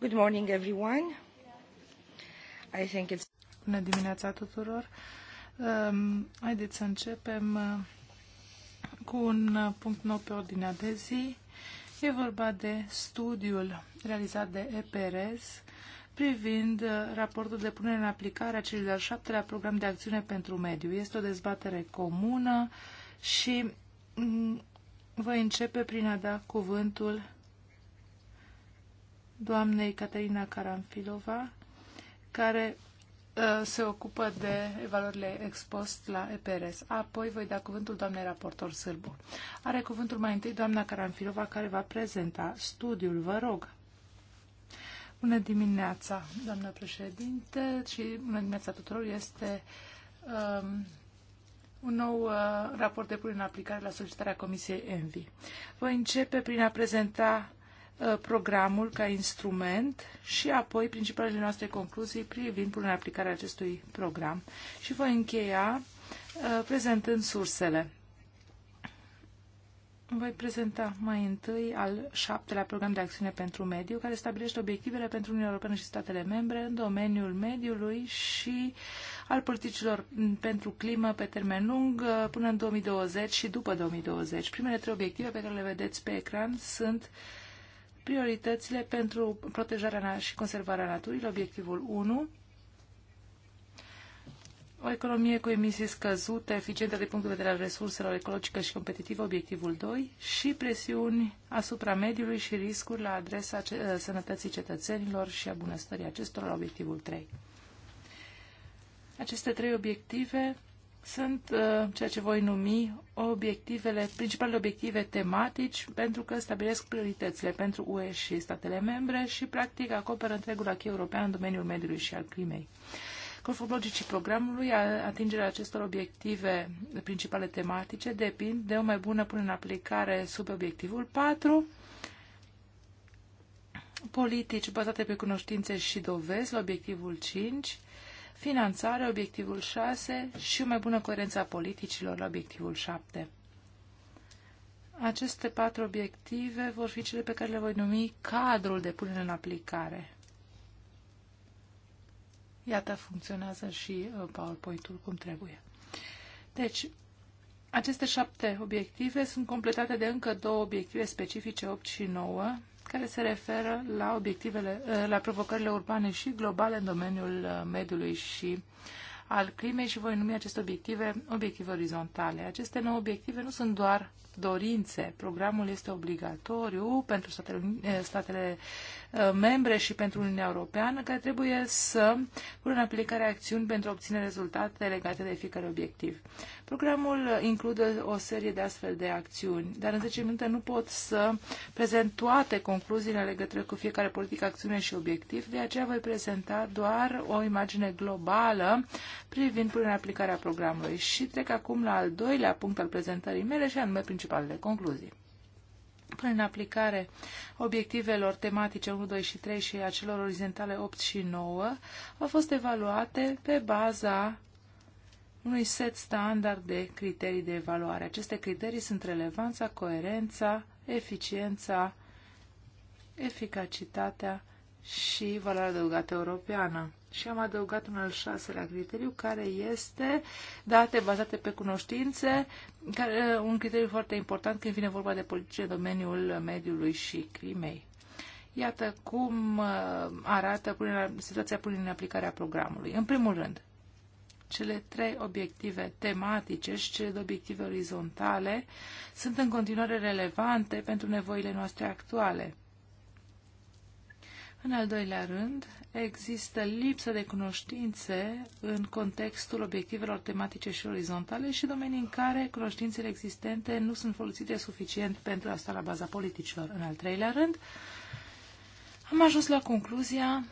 Good morning, everyone. I think it's... Bună dimineața tuturor. Um, haideți să începem uh, cu un uh, punct nou pe ordinea de zi. E vorba de studiul realizat de EPRS privind uh, raportul de punere în aplicare a celui de-al șaptelea program de acțiune pentru mediu. Este o dezbatere comună și mm, voi începe prin a da cuvântul doamnei Caterina Caranfilova, care uh, se ocupă de evaluările ex post la EPRS. Apoi voi da cuvântul doamnei raportor Sârbu. Are cuvântul mai întâi doamna Caranfilova, care va prezenta studiul. Vă rog! Bună dimineața, doamnă președinte, și bună dimineața tuturor. Este um, un nou uh, raport de punere în aplicare la solicitarea Comisiei ENVI. Voi începe prin a prezenta Uh, programul ca instrument și apoi principalele noastre concluzii privind punerea în aplicarea acestui program. Și voi încheia uh, prezentând sursele. Voi prezenta mai întâi al șaptelea program de acțiune pentru mediu, care stabilește obiectivele pentru Uniunea Europeană și statele membre în domeniul mediului și al politicilor pentru climă pe termen lung uh, până în 2020 și după 2020. Primele trei obiective pe care le vedeți pe ecran sunt uh, prioritățile pentru protejarea și conservarea naturii, obiectivul 1, o economie cu emisii scăzute, eficientă de punct de vedere al resurselor ecologice și competitivă, obiectivul 2, și presiuni asupra mediului și riscuri la adresa ă, sănătății cetățenilor și a bunăstării acestora, obiectivul 3. Aceste trei obiective sunt uh, ceea ce voi numi obiectivele, principalele obiective tematici pentru că stabilesc prioritățile pentru UE și statele membre și practic acoperă întregul acquis european în domeniul mediului și al climei. Conform logicii programului, atingerea acestor obiective principale tematice depind de o mai bună punere în aplicare sub obiectivul 4, politici bazate pe cunoștințe și dovezi la obiectivul 5, Finanțare, obiectivul 6 și o mai bună coerență a politicilor la obiectivul 7. Aceste patru obiective vor fi cele pe care le voi numi cadrul de punere în aplicare. Iată, funcționează și uh, PowerPoint-ul cum trebuie. Deci, aceste șapte obiective sunt completate de încă două obiective specifice, 8 și 9, care se referă la obiectivele, eh, la provocările urbane și globale în domeniul eh, mediului și al climei și voi numi aceste obiective obiective orizontale. Aceste nouă obiective nu sunt doar dorințe. Programul este obligatoriu pentru statele, eh, statele eh, membre și pentru Uniunea Europeană, care trebuie să pună în aplicare acțiuni pentru a obține rezultate legate de fiecare obiectiv. Programul include o serie de astfel de acțiuni, dar în 10 minute nu pot să prezent toate concluziile legătură cu fiecare politică, acțiune și obiectiv, de aceea voi prezenta doar o imagine globală privind până în aplicarea programului. Și trec acum la al doilea punct al prezentării mele, și anume principiul principalele concluzii. Până în aplicare obiectivelor tematice 1, 2 și 3 și a celor orizontale 8 și 9 au fost evaluate pe baza unui set standard de criterii de evaluare. Aceste criterii sunt relevanța, coerența, eficiența, eficacitatea și valoarea adăugată europeană. Și am adăugat un al șaselea criteriu, care este date bazate pe cunoștințe, care, uh, un criteriu foarte important când vine vorba de politice în domeniul mediului și crimei. Iată cum uh, arată situația până în aplicarea programului. În primul rând, cele trei obiective tematice și cele două obiective orizontale sunt în continuare relevante pentru nevoile noastre actuale. În al doilea rând, există lipsă de cunoștințe în contextul obiectivelor tematice și orizontale și domenii în care cunoștințele existente nu sunt folosite suficient pentru a sta la baza politicilor. În al treilea rând, am ajuns la concluzia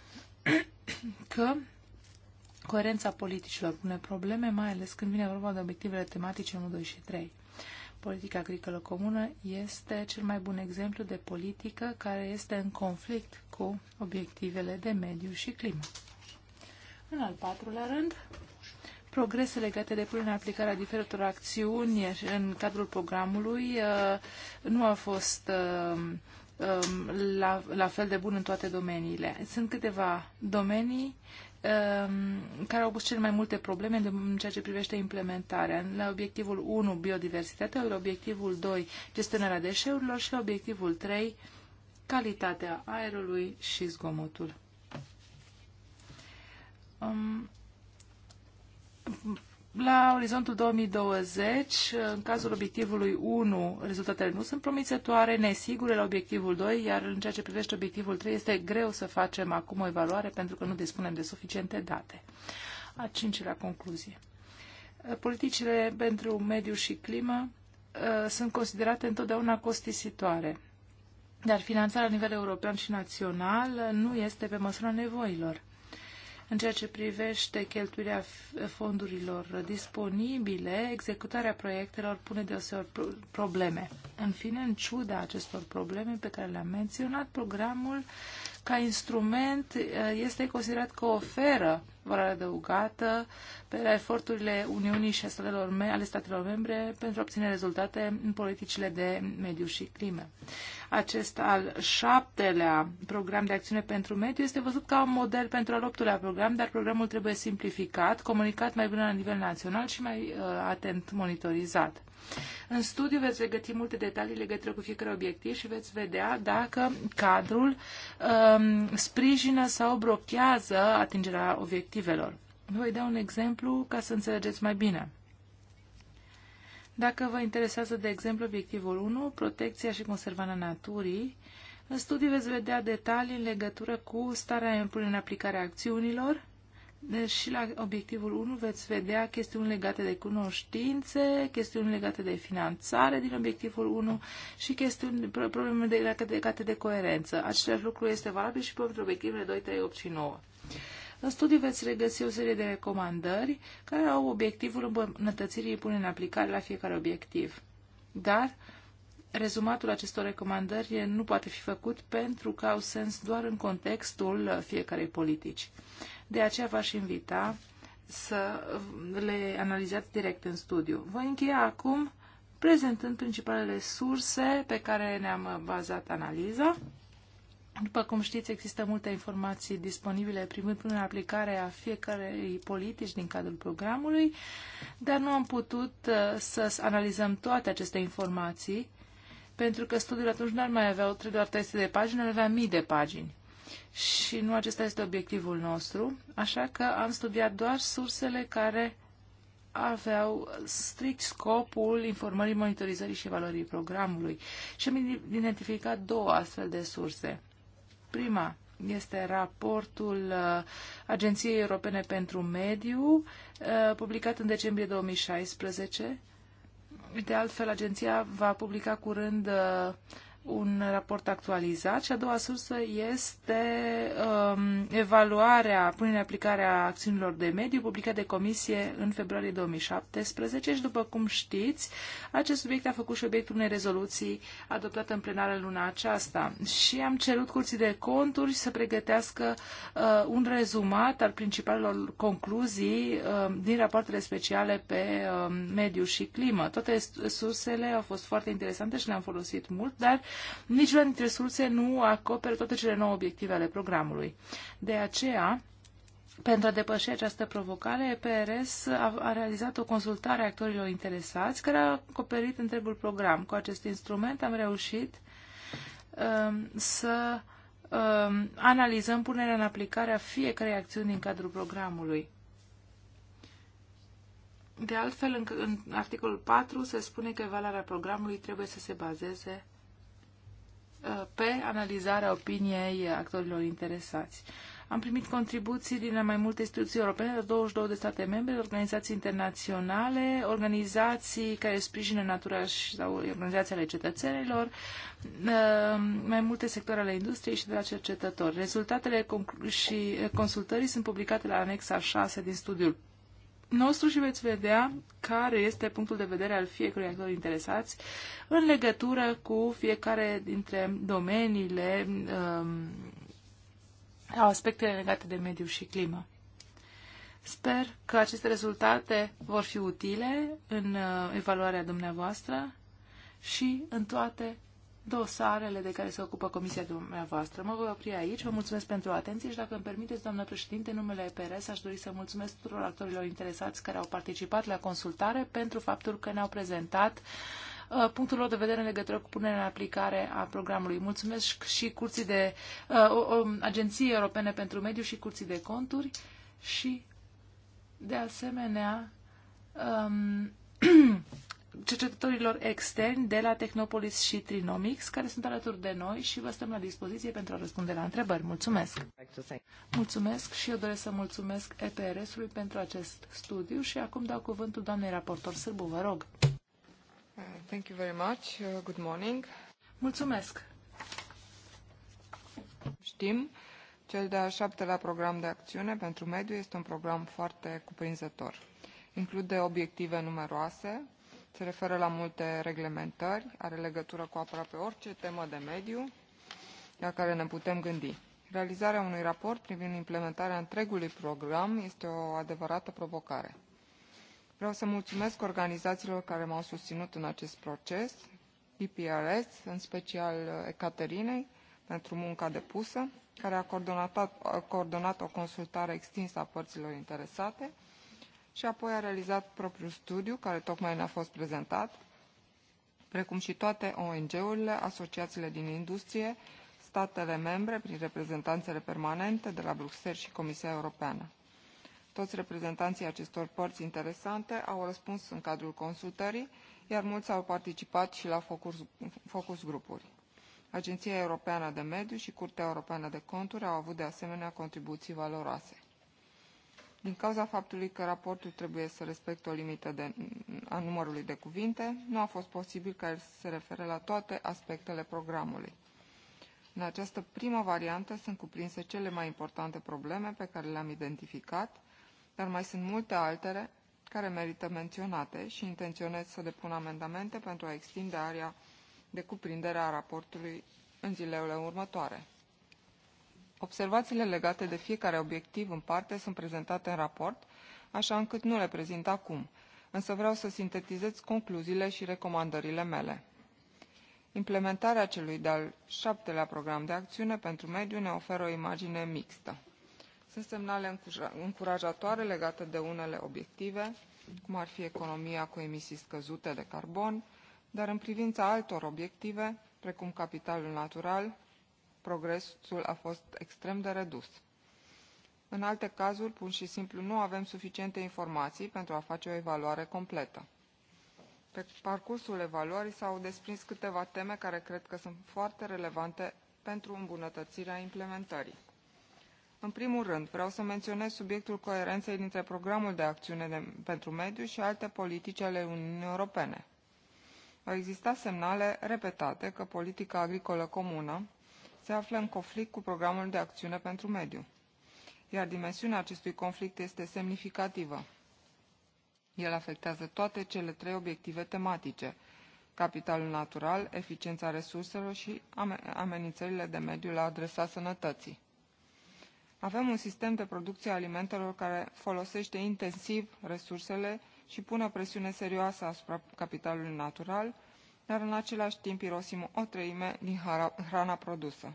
că coerența politicilor pune probleme, mai ales când vine vorba de obiectivele tematice 1, 2 și 3. Politica agricolă comună este cel mai bun exemplu de politică care este în conflict cu obiectivele de mediu și climă. În al patrulea rând, progrese legate de punerea în aplicare a diferitor acțiuni în cadrul programului uh, nu a fost uh, um, la, la fel de bun în toate domeniile. Sunt câteva domenii Um, care au pus cel mai multe probleme în ceea ce privește implementarea. La obiectivul 1, biodiversitatea, la obiectivul 2, gestionarea deșeurilor și la obiectivul 3, calitatea aerului și zgomotul. Um, la orizontul 2020, în cazul obiectivului 1, rezultatele nu sunt promițătoare, nesigure la obiectivul 2, iar în ceea ce privește obiectivul 3, este greu să facem acum o evaluare pentru că nu dispunem de suficiente date. A cincilea concluzie. Politicile pentru mediu și climă uh, sunt considerate întotdeauna costisitoare, dar finanțarea la nivel european și național nu este pe măsura nevoilor. În ceea ce privește cheltuirea fondurilor disponibile, executarea proiectelor pune deoseori probleme. În fine, în ciuda acestor probleme pe care le-am menționat, programul ca instrument este considerat că oferă valoare adăugată pe la eforturile Uniunii și statelor me- ale statelor membre pentru a obține rezultate în politicile de mediu și crime. Acest al șaptelea program de acțiune pentru mediu este văzut ca un model pentru al optulea program, dar programul trebuie simplificat, comunicat mai bine la nivel național și mai uh, atent monitorizat. În studiu veți regăti multe detalii legătură cu fiecare obiectiv și veți vedea dacă cadrul um, sprijină sau blochează atingerea obiectivelor. Voi da un exemplu ca să înțelegeți mai bine. Dacă vă interesează, de exemplu, obiectivul 1, protecția și conservarea naturii, în studiu veți vedea detalii în legătură cu starea în în aplicare a acțiunilor, deci și la obiectivul 1 veți vedea chestiuni legate de cunoștințe, chestiuni legate de finanțare din obiectivul 1 și chestiuni, probleme legate de, legate de coerență. Același lucru este valabil și pentru obiectivele 2, 3, 8 și 9. În studiu veți regăsi o serie de recomandări care au obiectivul îmbunătățirii pune în aplicare la fiecare obiectiv. Dar rezumatul acestor recomandări nu poate fi făcut pentru că au sens doar în contextul fiecarei politici. De aceea v-aș invita să le analizați direct în studiu. Voi încheia acum prezentând principalele surse pe care ne-am bazat analiza. După cum știți, există multe informații disponibile privind până în aplicare a fiecarei politici din cadrul programului, dar nu am putut uh, să analizăm toate aceste informații, pentru că studiul atunci nu ar mai avea doar de pagini, ar avea mii de pagini și nu acesta este obiectivul nostru, așa că am studiat doar sursele care aveau strict scopul informării, monitorizării și evaluării programului și am identificat două astfel de surse. Prima este raportul uh, Agenției Europene pentru Mediu, uh, publicat în decembrie 2016. De altfel, agenția va publica curând uh, un raport actualizat și a doua sursă este um, evaluarea, punerea aplicarea acțiunilor de mediu publicată de comisie în februarie 2017 și după cum știți, acest subiect a făcut și obiectul unei rezoluții adoptată în plenară luna aceasta și am cerut curții de conturi să pregătească uh, un rezumat al principalelor concluzii uh, din rapoartele speciale pe uh, mediu și climă. Toate sursele au fost foarte interesante și le-am folosit mult, dar Niciuna dintre surse nu acoperă toate cele nouă obiective ale programului. De aceea, pentru a depăși această provocare, PRS a, a realizat o consultare a actorilor interesați, care a acoperit întregul program. Cu acest instrument am reușit um, să um, analizăm punerea în aplicare a fiecarei acțiuni din cadrul programului. De altfel, în, în articolul 4 se spune că evaluarea programului trebuie să se bazeze Uh, pe analizarea opiniei actorilor interesați. Am primit contribuții din mai multe instituții europene, de 22 de state membre, organizații internaționale, organizații care sprijină natura și, sau organizații ale cetățenilor, uh, mai multe sectoare ale industriei și de la cercetători. Rezultatele și consultării sunt publicate la anexa 6 din studiul nostru și veți vedea care este punctul de vedere al fiecărui actor interesați în legătură cu fiecare dintre domeniile um, aspectele legate de mediu și climă. Sper că aceste rezultate vor fi utile în uh, evaluarea dumneavoastră și în toate dosarele de care se ocupă comisia dumneavoastră. Mă voi opri aici, vă mulțumesc pentru atenție și dacă îmi permiteți, doamnă președinte, numele EPRS aș dori să mulțumesc tuturor actorilor interesați care au participat la consultare pentru faptul că ne-au prezentat uh, punctul lor de vedere în legătură cu punerea în aplicare a programului. Mulțumesc și curții de uh, Agenției Europene pentru Mediu și curții de conturi și de asemenea um, cercetătorilor externi de la Technopolis și Trinomics, care sunt alături de noi și vă stăm la dispoziție pentru a răspunde la întrebări. Mulțumesc! Mulțumesc și eu doresc să mulțumesc EPRS-ului pentru acest studiu și acum dau cuvântul doamnei raportor Sârbu, vă rog. Thank you very much. Good morning. Mulțumesc! Știm, cel de-al șaptelea program de acțiune pentru mediu este un program foarte cuprinzător. Include obiective numeroase, se referă la multe reglementări, are legătură cu aproape orice temă de mediu la care ne putem gândi. Realizarea unui raport privind implementarea întregului program este o adevărată provocare. Vreau să mulțumesc organizațiilor care m-au susținut în acest proces, IPRS, în special uh, Ecaterinei, pentru munca depusă, care a coordonat, a coordonat o consultare extinsă a părților interesate, și apoi a realizat propriul studiu, care tocmai ne-a fost prezentat, precum și toate ONG-urile, asociațiile din industrie, statele membre prin reprezentanțele permanente de la Bruxelles și Comisia Europeană. Toți reprezentanții acestor părți interesante au răspuns în cadrul consultării, iar mulți au participat și la focus, focus grupuri. Agenția Europeană de Mediu și Curtea Europeană de Conturi au avut de asemenea contribuții valoroase. Din cauza faptului că raportul trebuie să respecte o limită de, a numărului de cuvinte, nu a fost posibil ca el să se refere la toate aspectele programului. În această primă variantă sunt cuprinse cele mai importante probleme pe care le-am identificat, dar mai sunt multe altele care merită menționate și intenționez să depun amendamente pentru a extinde area de cuprindere a raportului în zilele următoare. Observațiile legate de fiecare obiectiv în parte sunt prezentate în raport, așa încât nu le prezint acum, însă vreau să sintetizez concluziile și recomandările mele. Implementarea celui de-al șaptelea program de acțiune pentru mediu ne oferă o imagine mixtă. Sunt semnale încurajatoare legate de unele obiective, cum ar fi economia cu emisii scăzute de carbon, dar în privința altor obiective, precum capitalul natural, progresul a fost extrem de redus. În alte cazuri, pur și simplu, nu avem suficiente informații pentru a face o evaluare completă. Pe parcursul evaluării s-au desprins câteva teme care cred că sunt foarte relevante pentru îmbunătățirea implementării. În primul rând, vreau să menționez subiectul coerenței dintre programul de acțiune de, pentru mediu și alte politici ale Uniunii Europene. Au existat semnale repetate că politica agricolă comună se află în conflict cu programul de acțiune pentru mediu, iar dimensiunea acestui conflict este semnificativă. El afectează toate cele trei obiective tematice, capitalul natural, eficiența resurselor și amenințările de mediu la adresa sănătății. Avem un sistem de producție a alimentelor care folosește intensiv resursele și pune o presiune serioasă asupra capitalului natural, dar în același timp irosim o treime din hrana produsă.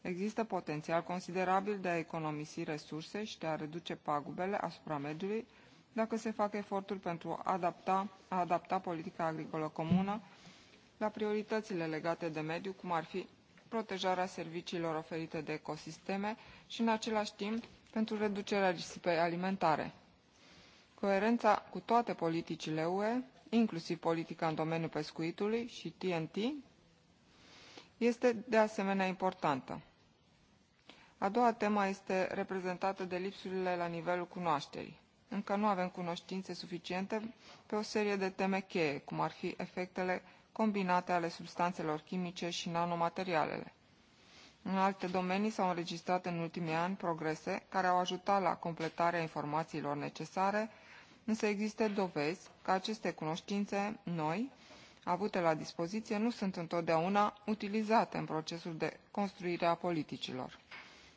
Există potențial considerabil de a economisi resurse și de a reduce pagubele asupra mediului dacă se fac eforturi pentru a adapta, a adapta politica agricolă comună la prioritățile legate de mediu, cum ar fi protejarea serviciilor oferite de ecosisteme și, în același timp, pentru reducerea risipei alimentare. Coerența cu toate politicile UE inclusiv politica în domeniul pescuitului și TNT, este de asemenea importantă. A doua temă este reprezentată de lipsurile la nivelul cunoașterii. Încă nu avem cunoștințe suficiente pe o serie de teme cheie, cum ar fi efectele combinate ale substanțelor chimice și nanomaterialele. În alte domenii s-au înregistrat în ultimii ani progrese care au ajutat la completarea informațiilor necesare însă există dovezi că aceste cunoștințe noi avute la dispoziție nu sunt întotdeauna utilizate în procesul de construire a politicilor.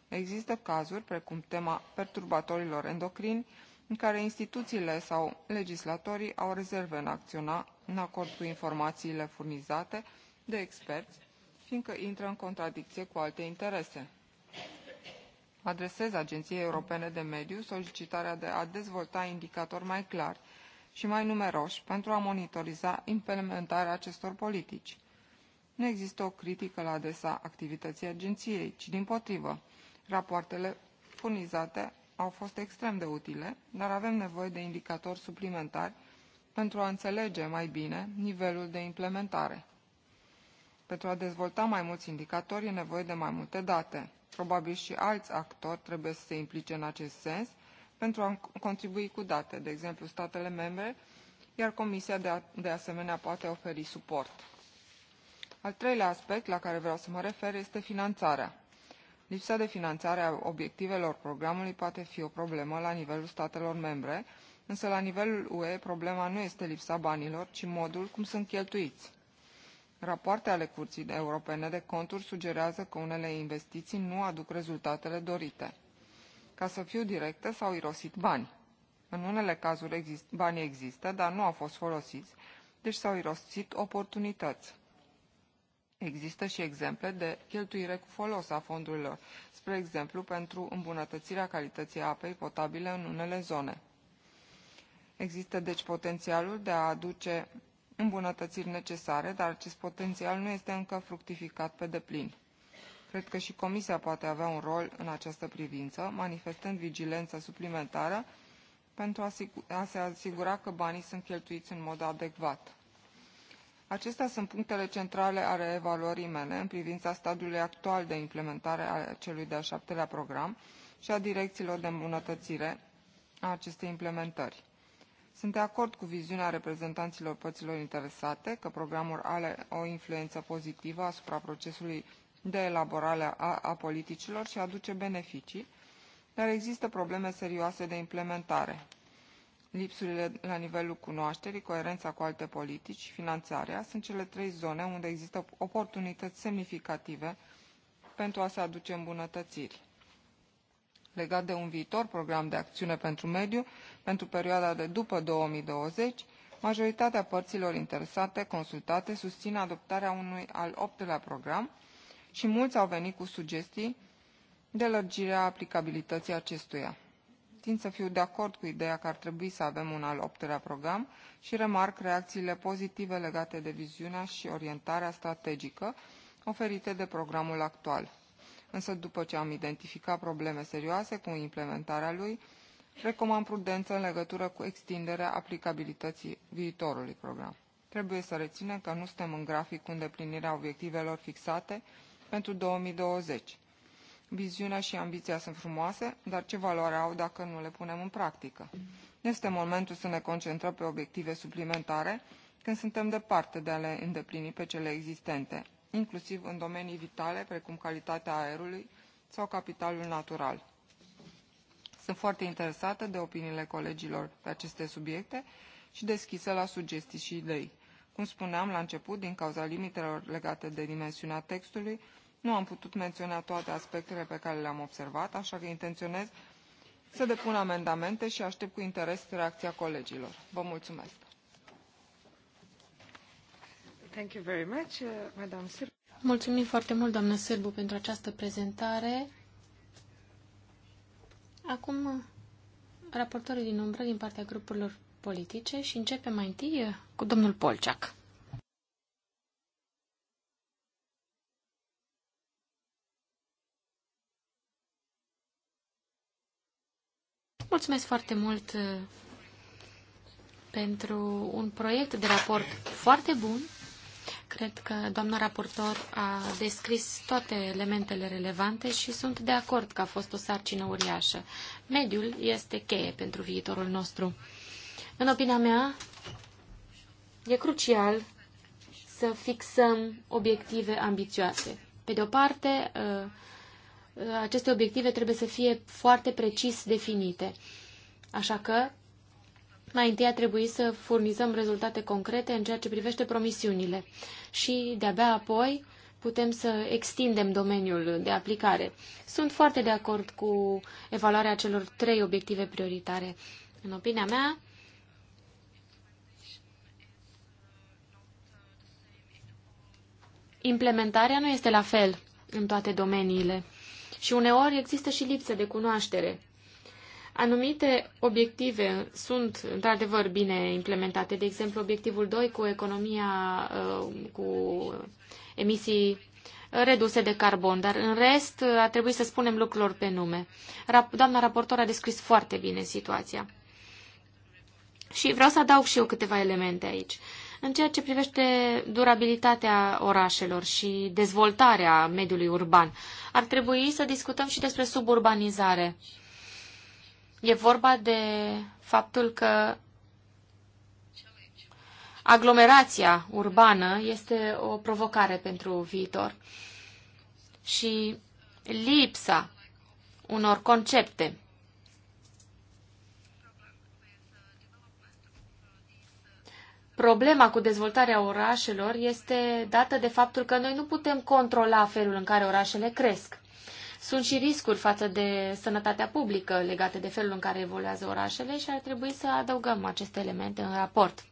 Există cazuri, precum tema perturbatorilor endocrini, în care instituțiile sau legislatorii au rezerve în acționa în acord cu informațiile furnizate de experți, fiindcă intră în contradicție cu alte interese adresez Agenției Europene de Mediu solicitarea de a dezvolta indicatori mai clari și mai numeroși pentru a monitoriza implementarea acestor politici. Nu există o critică la adresa activității agenției, ci din potrivă. Rapoartele furnizate au fost extrem de utile, dar avem nevoie de indicatori suplimentari pentru a înțelege mai bine nivelul de implementare. Pentru a dezvolta mai mulți indicatori e nevoie de mai multe date. Probabil și alți actori trebuie să se implice în acest sens pentru a contribui cu date, de exemplu statele membre, iar Comisia de, a, de asemenea poate oferi suport. Al treilea aspect la care vreau să mă refer este finanțarea. Lipsa de finanțare a obiectivelor programului poate fi o problemă la nivelul statelor membre, însă la nivelul UE problema nu este lipsa banilor, ci modul cum sunt cheltuiți. Rapoarte ale Curții Europene de Conturi sugerează că unele investiții nu aduc rezultatele dorite. Ca să fiu directă, s-au irosit bani. În unele cazuri exist banii există, dar nu au fost folosiți, deci s-au irosit oportunități. Există și exemple de cheltuire cu folos a fondurilor, spre exemplu pentru îmbunătățirea calității apei potabile în unele zone. Există deci potențialul de a aduce îmbunătățiri necesare, dar acest potențial nu este încă fructificat pe deplin. Cred că și Comisia poate avea un rol în această privință, manifestând vigilență suplimentară pentru a se asigura că banii sunt cheltuiți în mod adecvat. Acestea sunt punctele centrale ale evaluării mele în privința stadiului actual de implementare a celui de-al șaptelea program și a direcțiilor de îmbunătățire a acestei implementări. Sunt de acord cu viziunea reprezentanților părților interesate că programul are o influență pozitivă asupra procesului de elaborare a, a politicilor și aduce beneficii, dar există probleme serioase de implementare. Lipsurile la nivelul cunoașterii, coerența cu alte politici și finanțarea sunt cele trei zone unde există oportunități semnificative pentru a se aduce îmbunătățiri legat de un viitor program de acțiune pentru mediu pentru perioada de după 2020, majoritatea părților interesate consultate susțin adoptarea unui al optelea program și mulți au venit cu sugestii de lărgirea aplicabilității acestuia. Tind să fiu de acord cu ideea că ar trebui să avem un al optelea program și remarc reacțiile pozitive legate de viziunea și orientarea strategică oferite de programul actual însă după ce am identificat probleme serioase cu implementarea lui, recomand prudență în legătură cu extinderea aplicabilității viitorului program. Trebuie să reținem că nu suntem în grafic cu îndeplinirea obiectivelor fixate pentru 2020. Viziunea și ambiția sunt frumoase, dar ce valoare au dacă nu le punem în practică? Este momentul să ne concentrăm pe obiective suplimentare când suntem departe de a le îndeplini pe cele existente, inclusiv în domenii vitale, precum calitatea aerului sau capitalul natural. Sunt foarte interesată de opiniile colegilor pe aceste subiecte și deschisă la sugestii și idei. Cum spuneam la început, din cauza limitelor legate de dimensiunea textului, nu am putut menționa toate aspectele pe care le-am observat, așa că intenționez să depun amendamente și aștept cu interes reacția colegilor. Vă mulțumesc! Uh, Mulțumim foarte mult, doamnă Sârbu, pentru această prezentare. Acum, raportorii din umbră din partea grupurilor politice și începem mai întâi uh, cu domnul Polceac. Mulțumesc foarte mult uh, pentru un proiect de raport foarte bun Cred că doamna raportor a descris toate elementele relevante și sunt de acord că a fost o sarcină uriașă. Mediul este cheie pentru viitorul nostru. În opinia mea, e crucial să fixăm obiective ambițioase. Pe de o parte, ă, aceste obiective trebuie să fie foarte precis definite. Așa că mai întâi a trebuit să furnizăm rezultate concrete în ceea ce privește promisiunile și de-abia apoi putem să extindem domeniul de aplicare. Sunt foarte de acord cu evaluarea celor trei obiective prioritare. În opinia mea, implementarea nu este la fel în toate domeniile și uneori există și lipsă de cunoaștere. Anumite obiective sunt într-adevăr bine implementate, de exemplu obiectivul 2 cu economia uh, cu emisii reduse de carbon, dar în rest uh, ar trebui să spunem lucrurilor pe nume. Doamna raportor a descris foarte bine situația. Și vreau să adaug și eu câteva elemente aici. În ceea ce privește durabilitatea orașelor și dezvoltarea mediului urban, ar trebui să discutăm și despre suburbanizare. E vorba de faptul că aglomerația urbană este o provocare pentru viitor și lipsa unor concepte Problema cu dezvoltarea orașelor este dată de faptul că noi nu putem controla felul în care orașele cresc. Sunt și riscuri față de sănătatea publică legate de felul în care evoluează orașele și ar trebui să adăugăm aceste elemente în raport.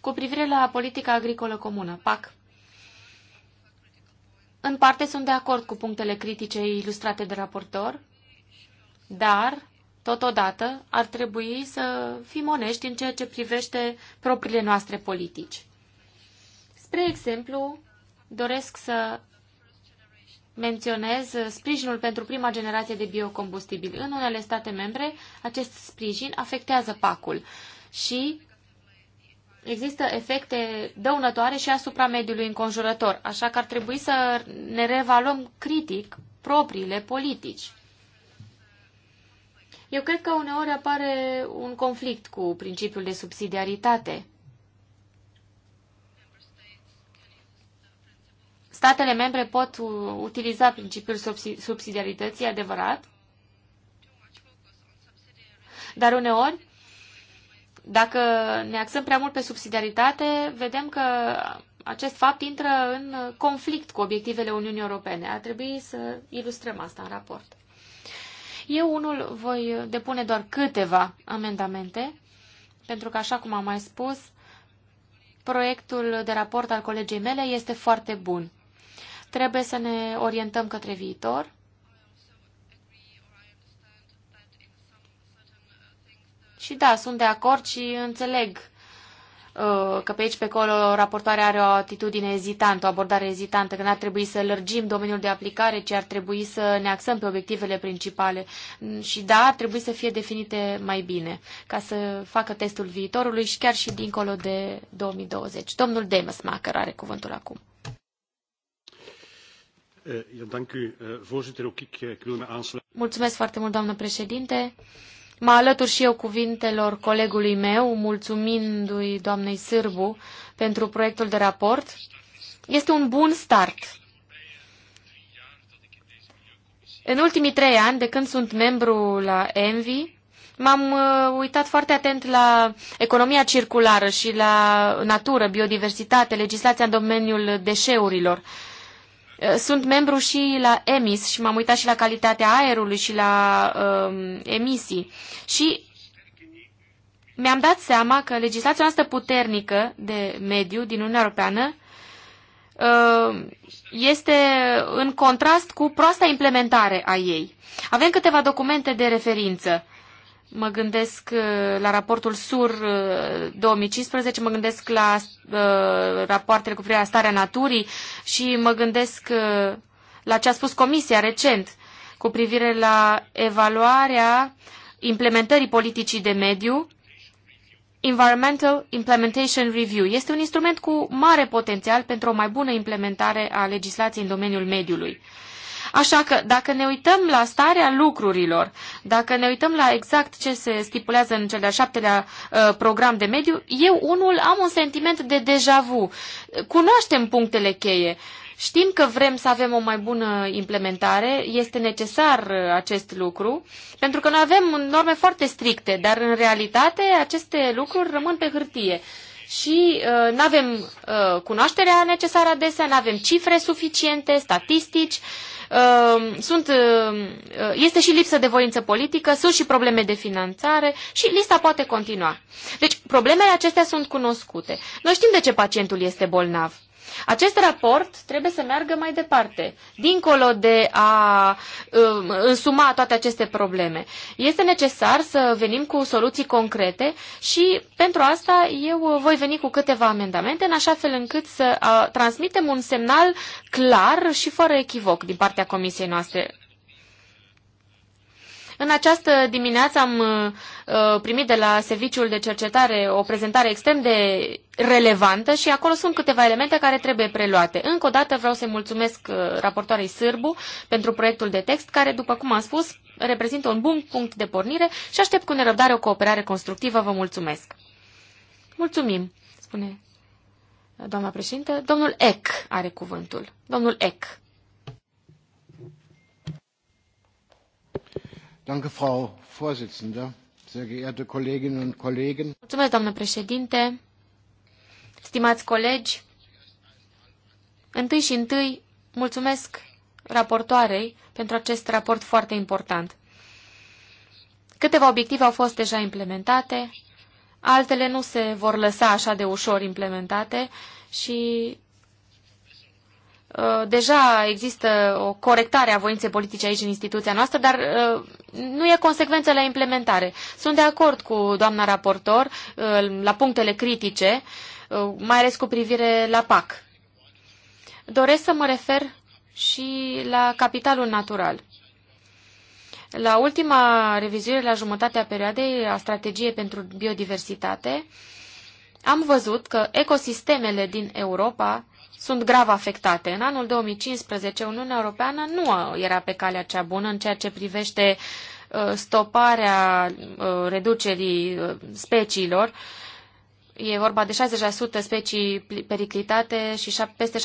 Cu privire la politica agricolă comună, PAC, în parte sunt de acord cu punctele critice ilustrate de raportor, dar, totodată, ar trebui să fim onești în ceea ce privește propriile noastre politici. Spre exemplu, doresc să menționez sprijinul pentru prima generație de biocombustibili. În unele state membre, acest sprijin afectează pacul și există efecte dăunătoare și asupra mediului înconjurător, așa că ar trebui să ne revaluăm critic propriile politici. Eu cred că uneori apare un conflict cu principiul de subsidiaritate. Statele membre pot utiliza principiul subsidiarității, adevărat, dar uneori, dacă ne axăm prea mult pe subsidiaritate, vedem că acest fapt intră în conflict cu obiectivele Uniunii Europene. Ar trebui să ilustrăm asta în raport. Eu unul voi depune doar câteva amendamente, pentru că, așa cum am mai spus, proiectul de raport al colegei mele este foarte bun. Trebuie să ne orientăm către viitor. Și da, sunt de acord și înțeleg uh, că pe aici, pe acolo, raportarea are o atitudine ezitantă, o abordare ezitantă, că n-ar trebui să lărgim domeniul de aplicare, ci ar trebui să ne axăm pe obiectivele principale. Și da, ar trebui să fie definite mai bine, ca să facă testul viitorului și chiar și dincolo de 2020. Domnul Demesmacher are cuvântul acum. Eh, eh, eh, foarte mult, doamnă președinte. Mă alătur și eu cuvintelor colegului meu, mulțumindu-i doamnei Sârbu pentru proiectul de raport. Este un bun start. În ultimii trei ani, de când sunt membru la Envi, m-am uitat foarte atent la economia circulară și la natură, biodiversitate, legislația în domeniul deșeurilor. Uh, Uh, sunt membru și la EMIS și m-am uitat și la calitatea aerului și la um, emisii. Și mi-am dat seama că legislația noastră puternică de mediu din Uniunea Europeană uh, este în contrast cu proasta implementare a ei. Avem câteva documente de referință. Uh, uh, mă gândesc la raportul uh, SUR 2015, mă gândesc la rapoartele cu privire la starea naturii și mă gândesc la ce a spus Comisia recent cu privire la evaluarea implementării politicii de mediu, Environmental Implementation Review. Este un instrument cu mare potențial pentru o mai bună implementare a legislației în domeniul mediului. Așa că dacă ne uităm la starea lucrurilor, dacă ne uităm la exact ce se stipulează în cel de-al șaptelea uh, program de mediu, eu unul am un sentiment de deja vu. Cunoaștem punctele cheie. Știm că vrem să avem o mai bună implementare, este necesar uh, acest lucru, pentru că noi avem norme foarte stricte, dar în realitate aceste lucruri rămân pe hârtie și uh, nu avem uh, cunoașterea necesară adesea, nu avem cifre suficiente, statistici, uh, Ehm, sunt, ehm, eh, este și lipsă de voință politică, sunt și probleme de finanțare și lista poate continua. Deci problemele acestea sunt cunoscute. Noi știm de ce pacientul este bolnav. Acest raport trebuie să meargă mai departe, dincolo de a um, însuma toate aceste probleme. Este necesar să venim cu soluții concrete și pentru asta eu voi veni cu câteva amendamente în așa fel încât să transmitem un semnal clar și fără echivoc din partea comisiei noastre în această dimineață am uh, uh, primit de la Serviciul de Cercetare o prezentare extrem de relevantă și acolo sunt câteva elemente care trebuie preluate. Încă o dată vreau să-i mulțumesc uh, raportoarei Sârbu pentru proiectul de text, care, după cum am spus, reprezintă un bun punct de pornire și aștept cu nerăbdare o cooperare constructivă. Vă mulțumesc! Mulțumim, spune doamna președintă. Domnul Eck are cuvântul. Domnul Eck. Mulțumesc, doamnă președinte, stimați colegi. Întâi și întâi, mulțumesc raportoarei pentru acest raport foarte important. Câteva obiective au fost deja implementate, altele nu se vor lăsa așa de ușor implementate și Uh, deja există o corectare a voinței politice aici în instituția noastră, dar uh, nu e consecvență la implementare. Sunt de acord cu doamna raportor uh, la punctele critice, mai ales cu privire la PAC. Doresc să mă refer și la capitalul natural. La ultima revizuire la jumătatea perioadei a strategiei pentru biodiversitate, am văzut că ecosistemele din Europa sunt grav afectate. În anul 2015, Uniunea Europeană nu era pe calea cea bună în ceea ce privește uh, stoparea uh, reducerii uh, speciilor E vorba de 60% specii periclitate și peste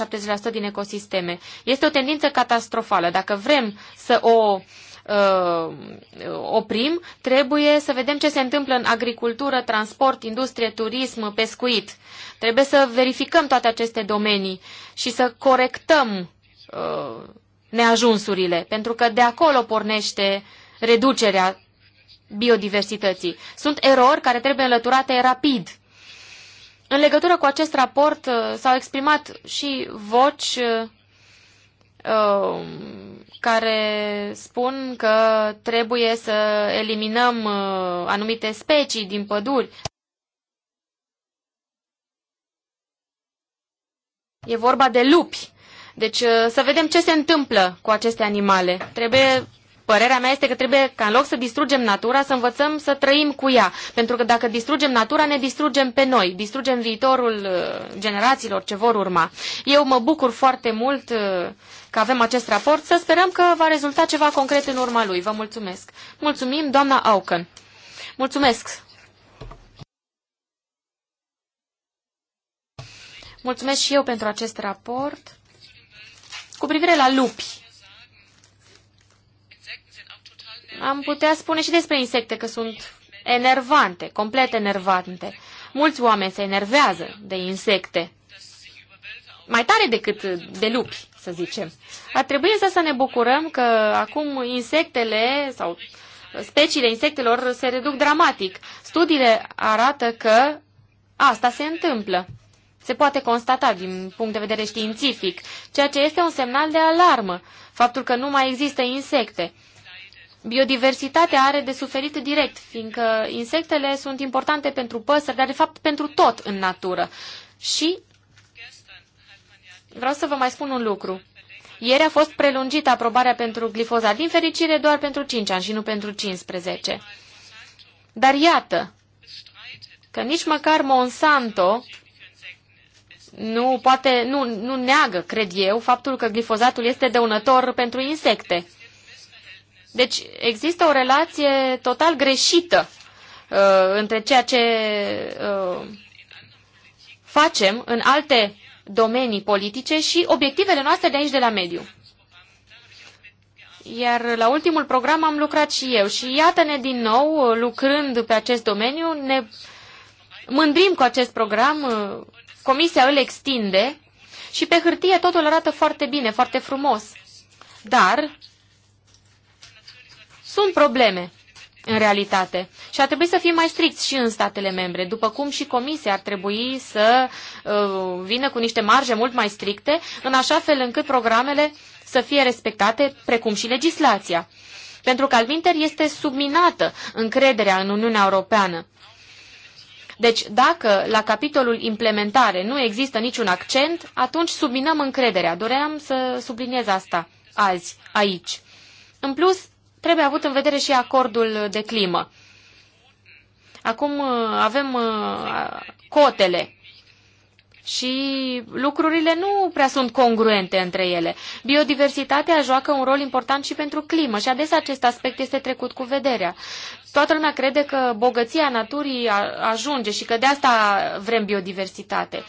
70% din ecosisteme. Este o tendință catastrofală. Dacă vrem să o uh, oprim, trebuie să vedem ce se întâmplă în agricultură, transport, industrie, turism, pescuit. Trebuie să verificăm toate aceste domenii și să corectăm uh, neajunsurile, pentru că de acolo pornește reducerea biodiversității. Sunt erori care trebuie înlăturate rapid. În legătură cu acest raport uh, s-au exprimat și voci uh, uh, care spun că trebuie să eliminăm anumite specii din păduri. E vorba de lupi. Deci să vedem ce se întâmplă cu aceste animale. Trebuie Părerea mea este că trebuie ca în loc să distrugem natura, să învățăm să trăim cu ea. Pentru că dacă distrugem natura, ne distrugem pe noi, distrugem viitorul uh, generațiilor ce vor urma. Eu mă bucur foarte mult uh, că avem acest raport. Să sperăm că va rezulta ceva concret în urma lui. Vă mulțumesc. Mulțumim, doamna Auken. Mulțumesc. Mulțumesc și eu pentru acest raport. Cu privire la lupi, am putea spune și despre insecte că sunt enervante, complet enervante. Mulți oameni se enervează de insecte, mai tare decât de lupi, să zicem. Ar trebui însă să ne bucurăm că acum insectele sau speciile insectelor se reduc dramatic. Studiile arată că asta se întâmplă. Se poate constata din punct de vedere științific, ceea ce este un semnal de alarmă, faptul că nu mai există insecte. Biodiversitatea are de suferit direct, fiindcă insectele sunt importante pentru păsări, dar de fapt pentru tot în natură. Și vreau să vă mai spun un lucru. Ieri a fost prelungită aprobarea pentru glifozat, din fericire doar pentru 5 ani și nu pentru 15. Dar iată că nici măcar Monsanto nu, poate, nu, nu neagă, cred eu, faptul că glifozatul este dăunător pentru insecte. Deci există o relație total greșită uh, între ceea ce uh, facem în alte domenii politice și obiectivele noastre de aici de la mediu. Iar la ultimul program am lucrat și eu și iată-ne din nou uh, lucrând pe acest domeniu, ne mândrim cu acest program, uh, comisia îl extinde și pe hârtie totul arată foarte bine, foarte frumos. Dar sunt probleme, în realitate. Și ar trebui să fim mai stricți și în statele membre, după cum și comisia ar trebui să uh, vină cu niște marje mult mai stricte, în așa fel încât programele să fie respectate, precum și legislația. Pentru că Alvinter este subminată încrederea în Uniunea Europeană. Deci, dacă la capitolul implementare nu există niciun accent, atunci subminăm încrederea. Doream să subliniez asta azi, aici. În plus, trebuie avut în vedere și acordul de climă. Acum uh, avem uh, cotele și lucrurile nu prea sunt congruente între ele. Biodiversitatea joacă un rol important și pentru climă și adesea acest aspect este trecut cu vederea. Toată lumea crede că bogăția naturii ajunge și că de asta vrem biodiversitate.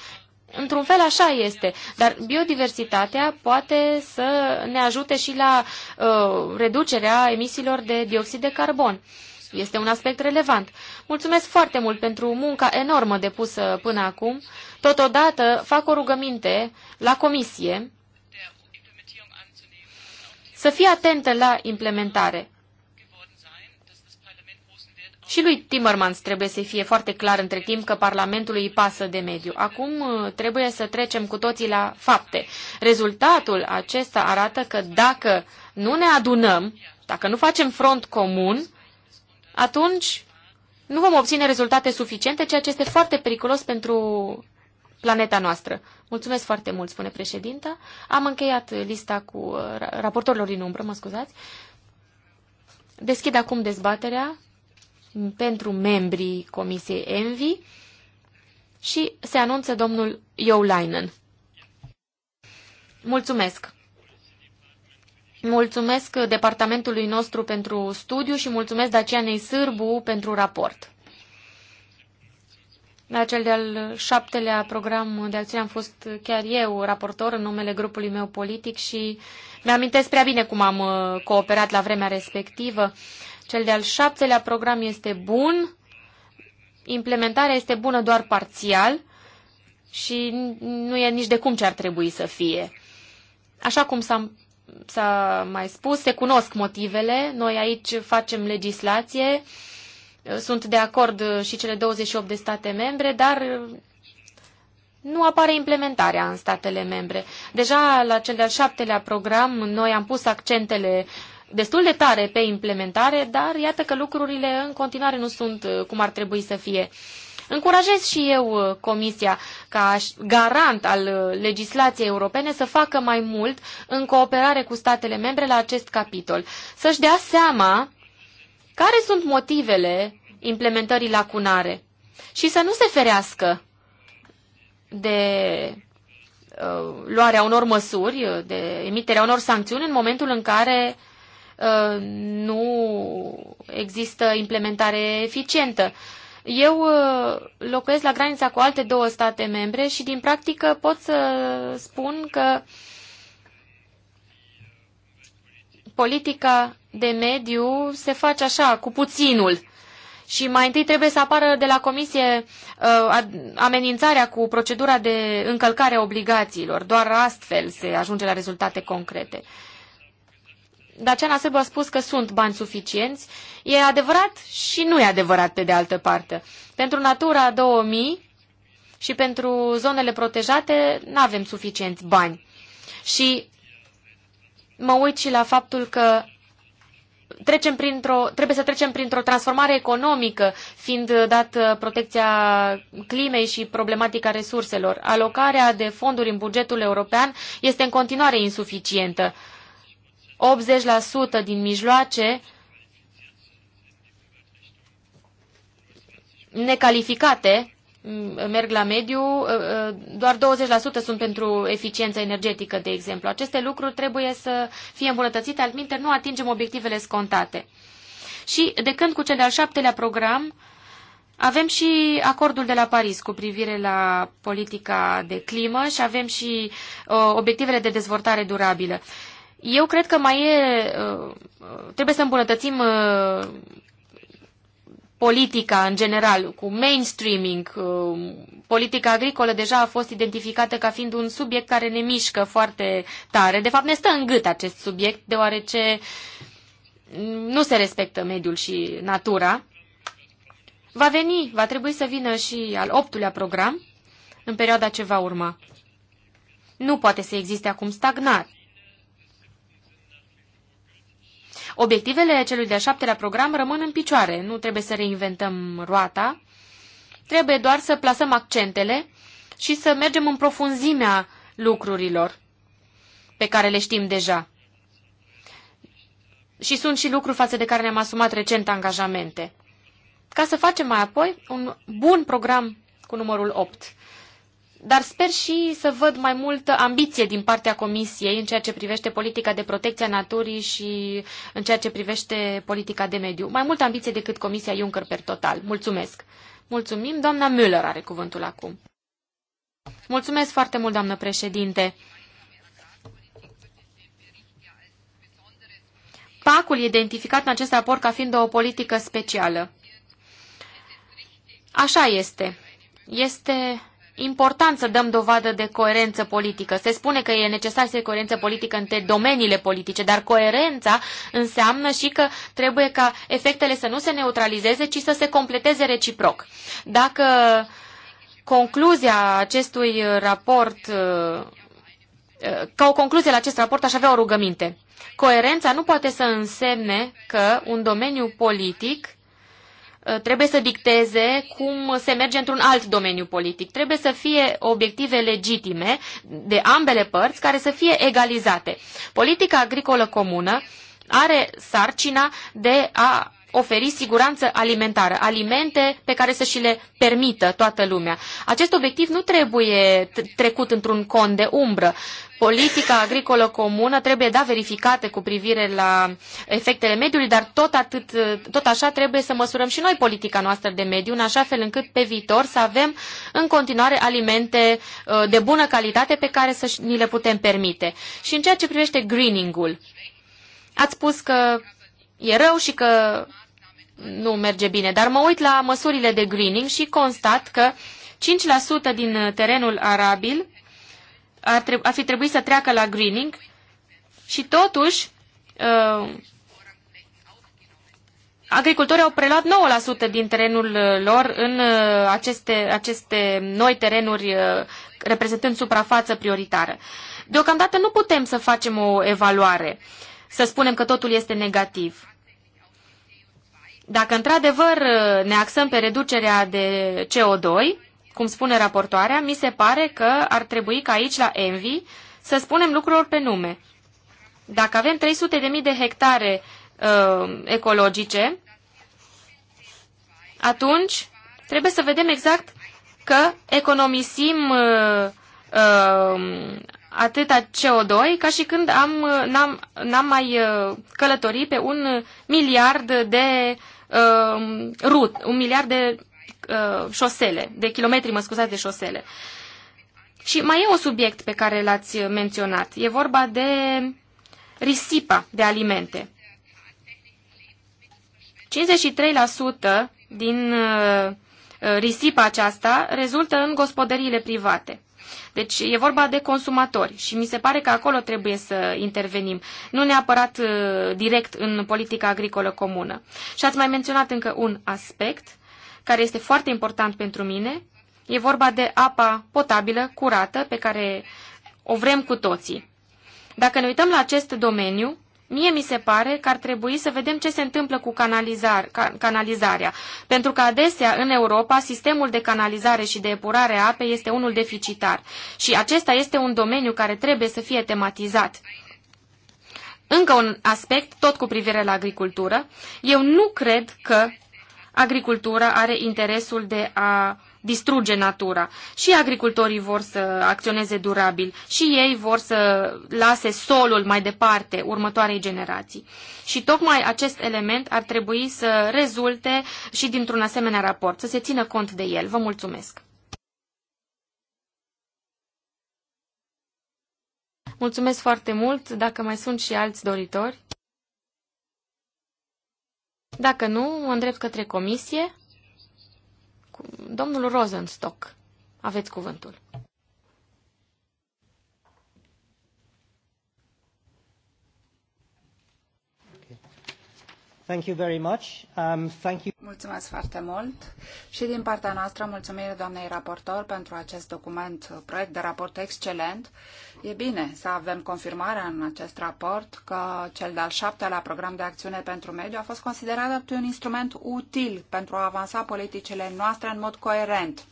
Într-un fel așa este, dar biodiversitatea poate să ne ajute și la uh, reducerea emisiilor de dioxid de carbon. Este un aspect relevant. Mulțumesc foarte mult pentru munca enormă depusă până acum. Totodată fac o rugăminte la comisie să fie atentă la implementare. Și lui Timmermans trebuie să fie foarte clar între timp că Parlamentul îi pasă de mediu. Acum uh, trebuie să trecem cu toții la fapte. Rezultatul acesta arată că dacă nu ne adunăm, dacă nu facem front comun, atunci nu vom obține rezultate suficiente, ceea ce este foarte periculos pentru planeta noastră. Mulțumesc foarte mult, spune președinta. Am încheiat lista cu uh, raportorilor din umbră, mă scuzați. Deschid acum dezbaterea pentru membrii Comisiei Envi și se anunță domnul Iolainen. Mulțumesc! Mulțumesc departamentului nostru pentru studiu și mulțumesc Dacianei Sârbu pentru raport. La cel de-al șaptelea program de acțiune am fost chiar eu raportor în numele grupului meu politic și mi-amintesc prea bine cum am uh, cooperat la vremea respectivă. Cel de-al șaptelea program este bun, implementarea este bună doar parțial și nu e nici de cum ce ar trebui să fie. Așa cum s-a, s-a mai spus, se cunosc motivele, noi aici facem legislație, sunt de acord și cele 28 de state membre, dar nu apare implementarea în statele membre. Deja la cel de-al șaptelea program noi am pus accentele destul de tare pe implementare, dar iată că lucrurile în continuare nu sunt uh, cum ar trebui să fie. Încurajez și eu uh, Comisia ca garant al uh, legislației europene să facă mai mult în cooperare cu statele membre la acest capitol. Să-și dea seama care sunt motivele implementării lacunare și să nu se ferească de luarea unor măsuri, de emiterea unor sancțiuni în momentul în care Uh, nu există implementare eficientă. Eu uh, locuiesc la granița cu alte două state membre și din practică pot să spun că politica de mediu se face așa, cu puținul. Și mai întâi trebuie să apară de la comisie uh, amenințarea cu procedura de încălcare a obligațiilor. Doar astfel se ajunge la rezultate concrete. Uh, Daciana Săbu a spus că sunt bani suficienți. E adevărat și nu e adevărat pe de altă parte. Pentru Natura 2000 și pentru zonele protejate nu avem suficienți bani. Și mă uit și la faptul că trecem printr-o, trebuie să trecem printr-o transformare economică, fiind dat uh, protecția climei și problematica resurselor. Alocarea de fonduri în bugetul european este în continuare insuficientă. 80% din mijloace necalificate mm, merg la mediu, ă, ă, doar 20% sunt pentru eficiență energetică, de exemplu. Aceste lucruri trebuie să fie îmbunătățite, altminte nu atingem obiectivele scontate. Și de când cu cel de-al șaptelea program, avem și acordul de la Paris cu privire la politica de climă și avem și uh, obiectivele de dezvoltare durabilă. Eu cred că mai e, uh, trebuie să îmbunătățim uh, politica în general, cu mainstreaming. Uh, politica agricolă deja a fost identificată ca fiind un subiect care ne mișcă foarte tare. De fapt, ne stă în gât acest subiect, deoarece nu se respectă mediul și natura. Va veni, va trebui să vină și al optulea program în perioada ce va urma. Nu poate să existe acum stagnare Obiectivele celui de-a șaptelea program rămân în picioare, nu trebuie să reinventăm roata, trebuie doar să plasăm accentele și să mergem în profunzimea lucrurilor pe care le știm deja. Și sunt și lucruri față de care ne-am asumat recent angajamente. Ca să facem mai apoi un bun program cu numărul 8 dar sper și să văd mai multă ambiție din partea Comisiei în ceea ce privește politica de protecție a naturii și în ceea ce privește politica de mediu. Mai multă ambiție decât Comisia Juncker per total. Mulțumesc! Mulțumim. Doamna Müller are cuvântul acum. Mulțumesc foarte mult, doamnă președinte. PAC-ul identificat în acest raport ca fiind o politică specială. Așa este. Este important să dăm dovadă de coerență politică. Se spune că e necesar să fie coerență politică între domeniile politice, dar coerența înseamnă și că trebuie ca efectele să nu se neutralizeze, ci să se completeze reciproc. Dacă concluzia acestui raport, uh, uh, ca o concluzie la acest raport, aș avea o rugăminte. Coerența nu poate să însemne că un domeniu politic Uh, trebuie să dicteze cum se merge într-un alt domeniu politic. Trebuie să fie obiective legitime de ambele părți care să fie egalizate. Politica agricolă comună are sarcina de a oferi siguranță alimentară, alimente pe care să și le permită toată lumea. Acest obiectiv nu trebuie trecut într-un con de umbră. Politica agricolă comună trebuie, da, verificată cu privire la efectele mediului, dar tot, atât, tot așa trebuie să măsurăm și noi politica noastră de mediu, în așa fel încât pe viitor să avem în continuare alimente uh, de bună calitate pe care să ni le putem permite. Și în ceea ce privește greening-ul, ați spus că e rău și că nu merge bine, dar mă uit la măsurile de greening și constat că 5% din terenul arabil ar, tre- ar fi trebuit să treacă la greening și totuși uh, agricultorii au preluat 9% din terenul uh, lor în uh, aceste, aceste noi terenuri uh, reprezentând suprafață prioritară. Deocamdată nu putem să facem o evaluare, să spunem că totul este negativ. Dacă într-adevăr uh, ne axăm pe reducerea de CO2, cum spune raportoarea, mi se pare că ar trebui ca aici la Envi să spunem lucrurilor pe nume. Dacă avem 300.000 de hectare uh, ecologice, atunci trebuie să vedem exact că economisim uh, uh, atâta CO2 ca și când n-am, am mai uh, călătorit pe un miliard de uh, rut, un miliard de uh, șosele, de kilometri, mă scuzați, de șosele. Și mai e un subiect pe care l-ați menționat. E vorba de risipa de alimente. 53% din uh, risipa aceasta rezultă în gospodăriile private. Deci e vorba de consumatori și mi se pare că acolo trebuie să intervenim, nu neapărat uh, direct în politica agricolă comună. Și ați mai menționat încă un aspect care este foarte important pentru mine. E vorba de apa potabilă, curată, pe care o vrem cu toții. Dacă ne uităm la acest domeniu, Mie mi se pare că ar trebui să vedem ce se întâmplă cu canalizar, canalizarea, pentru că adesea în Europa sistemul de canalizare și de epurare a apei este unul deficitar și acesta este un domeniu care trebuie să fie tematizat. Încă un aspect, tot cu privire la agricultură, eu nu cred că agricultura are interesul de a distruge natura. Și agricultorii vor să acționeze durabil și ei vor să lase solul mai departe următoarei generații. Și tocmai acest element ar trebui să rezulte și dintr-un asemenea raport, să se țină cont de el. Vă mulțumesc! Mulțumesc foarte mult, dacă mai sunt și alți doritori. Dacă nu, mă îndrept către comisie. Domnul Rosenstock, aveți cuvântul. Um, Mulțumesc foarte mult și din partea noastră mulțumire doamnei raportor pentru acest document, uh, proiect de raport excelent. E bine să avem confirmarea în acest raport că cel de-al șaptelea program de acțiune pentru mediu a fost considerat un instrument util pentru a avansa politicile noastre în mod coerent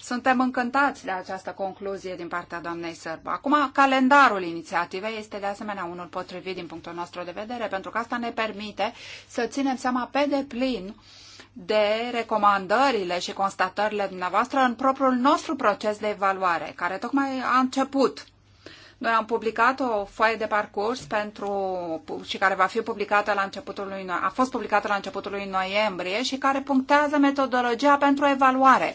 suntem încântați de această concluzie din partea doamnei Sărbă. Acum, calendarul inițiativei este de asemenea unul potrivit din punctul nostru de vedere, pentru că asta ne permite să ținem seama pe deplin de recomandările și constatările dumneavoastră în propriul nostru proces de evaluare, care tocmai a început. Noi am publicat o foaie de parcurs pentru, și care va fi publicată la începutul lui, a fost publicată la începutul lui noiembrie și care punctează metodologia pentru evaluare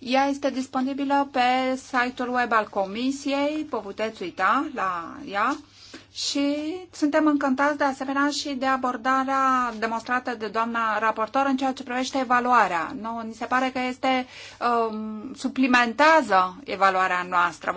ea este disponibilă pe site-ul web al Comisiei, vă puteți uita la ea și suntem încântați de asemenea și de abordarea demonstrată de doamna raportor în ceea ce privește evaluarea. Nu, ni se pare că este um, suplimentează evaluarea noastră.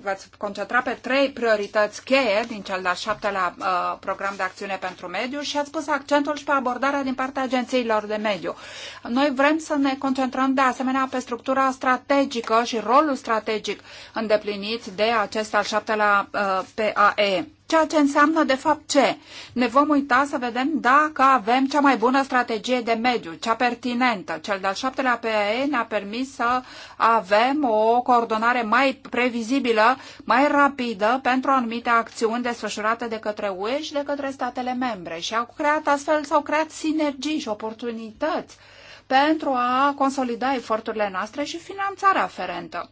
V-ați, concentra pe trei priorități cheie din cel de-al șaptelea uh, program de acțiune pentru mediu și ați pus accentul și pe abordarea din partea agențiilor de mediu. Noi vrem să ne concentrăm de asemenea pe structura strategică și rolul strategic îndeplinit de acest al șaptelea uh, PAE. Ceea ce înseamnă, de fapt, ce? Ne vom uita să vedem dacă avem cea mai bună strategie de mediu, cea pertinentă. Cel de-al șaptelea PAE ne-a permis să avem o coordonare mai previzibilă, mai rapidă pentru anumite acțiuni desfășurate de către UE și de către statele membre. Și au creat astfel, s-au creat sinergii și oportunități pentru a consolida eforturile noastre și finanțarea aferentă.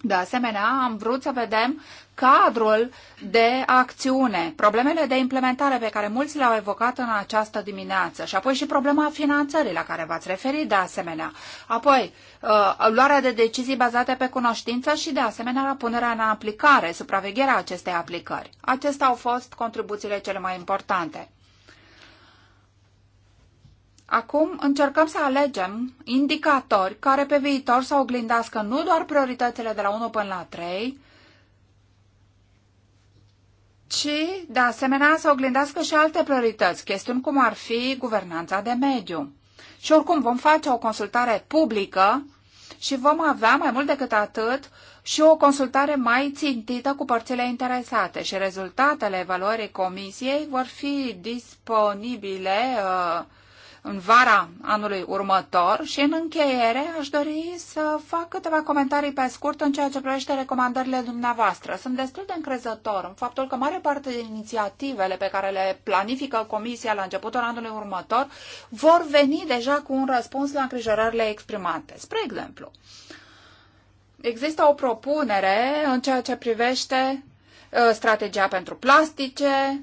De asemenea, am vrut să vedem cadrul de acțiune, problemele de implementare pe care mulți le-au evocat în această dimineață și apoi și problema finanțării la care v-ați referit de asemenea. Apoi, uh, luarea de decizii bazate pe cunoștință și de asemenea la punerea în aplicare, supravegherea acestei aplicări. Acestea au fost contribuțiile cele mai importante. Acum încercăm să alegem indicatori care pe viitor să oglindească nu doar prioritățile de la 1 până la 3, ci, de asemenea, să oglindească și alte priorități, chestiuni cum ar fi guvernanța de mediu. Și oricum vom face o consultare publică și vom avea mai mult decât atât și o consultare mai țintită cu părțile interesate și rezultatele evaluării comisiei vor fi disponibile uh, în vara anului următor și în încheiere aș dori să fac câteva comentarii pe scurt în ceea ce privește recomandările dumneavoastră. Sunt destul de încrezător în faptul că mare parte din inițiativele pe care le planifică Comisia la începutul anului următor vor veni deja cu un răspuns la îngrijorările exprimate. Spre exemplu, există o propunere în ceea ce privește uh, strategia pentru plastice,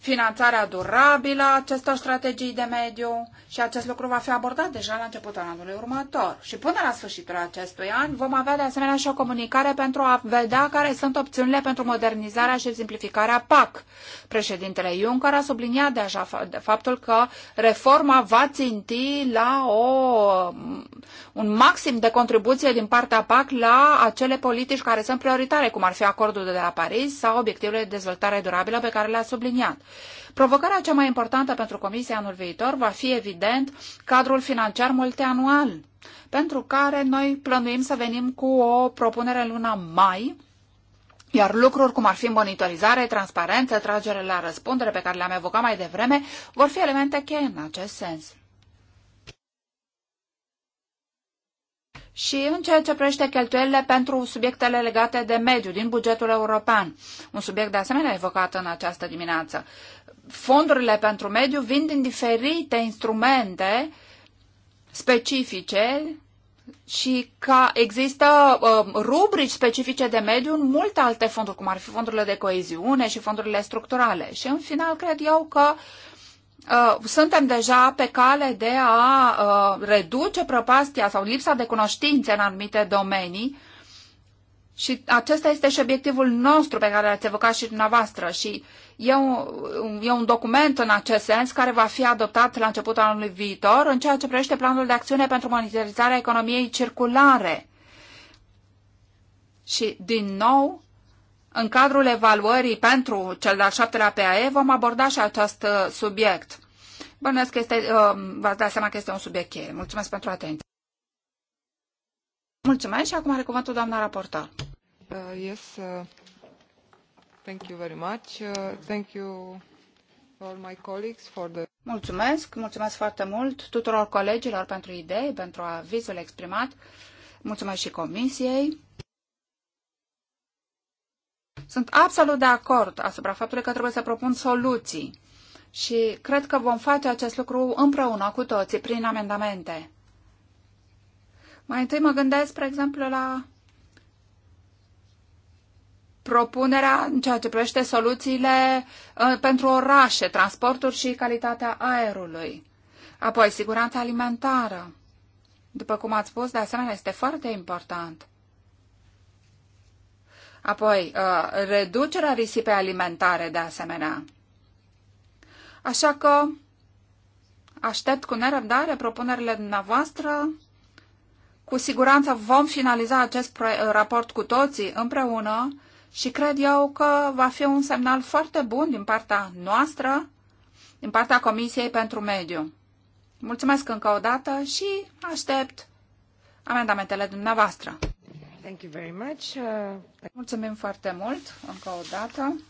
finanțarea durabilă a acestor strategii de mediu și acest lucru va fi abordat deja la începutul anului următor. Și până la sfârșitul acestui an vom avea de asemenea și o comunicare pentru a vedea care sunt opțiunile pentru modernizarea și simplificarea PAC. Președintele Juncker a subliniat deja faptul că reforma va ținti la o, un maxim de contribuție din partea PAC la acele politici care sunt prioritare, cum ar fi acordul de la Paris sau obiectivele de dezvoltare durabilă pe care le-a subliniat. Provocarea cea mai importantă pentru Comisia anul viitor va fi, evident, cadrul financiar multianual, pentru care noi plănuim să venim cu o propunere în luna mai, iar lucruri cum ar fi monitorizare, transparență, tragere la răspundere pe care le-am evocat mai devreme, vor fi elemente cheie în acest sens. și în ceea ce privește cheltuielile pentru subiectele legate de mediu din bugetul european, un subiect de asemenea evocat în această dimineață. Fondurile pentru mediu vin din diferite instrumente specifice și că există uh, rubrici specifice de mediu în multe alte fonduri, cum ar fi fondurile de coeziune și fondurile structurale. Și în final cred eu că uh, Uh, suntem deja pe cale de a uh, reduce prăpastia sau lipsa de cunoștințe în anumite domenii și acesta este și obiectivul nostru pe care l-ați evocat și dumneavoastră și e un, e un document în acest sens care va fi adoptat la începutul anului viitor în ceea ce privește planul de acțiune pentru monitorizarea economiei circulare. Și, din nou, în cadrul evaluării pentru cel de-al șaptelea PAE vom aborda și acest uh, subiect. Bănuiesc că este, uh, v-ați dat seama că este un subiect cheie. Mulțumesc pentru atenție. Mulțumesc și acum are cuvântul doamna raportor. Uh, yes, uh, thank you very much. Uh, thank you all my colleagues for the... Mulțumesc, mulțumesc foarte mult tuturor colegilor pentru idei, pentru avizul exprimat. Mulțumesc și comisiei. Sunt absolut de acord asupra faptului că trebuie să propun soluții și cred că vom face acest lucru împreună cu toții prin amendamente. Mai întâi mă gândesc, spre exemplu, la propunerea în ceea ce privește soluțiile ă, pentru orașe, transportul și calitatea aerului. Apoi, siguranța alimentară. După cum ați spus, de asemenea, este foarte important. Apoi, uh, reducerea risipei alimentare, de asemenea. Așa că aștept cu nerăbdare propunerile dumneavoastră. Cu siguranță vom finaliza acest uh, raport cu toții împreună și cred eu că va fi un semnal foarte bun din partea noastră, din partea Comisiei pentru Mediu. Mulțumesc încă o dată și aștept amendamentele dumneavoastră. Thank you very much. Uh, Mulțumim foarte mult încă o dată.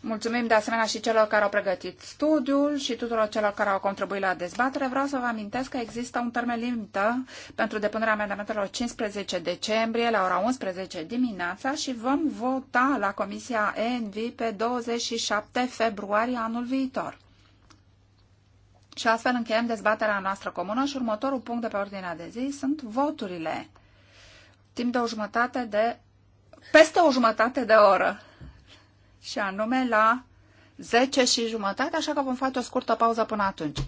Mulțumim de asemenea și celor care au pregătit studiul și tuturor celor care au contribuit la dezbatere. Vreau să vă amintesc că există un termen limită pentru depunerea amendamentelor 15 decembrie la ora 11 dimineața și vom vota la Comisia ENV pe 27 februarie anul viitor. Și astfel încheiem dezbaterea noastră comună și următorul punct de pe ordinea de zi sunt voturile timp de o jumătate de, peste o jumătate de oră, și anume la 10 și jumătate, așa că vom face o scurtă pauză până atunci.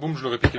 Bum, je le répète.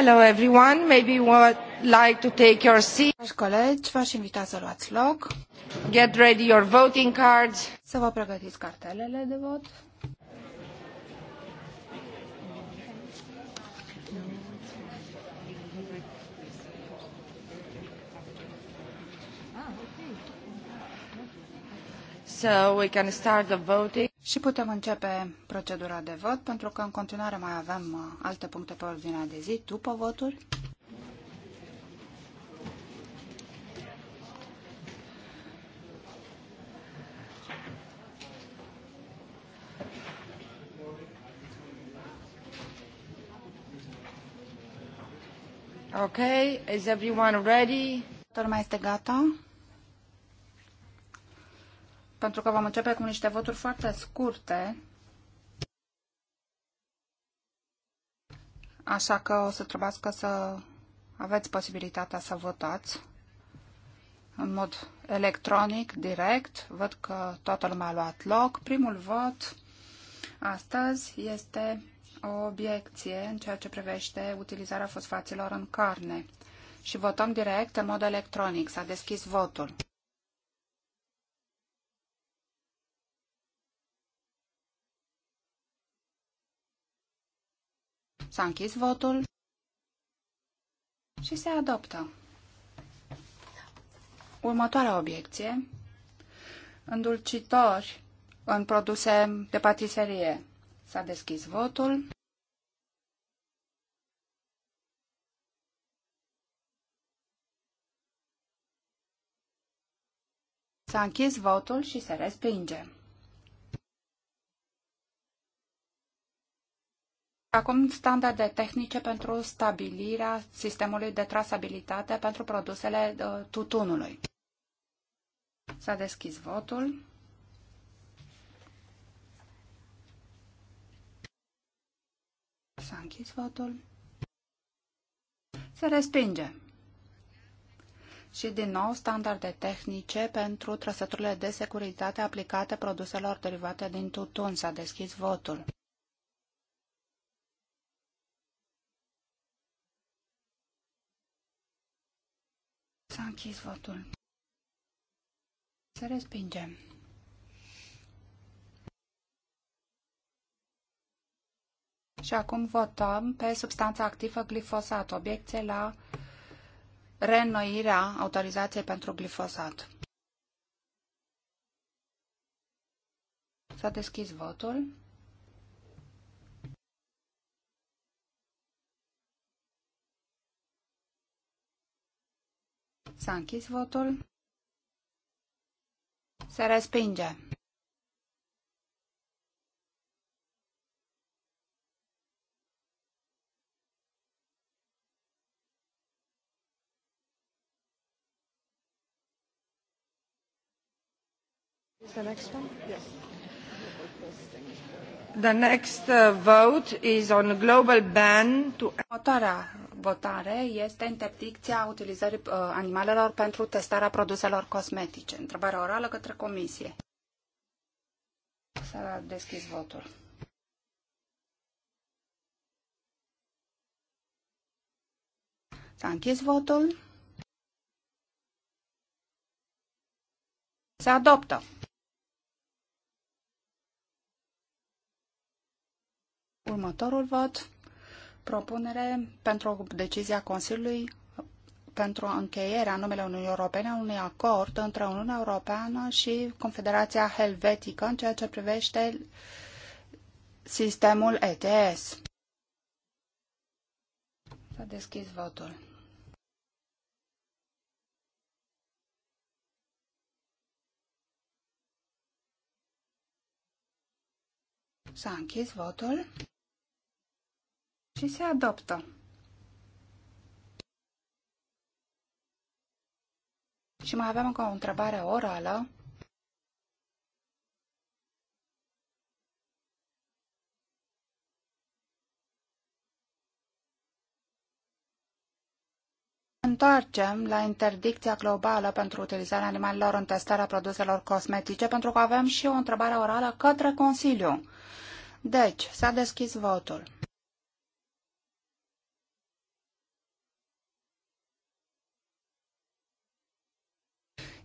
Hello everyone, maybe you would like to take your seat. Dragi colegi, v-aș invita să luați loc. Get ready your voting cards. Să vă pregătiți cartelele de vot. So we can start the voting. Și putem începe procedura de vot, pentru că în continuare mai avem uh, alte puncte pe ordinea de zi după voturi. Okay, is everyone ready? Toată lumea este gata? pentru că vom începe cu niște voturi foarte scurte. Așa că o să trebuiască să aveți posibilitatea să votați în mod electronic, direct. Văd că toată lumea a luat loc. Primul vot astăzi este o obiecție în ceea ce privește utilizarea fosfaților în carne. Și votăm direct în mod electronic. S-a deschis votul. S-a închis votul și se adoptă. Următoarea obiecție. Îndulcitori în produse de patiserie. S-a deschis votul. S-a închis votul și se respinge. acum standarde tehnice pentru stabilirea sistemului de trasabilitate pentru produsele uh, tutunului. S-a deschis votul. S-a închis votul. Se respinge. Și din nou standarde tehnice pentru trăsăturile de securitate aplicate produselor derivate din tutun. S-a deschis votul. S-a închis votul. să respingem Și acum votăm pe substanța activă glifosat. Obiecție la reînnoirea autorizației pentru glifosat. S-a deschis votul. S-a închis votul. Se respinge. The next one? Yes. The next uh, vote is on global ban to... Următoarea votare este interdicția utilizării uh, animalelor pentru testarea produselor cosmetice. Întrebare orală către comisie. S-a deschis votul. S-a închis votul. Se adoptă. Următorul vot propunere pentru decizia Consiliului pentru încheierea în numele Uniunii Europene a unui acord între Uniunea Europeană și Confederația Helvetică în ceea ce privește sistemul ETS. S-a deschis votul. S-a închis votul și se adoptă. Și mai avem încă o întrebare orală. întoarcem la interdicția globală pentru utilizarea animalelor în testarea produselor cosmetice, pentru că avem și o întrebare orală către Consiliu. Deci, s-a deschis votul.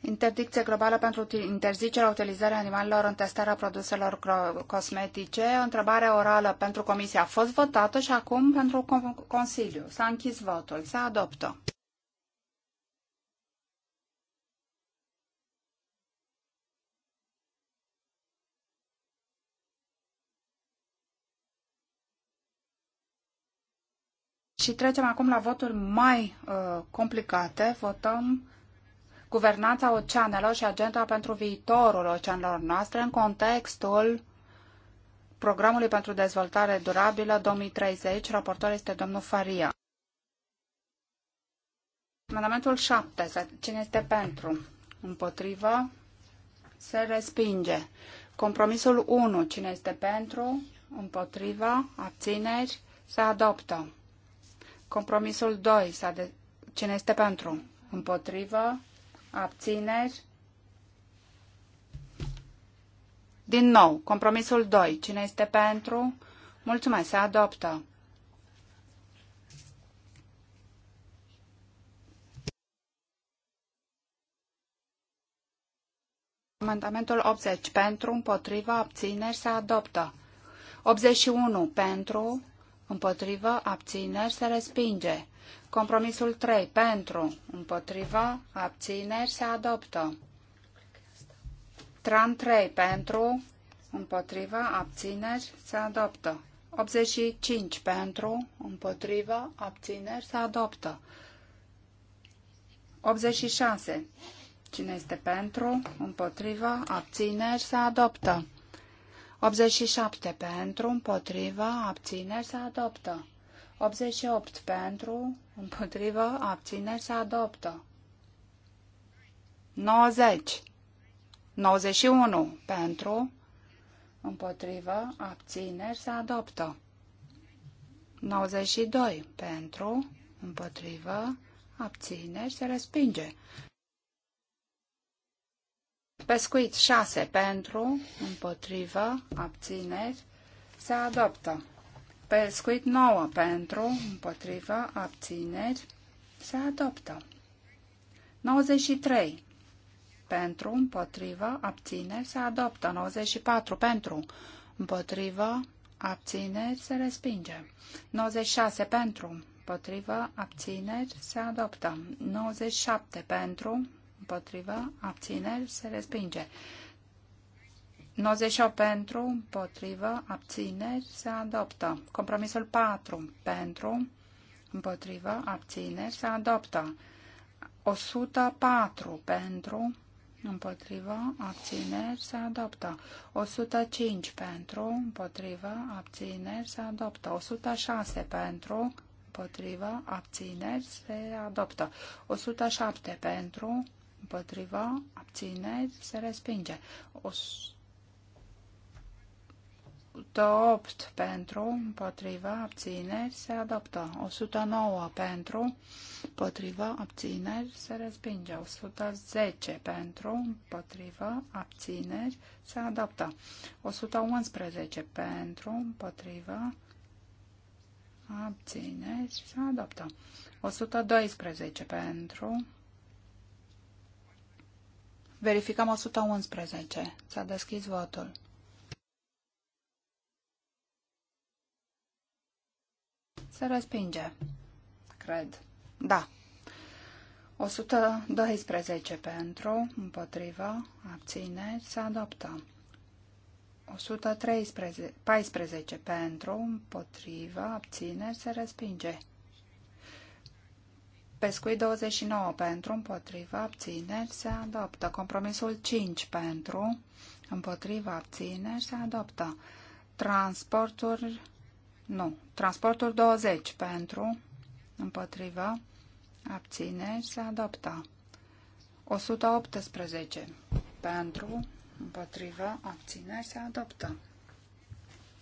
Interdicție globală pentru interzicerea utilizării animalelor în testarea produselor cosmetice. O întrebare orală pentru Comisie a fost votată și acum pentru Consiliu. S-a închis votul. Se adoptă. Și trecem acum la voturi mai uh, complicate. Votăm guvernanța oceanelor și agenda pentru viitorul oceanelor noastre în contextul programului pentru dezvoltare durabilă 2030. Raportor este domnul Faria. Amendamentul 7. Cine este pentru? Împotrivă? Se respinge. Compromisul 1. Cine este pentru? Împotrivă? Abțineri? Se adoptă. Compromisul 2. Cine este pentru? Împotrivă? abțineri. Din nou, compromisul 2. Cine este pentru? Mulțumesc, se adoptă. Amendamentul 80 pentru, împotriva, abțineri, se adoptă. 81 pentru, împotrivă, abțineri, se respinge. Compromisul 3, pentru, împotrivă, abțineri, se adoptă. Tran 3, pentru, împotrivă, abțineri, se adoptă. 85 pentru, împotrivă, abțineri, se adoptă. 86. Cine este pentru, împotrivă, abțineri, se adoptă. 87 pentru, împotriva, abțineri se adoptă. 88 pentru, împotriva, abțineri se adoptă. 90. 91 pentru, împotrivă, abțineri se adoptă. 92 pentru, împotrivă, abțineri se respinge. Pescuit 6 pentru, împotrivă, abțineri, se adoptă. Pescuit 9 pentru, împotrivă, abțineri, se adoptă. 93 pentru, împotrivă, abțineri, se adoptă. 94 pentru, împotrivă, abțineri, se respinge. 96 pentru, împotrivă, abțineri, se adoptă. 97 pentru, împotrivă, abțineri, se respinge. 98 pentru, împotrivă, abțineri, se adoptă. Compromisul 4 pentru, împotrivă, abțineri, se adoptă. 104 pentru, împotrivă, abțineri, se adoptă. 105 pentru, împotrivă, abțineri, se adoptă. 106 pentru, împotrivă, abțineri, se adoptă. 107 pentru, împotriva, abțineri, se respinge. O 108 pentru, împotriva, abțineri, se adoptă. 109 pentru, împotriva, abțineri, se respinge. 110 pentru, împotriva, abțineri, se adoptă. 111 pentru, împotriva, abțineri, se adoptă. 112 pentru, Verificăm 111. S-a deschis votul. Se respinge. Cred. Da. 112 pentru, împotriva, abține, se adoptă. 114 14 pentru, împotriva, abține, se respinge. Pescuit 29 pentru, împotriva, abțineri, se adoptă. Compromisul 5 pentru, împotriva, abțineri, se adoptă. Transporturi, nu, transporturi 20 pentru, împotriva, abțineri, se adoptă. 118 pentru, împotriva, abțineri, se adoptă.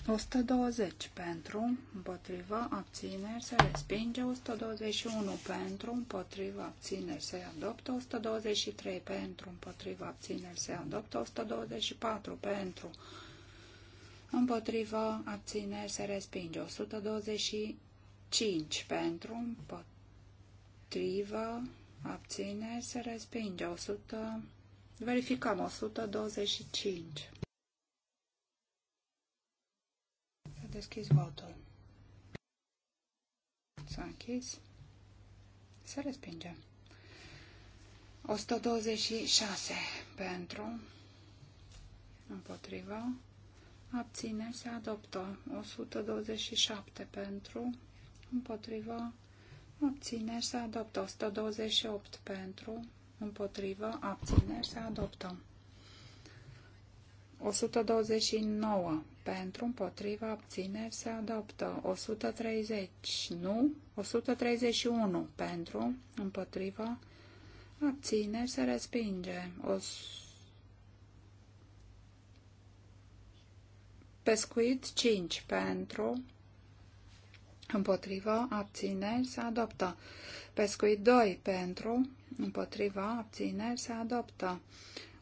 120 pentru, împotriva, abțineri, se respinge, 121 pentru, împotriva, abțineri, se adoptă, 123 pentru, împotriva, abțineri, se adoptă, 124 pentru, împotriva, abțineri, se respinge, 125 pentru, împotriva, abțineri, se respinge, 100, verificăm, 125. deschis votul. S-a închis. Se respinge. 126 pentru, împotriva, abține, se adoptă. 127 pentru, împotriva, abține, se adoptă. 128 pentru, împotriva, abține, se adoptă. 129 pentru, împotriva, abțineri, se adoptă. 130, nu. 131, pentru, împotriva, abțineri, se respinge. O... Pescuit 5, pentru, împotriva, abțineri, se adoptă. Pescuit 2, pentru, împotriva, abțineri, se adoptă.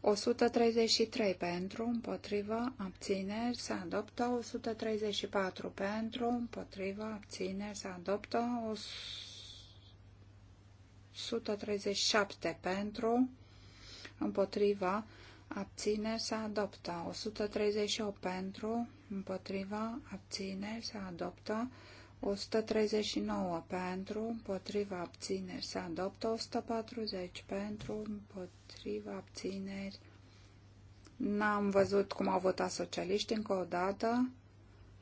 133 pentru, împotriva, abțineri, se adoptă 134 pentru, împotriva, abțineri, se adoptă 137 pentru, împotriva, abțineri, se adoptă 138 pentru, împotriva, abțineri, se adoptă 139 pentru, împotriva abțineri se adoptă, 140 pentru, împotriva abțineri. N-am văzut cum au votat socialiști încă o dată.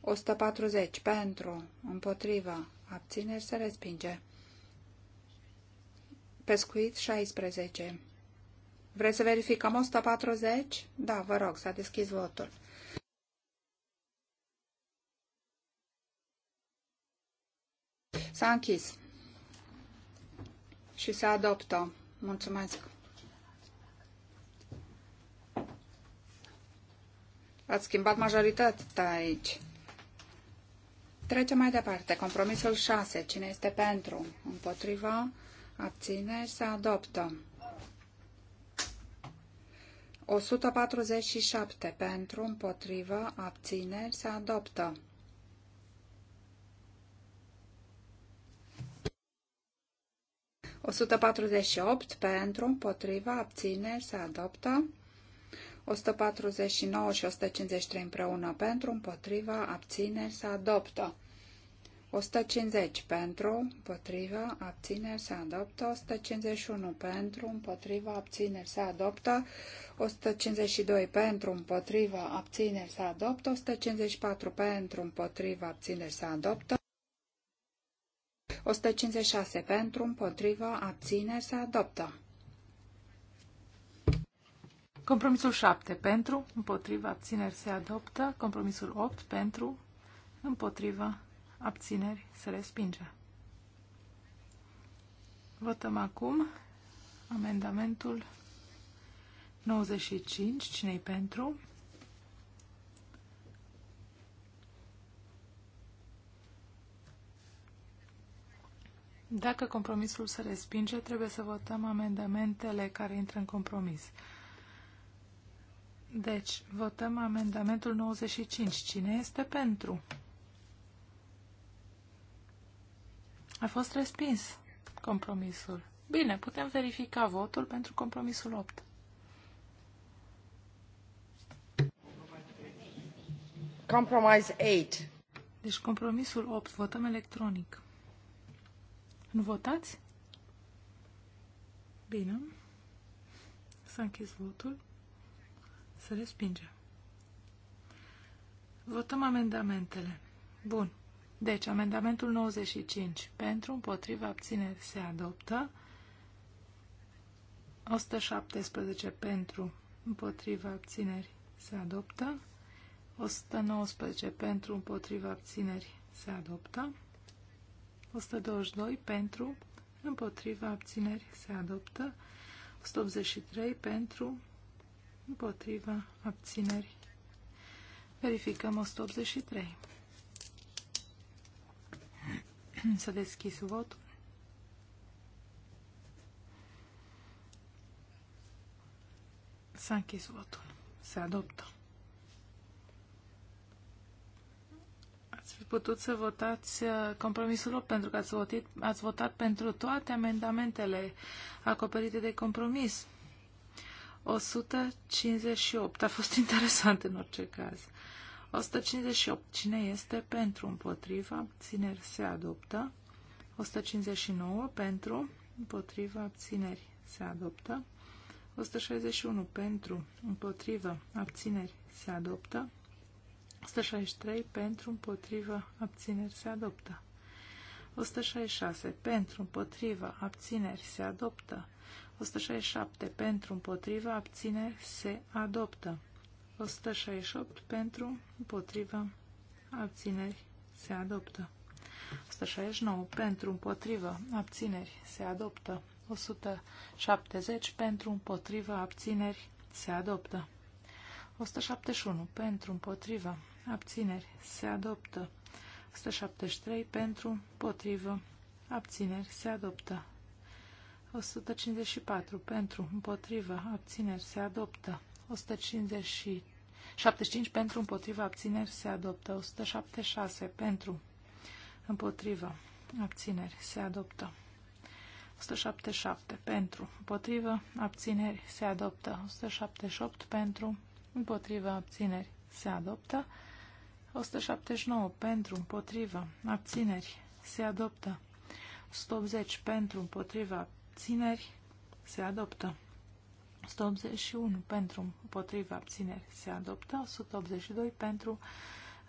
140 pentru, împotriva, abțineri se respinge. Pescuit 16. Vreți să verificăm 140? Da, vă rog, s-a deschis votul. S-a închis. Și se adoptă. Mulțumesc. Ați schimbat majoritatea aici. Trecem mai departe. Compromisul 6. Cine este pentru? Împotriva? Abțineri? Se adoptă. 147. Pentru? Împotriva? Abțineri? Se adoptă. 148 pentru, împotriva, abține se adoptă. 149 și 153 împreună pentru, împotriva, abține se adoptă. 150 pentru, împotriva, abține se adoptă. 151 pentru, împotriva, abține se adoptă. 152 pentru, împotriva, abține, se adoptă. 154 pentru, împotriva, abține, se adoptă. 156 pentru, împotriva, abțineri, se adoptă. Compromisul 7 pentru, împotriva, abțineri, se adoptă. Compromisul 8 pentru, împotriva, abțineri, se respinge. Votăm acum amendamentul 95. Cine-i pentru? Dacă compromisul se respinge, trebuie să votăm amendamentele care intră în compromis. Deci, votăm amendamentul 95. Cine este pentru? A fost respins compromisul. Bine, putem verifica votul pentru compromisul 8. Compromise 8. Deci compromisul 8, votăm electronic. Nu votați? Bine. S-a închis votul. Se respinge. Votăm amendamentele. Bun. Deci, amendamentul 95. Pentru, împotriva, abțineri se adoptă. 117 pentru, împotriva, abțineri se adoptă. 119 pentru, împotriva, abțineri se adoptă. 122 pentru, împotriva abțineri se adoptă, 183 pentru, împotriva abțineri. Verificăm 183. Să deschis votul. S-a închis votul. Se adoptă. ați fi putut să votați uh, compromisul 8 pentru că ați votat, ați votat pentru toate amendamentele acoperite de compromis. 158. A fost interesant în orice caz. 158. Cine este pentru împotriva? Abțineri se adoptă. 159 pentru împotriva abțineri se adoptă. 161 pentru împotriva abțineri se adoptă. 163 pentru, împotrivă, abțineri se adoptă. 166 pentru, împotrivă, abțineri se adoptă. 167 pentru, împotrivă, abțineri se adoptă. 168 pentru, împotrivă, abțineri se adoptă. 169 pentru, împotrivă, abțineri se adoptă. 170 pentru, împotrivă, abțineri se adoptă. 171 pentru, împotrivă, abțineri, se adoptă. 173 pentru, împotrivă, abțineri, se adoptă. 154 pentru, împotrivă, abțineri, se adoptă. 175 pentru, împotrivă, abțineri, se adoptă. 176 pentru, împotrivă, abțineri, se adoptă. 177 pentru, împotrivă, abțineri, se adoptă. 178 pentru, împotrivă, abțineri, se adoptă. 179 pentru, împotrivă, abțineri, se adoptă. 180 pentru, împotrivă, abțineri, se adoptă. 181 pentru, împotrivă, abțineri, se adoptă. 182 pentru,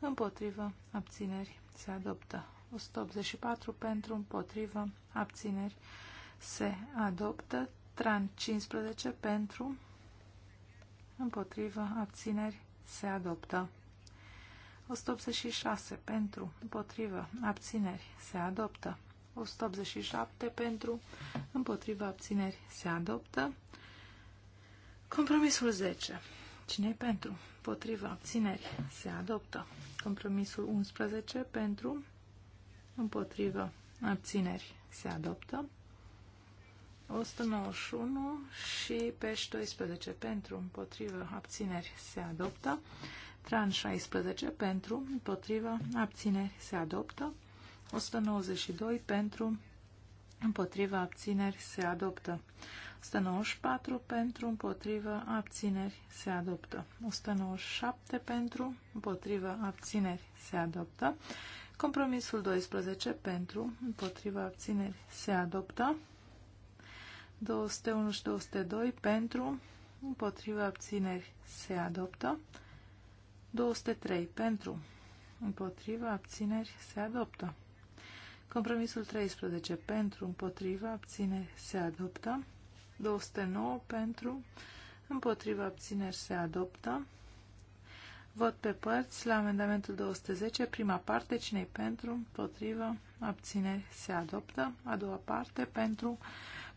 împotrivă, abțineri, se adoptă. 184 pentru, împotrivă, abțineri, se adoptă. Tran 15 pentru, împotrivă, abțineri, se adoptă. 186 pentru, împotrivă, abțineri, se adoptă. 187 pentru, împotrivă, abțineri, se adoptă. Compromisul 10. Cine pentru? Împotrivă, abțineri, se adoptă. Compromisul 11 pentru, împotrivă, abțineri, se adoptă. 191 și pești 12 pentru, împotrivă, abțineri, se adoptă. Tran 16 pentru, împotriva, abțineri se adoptă. 192 pentru, împotriva, abțineri se adoptă. 194 pentru, împotriva, abțineri se adoptă. 197 pentru, împotriva, abțineri se adoptă. Compromisul 12 pentru, împotriva, abțineri se adoptă. 201 și 202 pentru, împotriva, abțineri se adoptă. 203 pentru, împotriva, abțineri, se adoptă. Compromisul 13 pentru, împotriva, abțineri, se adoptă. 209 pentru, împotriva, abțineri, se adoptă. Vot pe părți la amendamentul 210, prima parte, cine pentru, împotrivă, abțineri, se adoptă. A doua parte, pentru,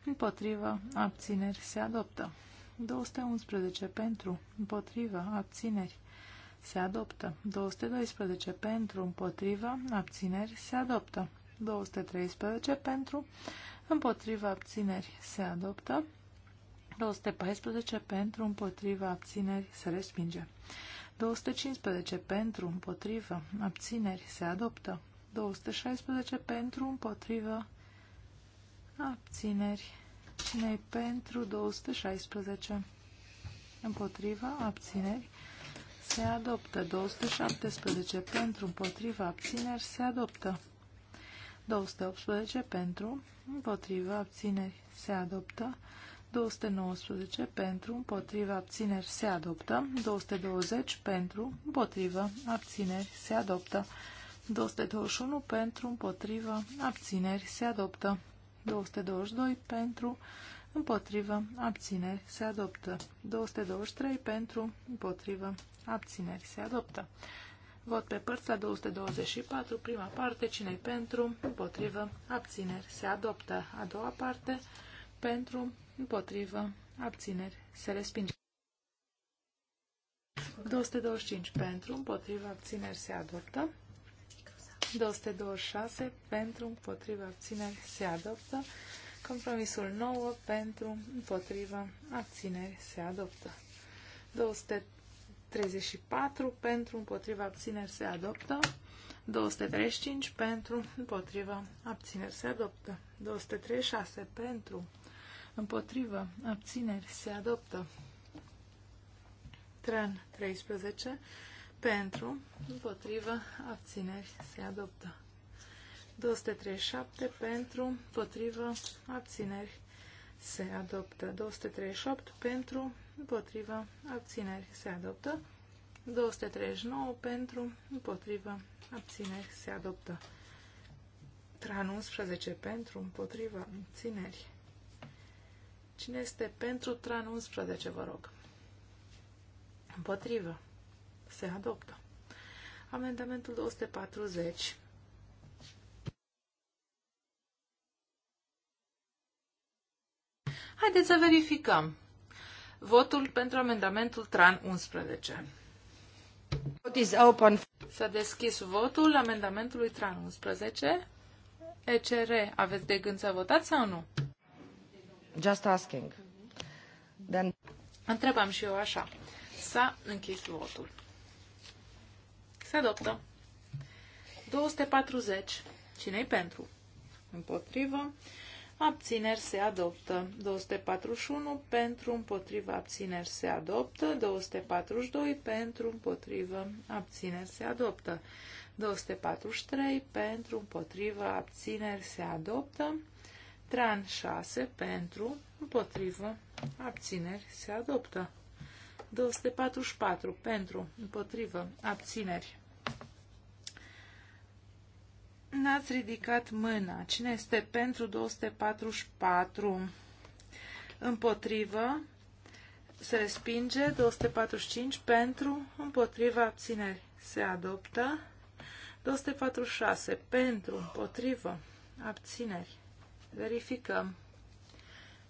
împotrivă, abțineri, se adoptă. 211, pentru, împotrivă, abțineri, se adoptă. 212 pentru, împotriva, abțineri, se adoptă. 213 pentru, împotriva, abțineri, se adoptă. 214 pentru, împotriva, abțineri, se respinge. 215 pentru, împotriva, abțineri, se adoptă. 216 pentru, împotriva, abțineri. Cine pentru 216? Împotriva, abțineri, se adoptă. 217 pentru, împotriva, abțineri, se adoptă. 218 pentru, împotriva, abțineri, se adoptă. 219 pentru, împotriva, abțineri, se adoptă. 220 pentru, împotriva, abțineri, se adoptă. 221 pentru, împotriva, abțineri, se adoptă. 222 pentru, împotrivă, abțineri, se adoptă. 223 pentru, împotrivă, abțineri, se adoptă. Vot pe părți la 224, prima parte, cine pentru, împotrivă, abțineri, se adoptă. A doua parte, pentru, împotrivă, abțineri, se respinge. 225 pentru, împotriva abțineri se adoptă. 226 pentru, împotriva abțineri se adoptă. Compromisul 9 pentru, împotrivă, abțineri se adoptă. 234 pentru, împotrivă, abțineri se adoptă. 235 pentru, împotrivă, abțineri se adoptă. 236 pentru, împotrivă, abțineri se adoptă. Tren 13 pentru, împotrivă, abțineri se adoptă. 237 pentru, împotrivă, abțineri se adoptă. 238 pentru, împotrivă, abțineri se adoptă. 239 pentru, împotrivă, abțineri se adoptă. 311 pentru, împotrivă, abțineri. Cine este pentru Tran 11, vă rog? Împotrivă. Se adoptă. Amendamentul 240 Haideți să verificăm. Votul pentru amendamentul TRAN 11. S-a deschis votul amendamentului TRAN 11. ECR, aveți de gând să votați sau nu? Just asking. Then... Întrebam și eu așa. S-a închis votul. Se adoptă. 240. Cine-i pentru? Împotrivă abțineri se adoptă. 241 pentru, împotriva, abțineri se adoptă. 242 pentru, împotriva, abțineri se adoptă. 243 pentru, împotriva, abțineri se adoptă. Tran 6 pentru, împotrivă, abțineri se adoptă. 244 pentru, împotrivă, abțineri n-ați ridicat mâna. Cine este pentru 244? Împotrivă. Se respinge. 245 pentru. Împotrivă. Abțineri. Se adoptă. 246 pentru. Împotrivă. Abțineri. Verificăm.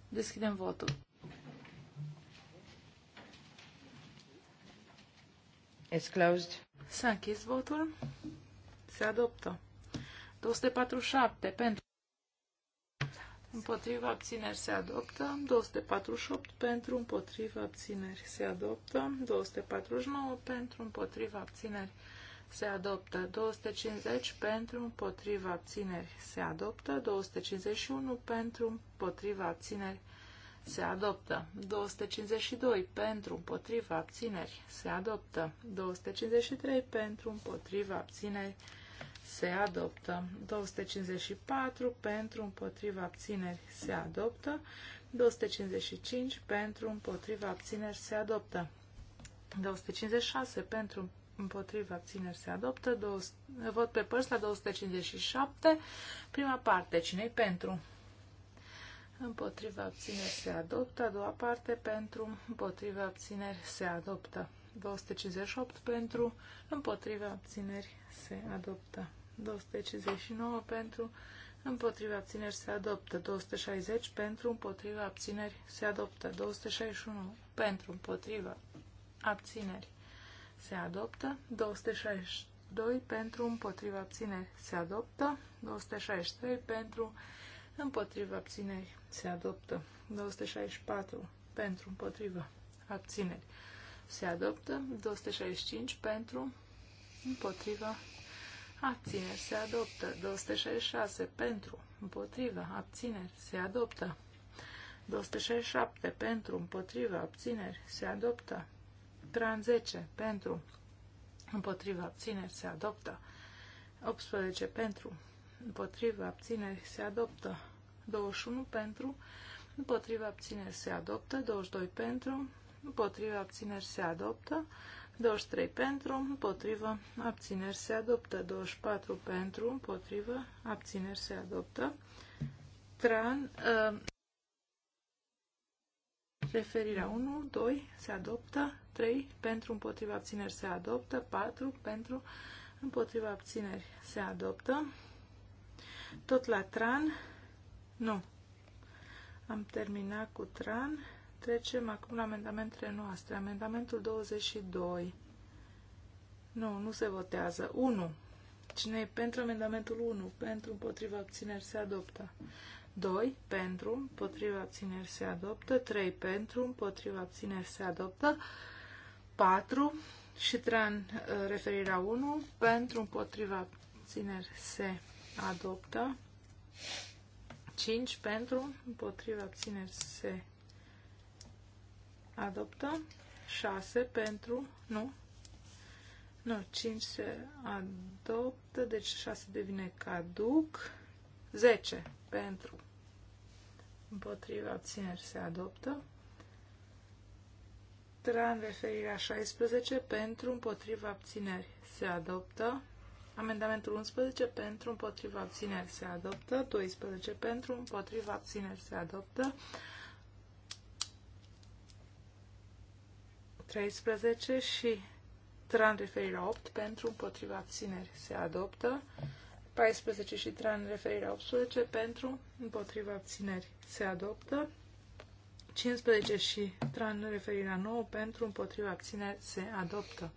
Deschidem votul. It's closed. S-a închis votul. Se adoptă. 247 pentru. Împotriva abțineri se adoptă. 248 pentru. Împotriva abțineri se adoptă. 249 pentru. Împotriva abțineri se adoptă. 250 pentru. Împotriva abțineri se adoptă. 251 pentru. Împotriva abțineri se adoptă. 252 pentru împotriva abțineri se adoptă. 253 pentru împotriva abțineri se adoptă se adoptă. 254 pentru împotriva abțineri se adoptă. 255 pentru împotriva abțineri se adoptă. 256 pentru împotriva abțineri se adoptă. 200, vot pe părți la 257. Prima parte. cine pentru? Împotriva abțineri se adoptă. A doua parte pentru împotriva abțineri se adoptă. 258 pentru împotriva abțineri se adoptă. 259 pentru, împotriva abțineri se adoptă. 260 pentru, împotriva abțineri se adoptă. 261 pentru, împotriva abțineri se adoptă. 262 pentru, împotriva abțineri se adoptă. 263 pentru, împotriva abțineri se adoptă. 264 pentru, împotriva abțineri se adoptă. 265 pentru, împotriva Abțineri se adoptă. 266 pentru. Împotrivă. Abțineri se adoptă. 267 pentru. Împotrivă. Abțineri se adoptă. 310 pentru. Împotrivă. Abțineri se adoptă. 18 pentru. Împotrivă. Abțineri se adoptă. 21 pentru. Împotrivă. Abțineri se adoptă. 22 pentru. Împotrivă. Abțineri se adoptă. 23 pentru, împotrivă, abțineri se adoptă. 24 pentru, împotrivă, abțineri se adoptă. Tran, uh, referirea 1, 2 se adoptă. 3 pentru, împotrivă, abțineri se adoptă. 4 pentru, împotrivă, abțineri se adoptă. Tot la Tran, nu. Am terminat cu Tran. Trecem acum la amendamentele noastre. Amendamentul 22. Nu, nu se votează. 1. Cine e pentru amendamentul 1? Pentru, împotriva, abțineri, se adoptă. 2. Pentru, împotriva, abțineri, se adoptă. 3. Pentru, împotriva, abțineri, se adoptă. 4. Și tran uh, referirea 1. Pentru, împotriva, abțineri, se adoptă. 5. Pentru, împotriva, abțineri, se adoptă adoptă. 6 pentru, nu, nu, 5 se adoptă, deci 6 devine caduc. 10 pentru, împotriva abțineri se adoptă. Tran referirea 16 pentru, împotriva abțineri se adoptă. Amendamentul 11 pentru, împotriva abțineri se adoptă. 12 pentru, împotriva abțineri se adoptă. 13 și tran referire la 8 pentru împotriva abțineri se adoptă. 14 și tran referire la 18 pentru împotriva abțineri se adoptă. 15 și tran referire la 9 pentru împotriva abțineri se adoptă.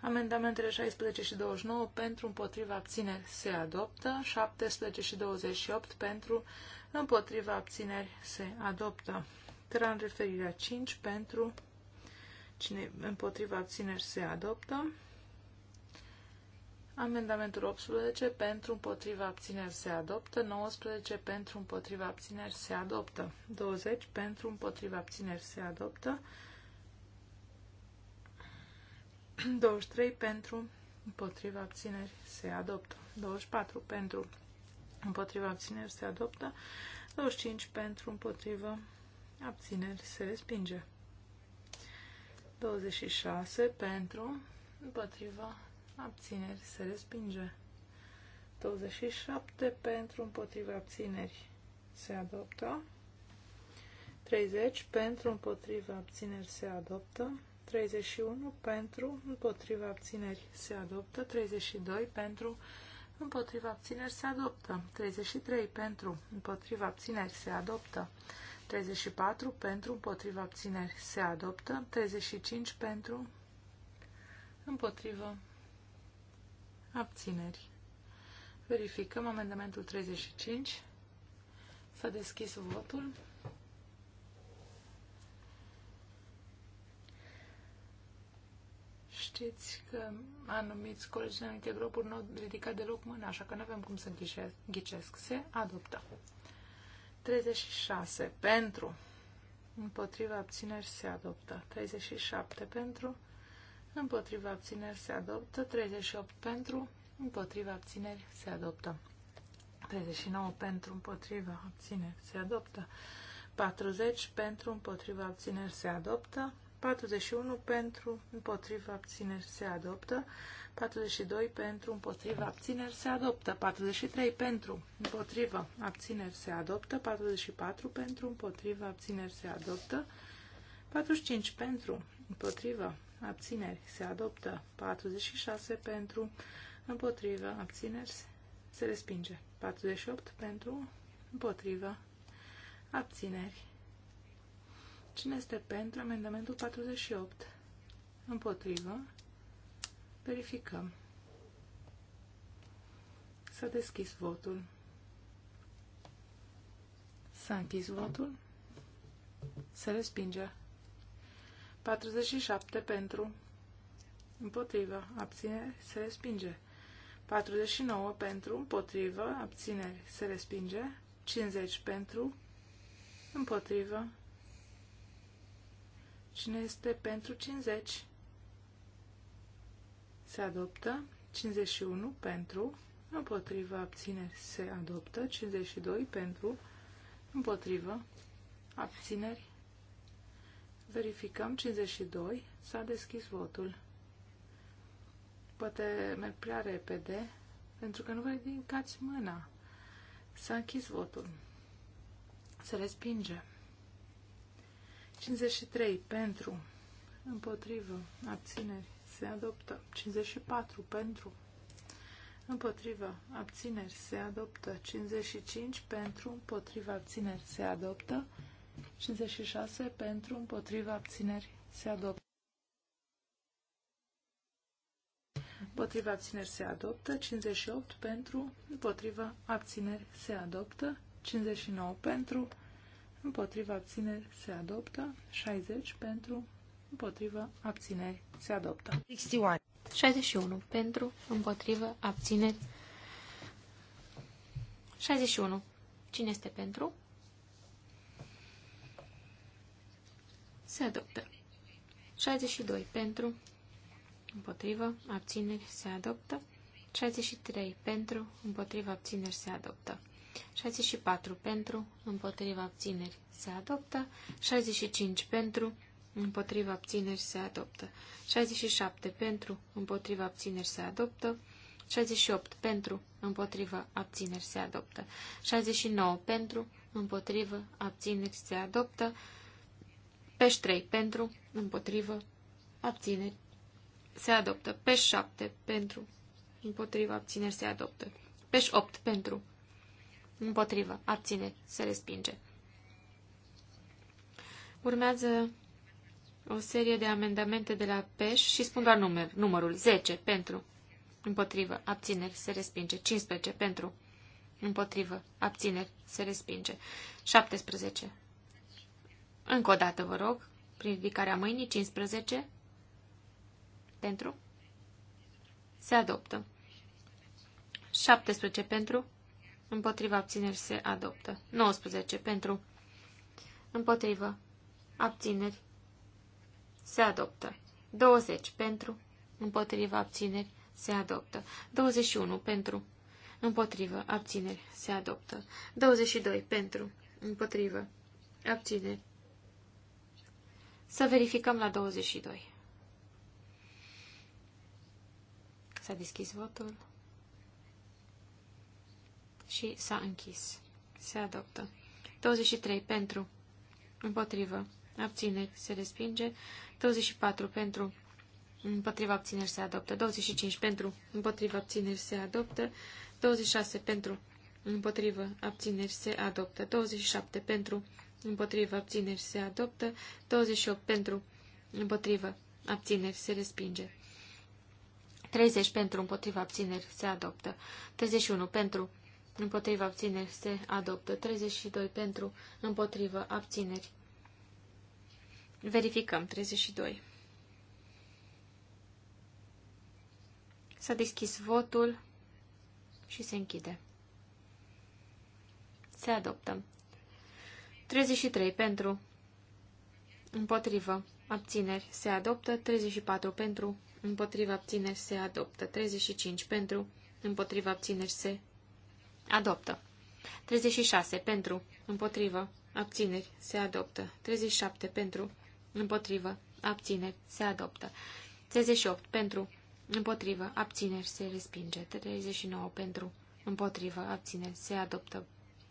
Amendamentele 16 și 29 pentru împotriva abțineri se adoptă, 17 și 28 pentru împotriva abțineri se adoptă. Tran referirea 5 pentru Cine împotriva abțineri se adoptă. Amendamentul 18 pentru împotriva abțineri se adoptă, 19 pentru împotriva abțineri se adoptă, 20 pentru împotriva abțineri se adoptă, 23 pentru împotriva abțineri se adoptă, 24 pentru împotriva abțineri se adoptă, 25 pentru împotriva abțineri se respinge. 26 pentru, împotriva, abțineri, se respinge. 27 pentru, împotriva, abțineri, se adoptă. 30 pentru, împotriva, abțineri, se adoptă. 31 pentru, împotriva, abțineri, se adoptă. 32 pentru, împotriva, abțineri, se adoptă. 33 pentru, împotriva, abțineri, se adoptă. 34 pentru, împotriva abțineri se adoptă, 35 pentru, împotriva abțineri. Verificăm amendamentul 35. S-a deschis votul. Știți că anumiți colegi din anumite grupuri nu au ridicat deloc mâna, așa că nu avem cum să ghicesc. Se adoptă. 36 pentru, împotriva abțineri se adoptă. 37 pentru, împotriva abțineri se adoptă. 38 pentru, împotriva abțineri se adoptă. 39 pentru, împotriva abțineri se adoptă. 40 pentru, împotriva abțineri se adoptă. 41 pentru, împotriva abțineri se adoptă. 42 pentru, împotriva, abțineri se adoptă. 43 pentru, împotriva, abțineri se adoptă. 44 pentru, împotriva, abțineri se adoptă. 45 pentru, împotriva, abțineri se adoptă. 46 pentru, împotriva, abțineri se respinge. 48 pentru, împotriva, abțineri. Cine este pentru amendamentul 48? Împotrivă. Verificăm. S-a deschis votul. S-a închis votul. Se respinge. 47 pentru. Împotrivă. Abțineri. Se respinge. 49 pentru. Împotrivă. Abțineri. Se respinge. 50 pentru. Împotrivă. Cine este pentru 50? se adoptă. 51 pentru, împotrivă, abțineri, se adoptă. 52 pentru, împotrivă, abțineri. Verificăm 52, s-a deschis votul. Poate merg prea repede, pentru că nu ridicați mâna. S-a închis votul. Se respinge. 53 pentru, împotrivă, abțineri se adoptă. 54 pentru, împotriva abțineri se adoptă. 55 pentru, împotriva abțineri se adoptă. 56 pentru, împotriva abțineri se adoptă. Împotriva abțineri se adoptă. 58 pentru, împotriva abțineri se adoptă. 59 pentru, împotriva abțineri se adoptă. 60 pentru, împotrivă, abțineri, se adoptă. 61. 61. Pentru, împotrivă, abțineri. 61. Cine este pentru? Se adoptă. 62. Pentru, împotrivă, abțineri, se adoptă. 63. Pentru, împotrivă, abțineri, se adoptă. 64. Pentru, împotrivă, abțineri, se adoptă. 65. Pentru, împotriva abțineri se adoptă. 67 pentru, împotriva abțineri se adoptă. 68 pentru, împotriva abțineri se adoptă. 69 pentru, împotriva abțineri se adoptă. Peș 3 pentru, împotriva abțineri se adoptă. Peș 7 pentru, împotriva abțineri se adoptă. Peș 8 pentru, împotriva abțineri se respinge. Urmează o serie de amendamente de la PEș și spun doar număr, numărul 10 pentru, împotrivă, abțineri, se respinge, 15 pentru, împotrivă, abțineri, se respinge, 17. Încă o dată, vă rog, prin ridicarea mâinii, 15 pentru, se adoptă, 17 pentru, împotrivă, abțineri, se adoptă, 19 pentru, împotrivă, abțineri, se adoptă. 20 pentru, împotriva abțineri, se adoptă. 21 pentru, împotrivă, abțineri, se adoptă. 22 pentru, împotrivă, abțineri. Să verificăm la 22. S-a deschis votul și s-a închis. Se adoptă. 23 pentru, împotrivă, Abține, se respinge. 24 pentru, împotriva abțineri, se adoptă. 25 pentru, împotriva abțineri, se adoptă. 26 pentru, împotriva abțineri, se adoptă. 27 pentru, împotriva abțineri, se adoptă. 28 pentru, împotriva abțineri, se respinge. 30 pentru, împotriva abțineri, se adoptă. 31 pentru, Împotriva abțineri se adoptă 32 pentru, împotriva abțineri Verificăm. 32. S-a deschis votul și se închide. Se adoptă. 33 pentru. Împotrivă. Abțineri. Se adoptă. 34 pentru. Împotrivă abțineri se adoptă. 35 pentru. Împotrivă abțineri se adoptă. 36 pentru. Împotrivă abțineri se adoptă. 37 pentru. Împotrivă. Abțineri. Se adoptă. 38. Pentru. Împotrivă. Abțineri. Se respinge. 39. Pentru. Împotrivă. Abțineri. Se adoptă.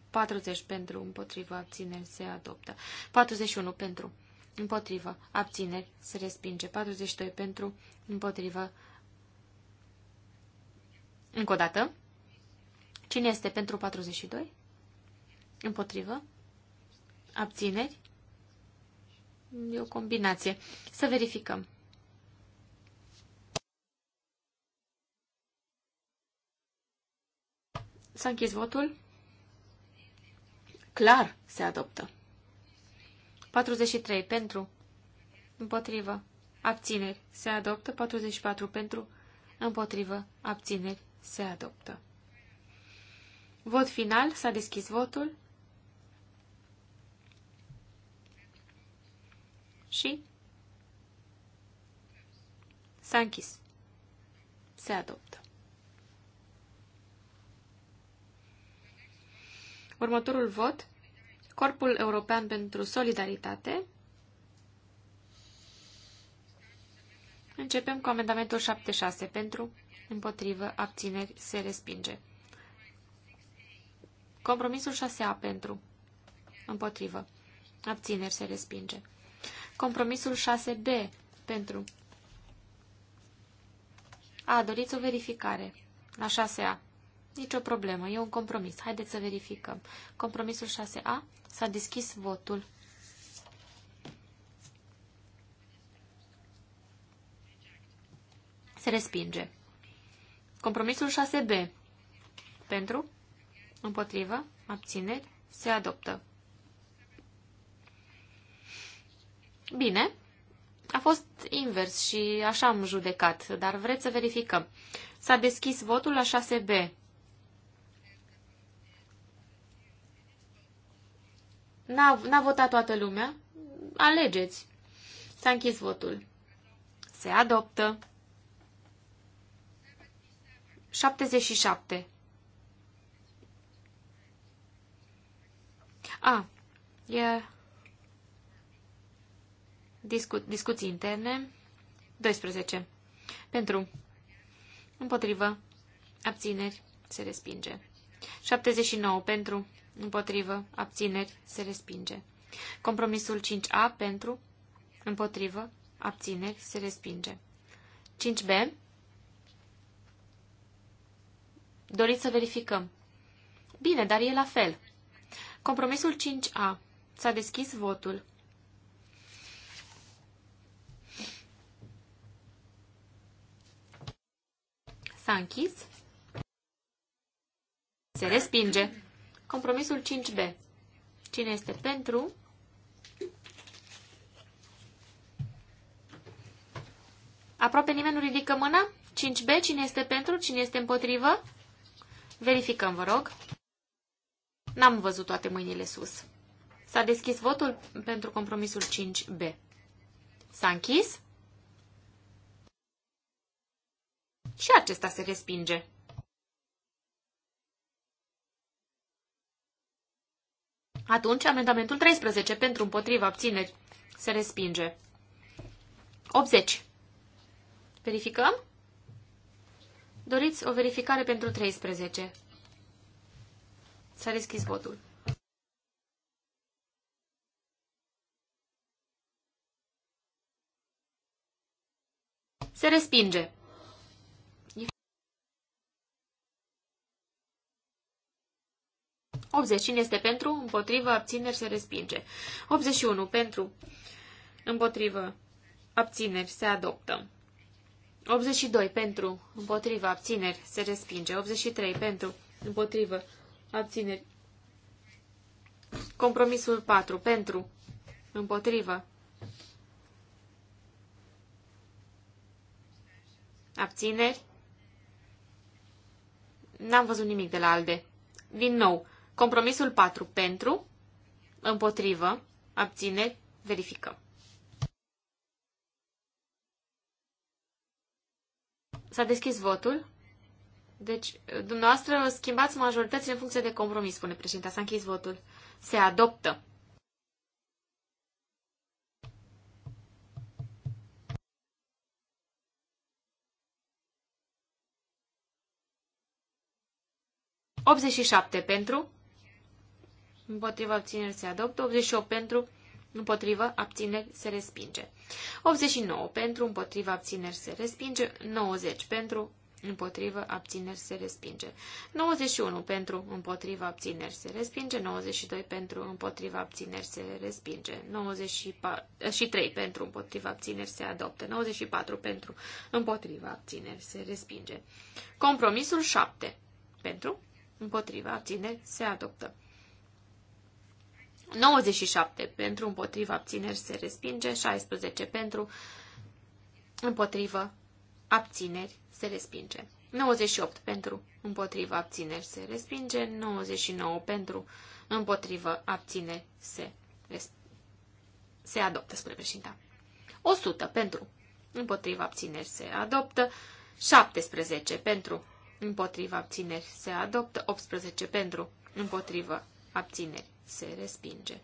40 pentru, împotrivă, abțineri, se adoptă. 41 pentru, împotrivă, abțineri, se respinge. 42 pentru, împotrivă. Încă o dată. Cine este pentru 42? Împotrivă. Abțineri. E o combinație. Să verificăm. S-a închis votul? Clar se adoptă. 43 pentru, împotrivă, abțineri, se adoptă. 44 pentru, împotrivă, abțineri, se adoptă. Vot final, s-a deschis votul. și s-a închis. Se adoptă. Următorul vot, Corpul European pentru Solidaritate. Începem cu amendamentul 76 pentru, împotrivă, abțineri, se respinge. Compromisul 6A pentru, împotrivă, abțineri, se respinge. Compromisul 6B pentru. A, doriți o verificare la 6A. Nicio problemă, e un compromis. Haideți să verificăm. Compromisul 6A s-a deschis votul. Se respinge. Compromisul 6B. Pentru, împotrivă, abțineri, se adoptă. Bine, a fost invers și așa am judecat, dar vreți să verificăm. S-a deschis votul la 6B. N-a, votat toată lumea? Alegeți. S-a închis votul. Se adoptă. 77. A, e Discu discuții interne. 12. Pentru. Împotrivă. Abțineri. Se respinge. 79. Pentru. Împotrivă. Abțineri. Se respinge. Compromisul 5A. Pentru. Împotrivă. Abțineri. Se respinge. 5B. Doriți să verificăm. Bine, dar e la fel. Compromisul 5A. S-a deschis votul. S-a închis. Se respinge. Compromisul 5B. Cine este pentru? Aproape nimeni nu ridică mâna. 5B. Cine este pentru? Cine este împotrivă? Verificăm, vă rog. N-am văzut toate mâinile sus. S-a deschis votul pentru compromisul 5B. S-a închis. și acesta se respinge. Atunci, amendamentul 13 pentru împotriva abțineri se respinge. 80. Verificăm? Doriți o verificare pentru 13. S-a deschis votul. Se respinge. 80. Cine este pentru? Împotrivă. Abțineri se respinge. 81. Pentru. Împotrivă. Abțineri se adoptă. 82. Pentru. Împotrivă. Abțineri se respinge. 83. Pentru. Împotrivă. Abțineri. Compromisul 4. Pentru. Împotrivă. Abțineri. N-am văzut nimic de la ALDE. Din nou, Compromisul 4. Pentru, împotrivă, abține, verificăm. S-a deschis votul. Deci, dumneavoastră schimbați majoritățile în funcție de compromis, spune președinta. S-a închis votul. Se adoptă. Optzeci și șapte pentru, împotriva abțineri se adoptă, 88 pentru, împotriva abțineri se respinge. 89 pentru, împotriva abțineri se respinge, 90 pentru, împotriva abțineri se respinge. 91 pentru, împotriva abțineri se respinge. 92 pentru, împotriva abțineri se respinge. 93 pentru, împotriva abțineri se adoptă. 94 pentru, împotriva abțineri se respinge. Compromisul 7 pentru, împotriva abțineri se adoptă. 97 pentru împotriva abțineri se respinge, 16 pentru împotriva abțineri se respinge, 98 pentru împotriva abțineri se respinge, 99 pentru împotriva abțineri se, se adoptă spre președinta. 100 pentru împotriva abțineri se adoptă, 17 pentru împotriva abțineri se adoptă, 18 pentru împotriva abțineri se respinge.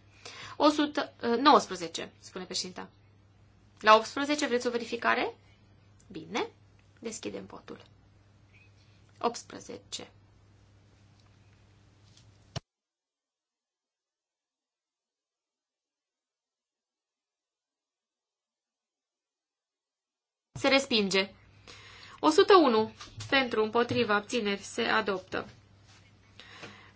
100, 19, ă, spune președinta. La 18 vreți o verificare? Bine, deschidem potul. 18. Se respinge. 101. Pentru, împotriva, abțineri, se adoptă.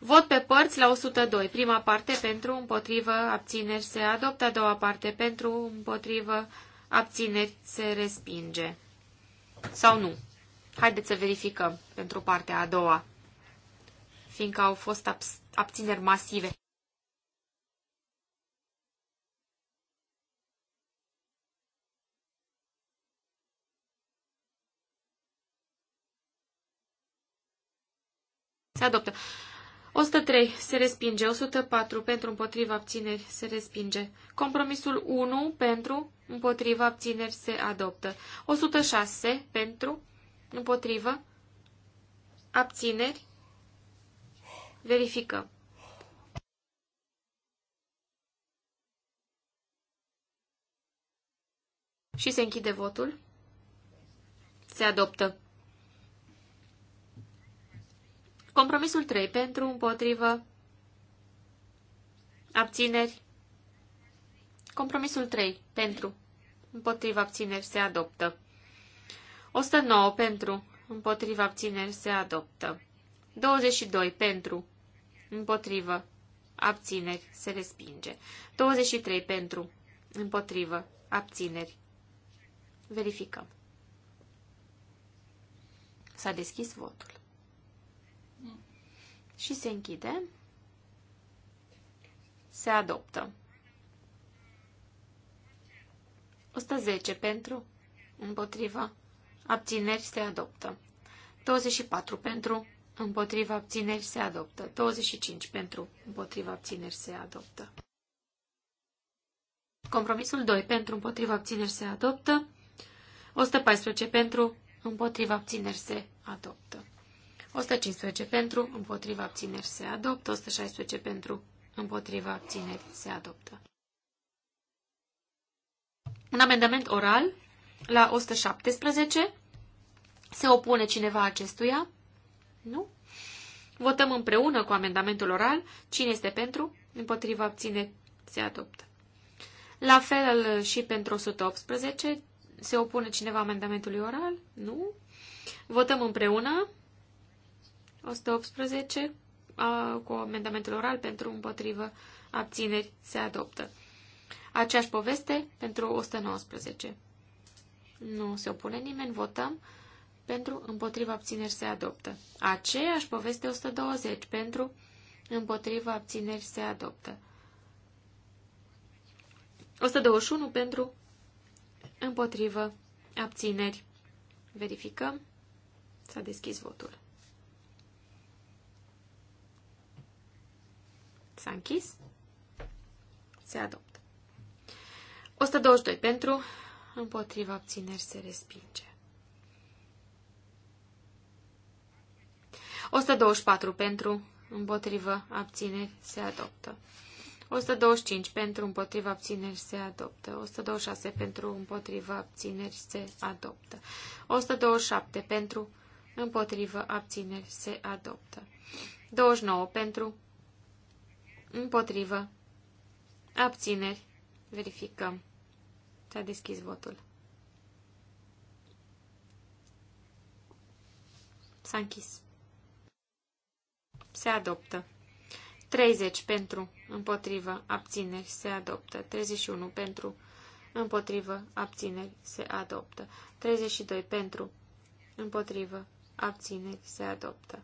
Vot pe părți la 102. Prima parte pentru, împotrivă, abțineri se adoptă. A doua parte pentru, împotrivă, abțineri se respinge. Sau nu? Haideți să verificăm pentru partea a doua, fiindcă au fost abțineri masive. Se adoptă. 103. Se respinge. 104. Pentru împotriva abțineri. Se respinge. Compromisul 1. Pentru împotriva abțineri. Se adoptă. 106. Pentru împotriva abțineri. Verificăm. Și se închide votul. Se adoptă. Compromisul 3 pentru, împotrivă, abțineri. Compromisul 3 pentru, împotrivă, abțineri se adoptă. 109 pentru, împotrivă, abțineri se adoptă. 22 pentru, împotrivă, abțineri se respinge. 23 pentru, împotrivă, abțineri. Verificăm. S-a deschis votul și se închide. Se adoptă. 110 pentru, împotriva, abțineri se adoptă. 24 pentru, împotriva abțineri se adoptă. 25 pentru, împotriva abțineri se adoptă. Compromisul 2 pentru, împotriva abțineri se adoptă. 114 pentru, împotriva abțineri se adoptă. 115 pentru, împotriva abțineri se adoptă, 116 pentru, împotriva abțineri se adoptă. Un amendament oral la 117. Se opune cineva acestuia? Nu? Votăm împreună cu amendamentul oral. Cine este pentru? Împotriva abține se adoptă. La fel și pentru 118. Se opune cineva amendamentului oral? Nu? Votăm împreună. 118 cu amendamentul oral pentru împotrivă abțineri se adoptă. Aceeași poveste pentru 119. Nu se opune nimeni, votăm. Pentru împotriva abțineri se adoptă. Aceeași poveste 120. Pentru împotriva abțineri se adoptă. 121 pentru împotrivă abțineri. Verificăm. S-a deschis votul. S-a închis. Se adoptă. 122 pentru, împotriva obțineri se respinge. 124 pentru, împotriva abțineri se adoptă. 125 pentru, împotriva abțineri se adoptă. 126 pentru, împotriva abțineri se adoptă. 127 pentru, împotriva abțineri se adoptă. 29 pentru, Împotrivă. Abțineri. Verificăm. S-a deschis votul. S-a închis. Se adoptă. 30 pentru, împotrivă, abțineri, se adoptă. 31 pentru, împotrivă, abțineri, se adoptă. 32 pentru, împotrivă, abțineri, se adoptă.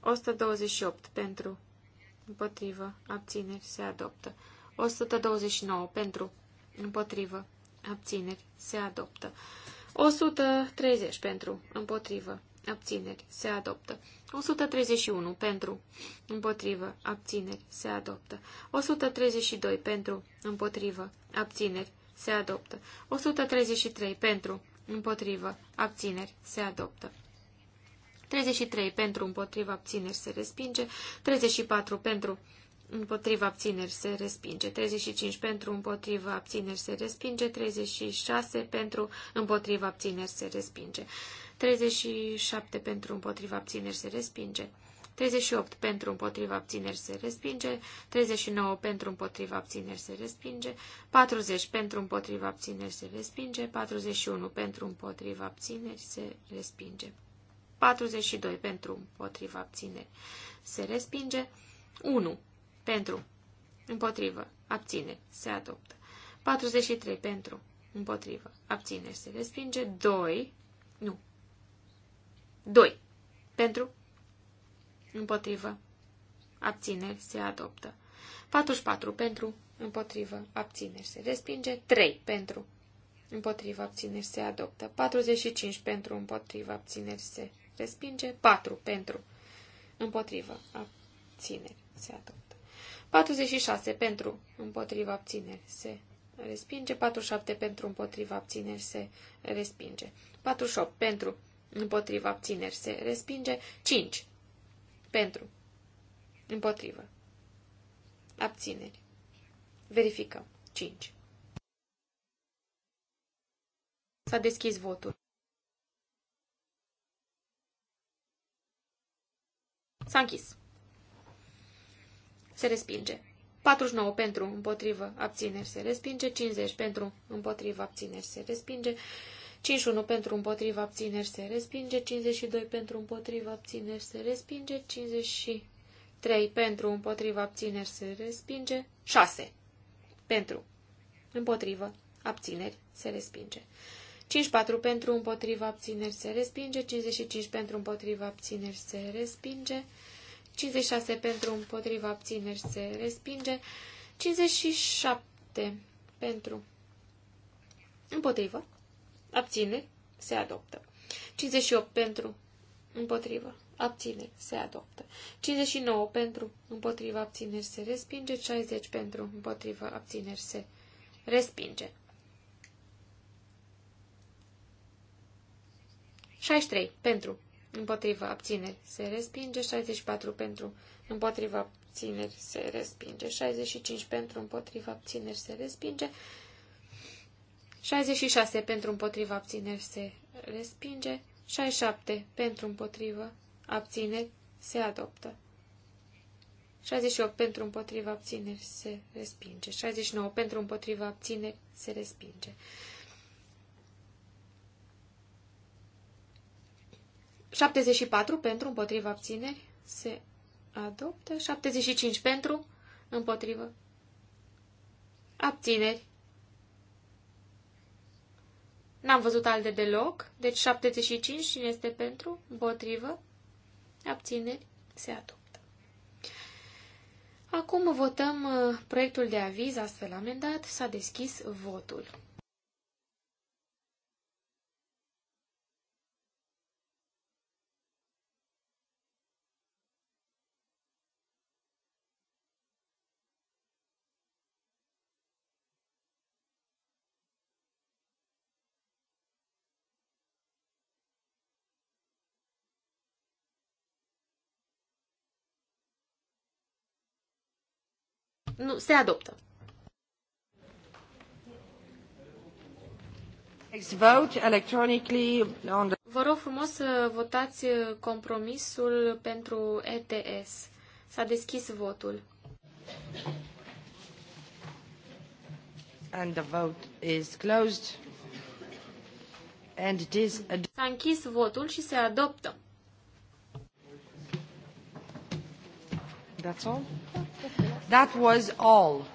128 pentru, împotrivă, abțineri, se adoptă. 129 pentru, împotrivă, abțineri, se adoptă. 130 pentru, împotrivă, abțineri, se adoptă. 131 pentru, împotrivă, abțineri, se adoptă. 132 pentru, împotrivă, abțineri, se adoptă. 133 pentru, împotrivă, abțineri, se adoptă. 33 pentru împotriva abțineri se respinge, 34 pentru împotriva abțineri se respinge, 35 pentru împotriva abțineri se respinge, 36 pentru împotriva abțineri se respinge, 37 pentru împotriva abțineri se respinge. 38 pentru împotriva abțineri se respinge, 39 pentru împotriva abțineri se respinge, 40 pentru împotriva abțineri se respinge, 41 pentru împotriva abțineri se respinge. 42 pentru, împotriva, abțineri, se respinge. 1 pentru, împotrivă, abțineri, se adoptă. 43 pentru, împotrivă, abțineri, se respinge. 2, nu, 2 pentru, împotrivă, abțineri, se adoptă. 44 pentru, împotrivă, abțineri, se respinge. 3 pentru, împotriva abțineri, se adoptă. 45 pentru, împotriva abțineri, se respinge. 4 pentru, împotrivă, abțineri, se adoptă. 46 pentru, împotrivă, abțineri, se respinge. 47 pentru, împotrivă, abțineri, se respinge. 48 pentru, împotrivă, abțineri, se respinge. 5 pentru, împotrivă, abțineri. Verificăm. 5. S-a deschis votul. S-a închis. Se respinge. 49 pentru, împotrivă, abțineri, se respinge. 50 pentru, împotrivă, abțineri, se respinge. 51 pentru, împotrivă, abțineri, se respinge. 52 pentru, împotrivă, abțineri, se respinge. 53 pentru, împotrivă, abțineri, se respinge. 6 pentru, împotrivă, abțineri, se respinge. 54 pentru împotriva abțineri se respinge, 55 pentru împotriva abțineri se respinge, 56 pentru împotriva abțineri se respinge, 57 pentru împotriva abțineri se adoptă, 58 pentru împotriva abțineri se adoptă, 59 pentru împotriva abțineri se respinge, 60 pentru împotriva abțineri se respinge. 63 pentru, împotrivă, abțineri, se respinge. 64 pentru, împotrivă, abțineri, se respinge. 65 pentru, împotrivă, abțineri, se respinge. 66 pentru, împotrivă, abțineri, se respinge. 67 pentru, împotrivă, abțineri, se adoptă. 68 pentru împotriva abțineri se respinge. 69 pentru împotriva abțineri se respinge. 74 pentru, împotriva abțineri, se adoptă. 75 pentru, împotriva abțineri. N-am văzut de deloc, deci 75 cine este pentru, împotrivă, abțineri, se adoptă. Acum votăm uh, proiectul de aviz astfel amendat, s-a deschis votul. Nu, se adoptă. Vă rog frumos să votați compromisul pentru ETS. S-a deschis votul. And the vote is closed. And it is S-a închis votul și se adoptă. That's all? That was all.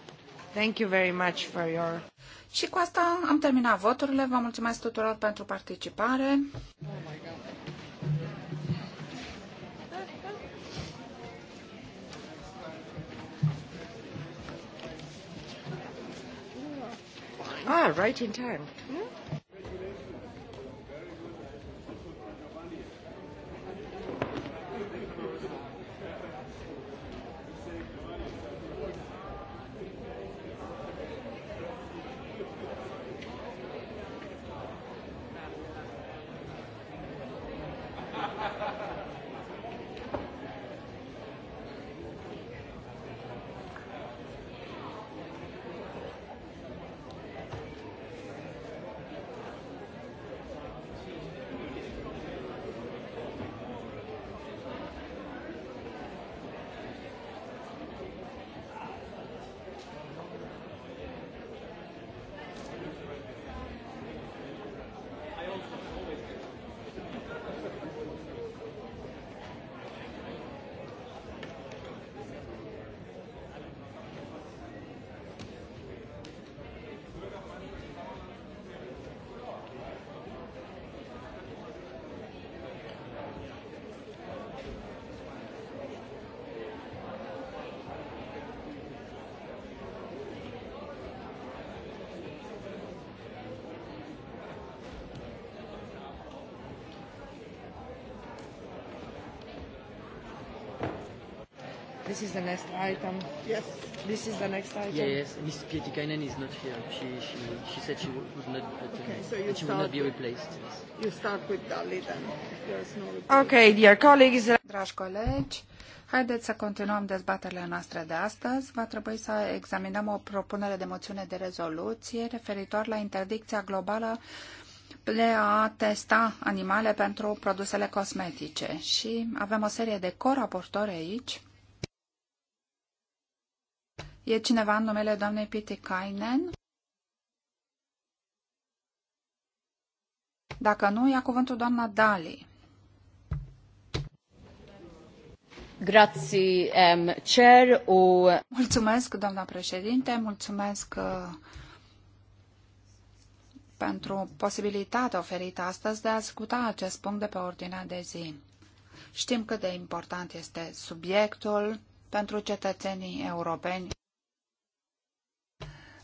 Thank you very much for your... Și cu asta am terminat voturile. Vă mulțumesc tuturor pentru participare. Ah, right in time. Yeah. Hmm? is the next item. Yes. This is the next item. Yeah, yes. Ms. Pietikainen is not here. She, she, she said she would not attend. Okay, uh, so you she will not be replaced. Yes. You start with Dali then. There's no replacement. okay, dear colleagues. Dragi colegi, haideți să continuăm dezbaterile noastre de astăzi. Va trebui să examinăm o propunere de moțiune de rezoluție referitor la interdicția globală de a testa animale pentru produsele cosmetice și avem o serie de coraportori aici. E cineva în numele doamnei Pitikainen? Dacă nu, ia cuvântul doamna Dali. Grazie, um, chair, o... Mulțumesc, doamna președinte, mulțumesc uh, pentru posibilitatea oferită astăzi de a scuta acest punct de pe ordinea de zi. Știm cât de important este subiectul pentru cetățenii europeni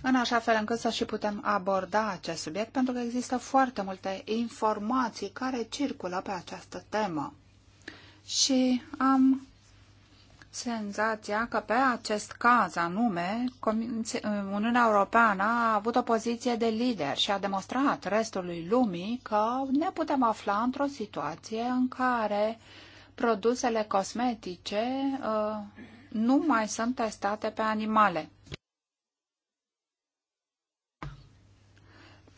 în așa fel încât să și putem aborda acest subiect, pentru că există foarte multe informații care circulă pe această temă. Și am senzația că pe acest caz anume, Uniunea Europeană a avut o poziție de lider și a demonstrat restului lumii că ne putem afla într-o situație în care produsele cosmetice uh, nu mai sunt testate pe animale.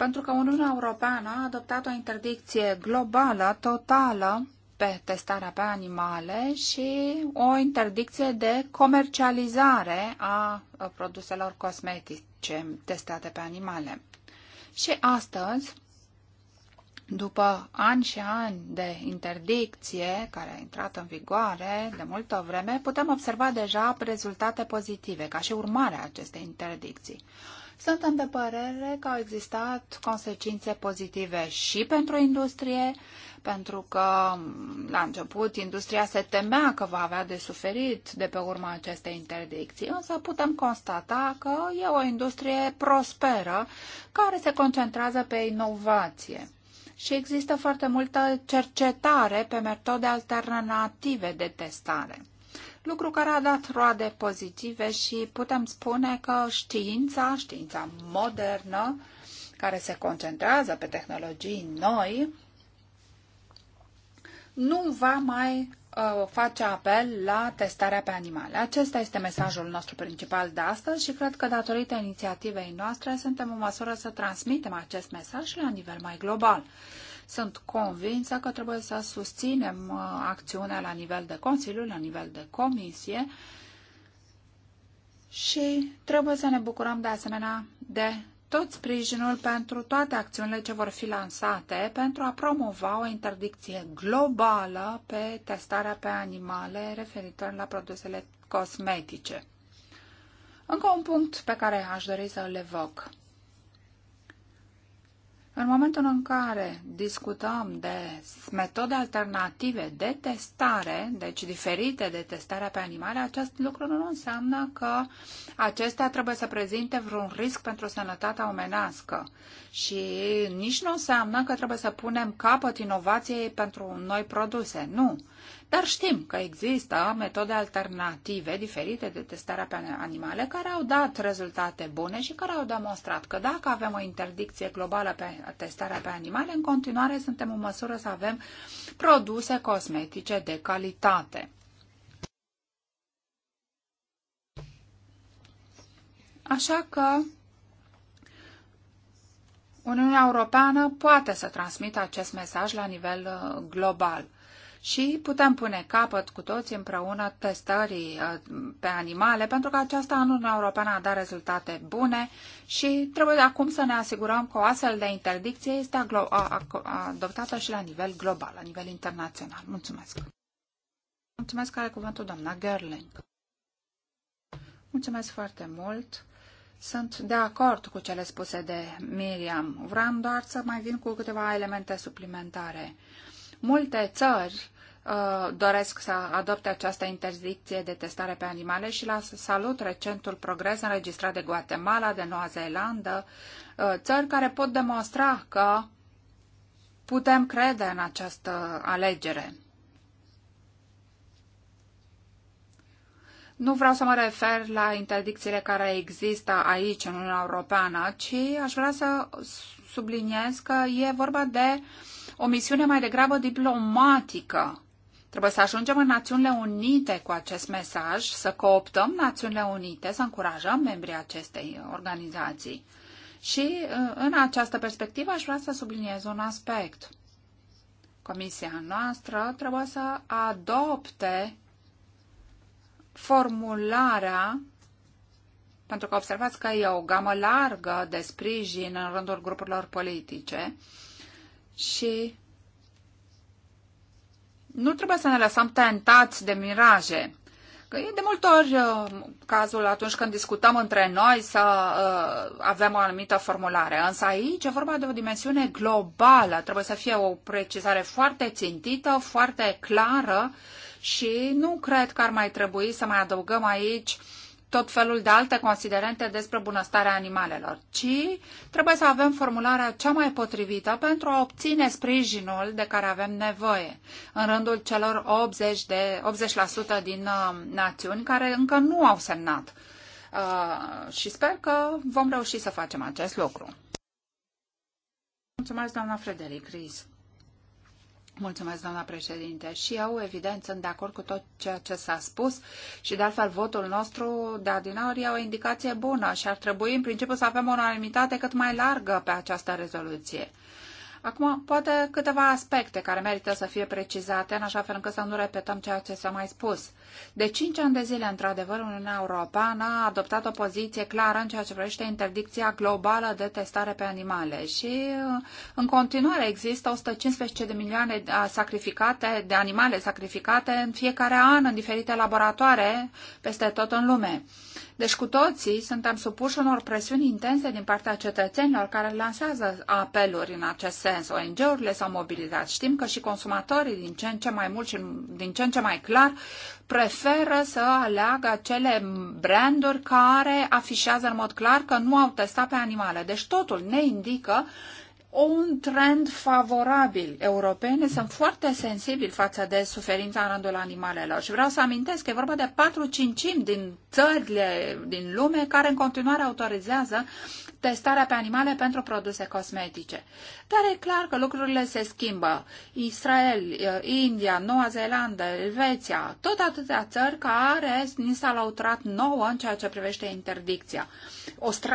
pentru că Uniunea Europeană a adoptat o interdicție globală, totală, pe testarea pe animale și o interdicție de comercializare a produselor cosmetice testate pe animale. Și astăzi, după ani și ani de interdicție care a intrat în vigoare de multă vreme, putem observa deja rezultate pozitive ca și urmare a acestei interdicții. Suntem de părere că au existat consecințe pozitive și pentru industrie, pentru că la început industria se temea că va avea de suferit de pe urma acestei interdicții, însă putem constata că e o industrie prosperă care se concentrează pe inovație. Și există foarte multă cercetare pe metode alternative de testare lucru care a dat roade pozitive și putem spune că știința, știința modernă, care se concentrează pe tehnologii noi, nu va mai uh, face apel la testarea pe animale. Acesta este mesajul nostru principal de astăzi și cred că datorită inițiativei noastre suntem în măsură să transmitem acest mesaj la nivel mai global. Sunt convinsă că trebuie să susținem uh, acțiunea la nivel de Consiliu, la nivel de Comisie și trebuie să ne bucurăm de asemenea de tot sprijinul pentru toate acțiunile ce vor fi lansate pentru a promova o interdicție globală pe testarea pe animale referitor la produsele cosmetice. Încă un punct pe care aș dori să îl evoc. În momentul în care discutăm de metode alternative de testare, deci diferite de testarea pe animale, acest lucru nu înseamnă că acestea trebuie să prezinte vreun risc pentru sănătatea omenească și nici nu înseamnă că trebuie să punem capăt inovației pentru noi produse. Nu. Dar știm că există metode alternative diferite de testarea pe animale care au dat rezultate bune și care au demonstrat că dacă avem o interdicție globală pe testarea pe animale, în continuare suntem în măsură să avem produse cosmetice de calitate. Așa că Uniunea Europeană poate să transmită acest mesaj la nivel uh, global și putem pune capăt cu toți împreună testării uh, pe animale, pentru că aceasta în Uniunea Europeană a dat rezultate bune și trebuie acum să ne asigurăm că o astfel de interdicție este adoptată și la nivel global, la nivel internațional. Mulțumesc! Mulțumesc, care cuvântul doamna Gerling. Mulțumesc foarte mult! Sunt de acord cu cele spuse de Miriam. Vreau doar să mai vin cu câteva elemente suplimentare. Multe țări uh, doresc să adopte această interdicție de testare pe animale și la salut recentul progres înregistrat de Guatemala, de Noua Zeelandă, uh, țări care pot demonstra că putem crede în această alegere. Nu vreau să mă refer la interdicțiile care există aici, în Uniunea Europeană, ci aș vrea să subliniez că e vorba de o misiune mai degrabă diplomatică. Trebuie să ajungem în Națiunile Unite cu acest mesaj, să cooptăm Națiunile Unite, să încurajăm membrii acestei organizații. Și uh, în această perspectivă aș vrea să subliniez un aspect. Comisia noastră trebuie să adopte formularea, pentru că observați că e o gamă largă de sprijin în rândul grupurilor politice, și nu trebuie să ne lăsăm tentați de miraje. Că e de multe ori uh, cazul atunci când discutăm între noi să uh, avem o anumită formulare. Însă aici e vorba de o dimensiune globală. Trebuie să fie o precizare foarte țintită, foarte clară și nu cred că ar mai trebui să mai adăugăm aici uh, tot felul de alte considerente despre bunăstarea animalelor, ci trebuie să avem formularea cea mai potrivită pentru a obține sprijinul de care avem nevoie în rândul celor 80%, de, 80% din uh, națiuni care încă nu au semnat. Uh, și sper că vom reuși să facem acest lucru. Mulțumesc, doamna Frederic Riz. Mulțumesc, doamna președinte. Și eu, evident, sunt de acord cu tot ceea ce s-a spus și, de altfel, votul nostru de adinauri e o indicație bună și ar trebui, în principiu, să avem o unanimitate cât mai largă pe această rezoluție. Acum, poate câteva aspecte care merită să fie precizate, în așa fel încât să nu repetăm ceea ce s-a mai spus. De cinci ani de zile, într-adevăr, Uniunea Europeană a adoptat o poziție clară în ceea ce privește interdicția globală de testare pe animale și uh, în continuare există 115 de milioane uh, sacrificate, de animale sacrificate în fiecare an în diferite laboratoare peste tot în lume. Deci cu toții suntem supuși unor presiuni intense din partea cetățenilor care lansează apeluri în acest sens sens. ONG-urile s-au mobilizat. Știm că și consumatorii din ce în ce mai mult și din ce în ce mai clar preferă să aleagă acele branduri care afișează în mod clar că nu au testat pe animale. Deci totul ne indică un trend favorabil. Europene sunt foarte sensibili față de suferința în rândul animalelor și vreau să amintesc că e vorba de 4 5 din țările din lume care în continuare autorizează testarea pe animale pentru produse cosmetice. Dar e clar că lucrurile se schimbă. Israel, eh, India, Noua Zeelandă, Elveția, tot atâtea țări care ni s-au lăutrat nouă în ceea ce privește interdicția.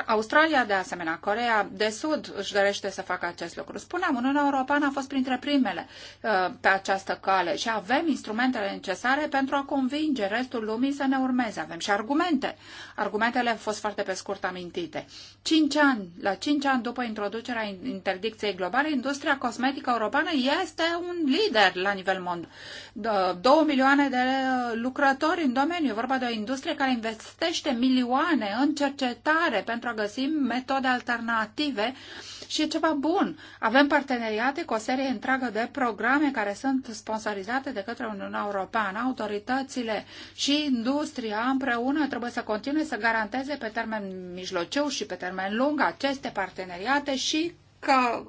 Australia, de asemenea, Corea de Sud își dorește să facă acest lucru. Spuneam, Uniunea Europeană a fost printre primele eh, pe această cale și avem instrumentele necesare pentru a convinge restul lumii să ne urmeze. Avem și argumente. Argumentele au fost foarte pe scurt amintite. Cinci 5 ani, la 5 ani după introducerea interdicției globale, industria cosmetică europeană este un lider la nivel mondial. 2 milioane de uh, lucrători în domeniu. E vorba de o industrie care investește milioane în cercetare pentru a găsi metode alternative și e ceva bun. Avem parteneriate cu o serie întreagă de programe care sunt sponsorizate de către Uniunea Europeană. Autoritățile și industria împreună trebuie să continue să garanteze pe termen mijlociu și pe termen lung lung aceste parteneriate și că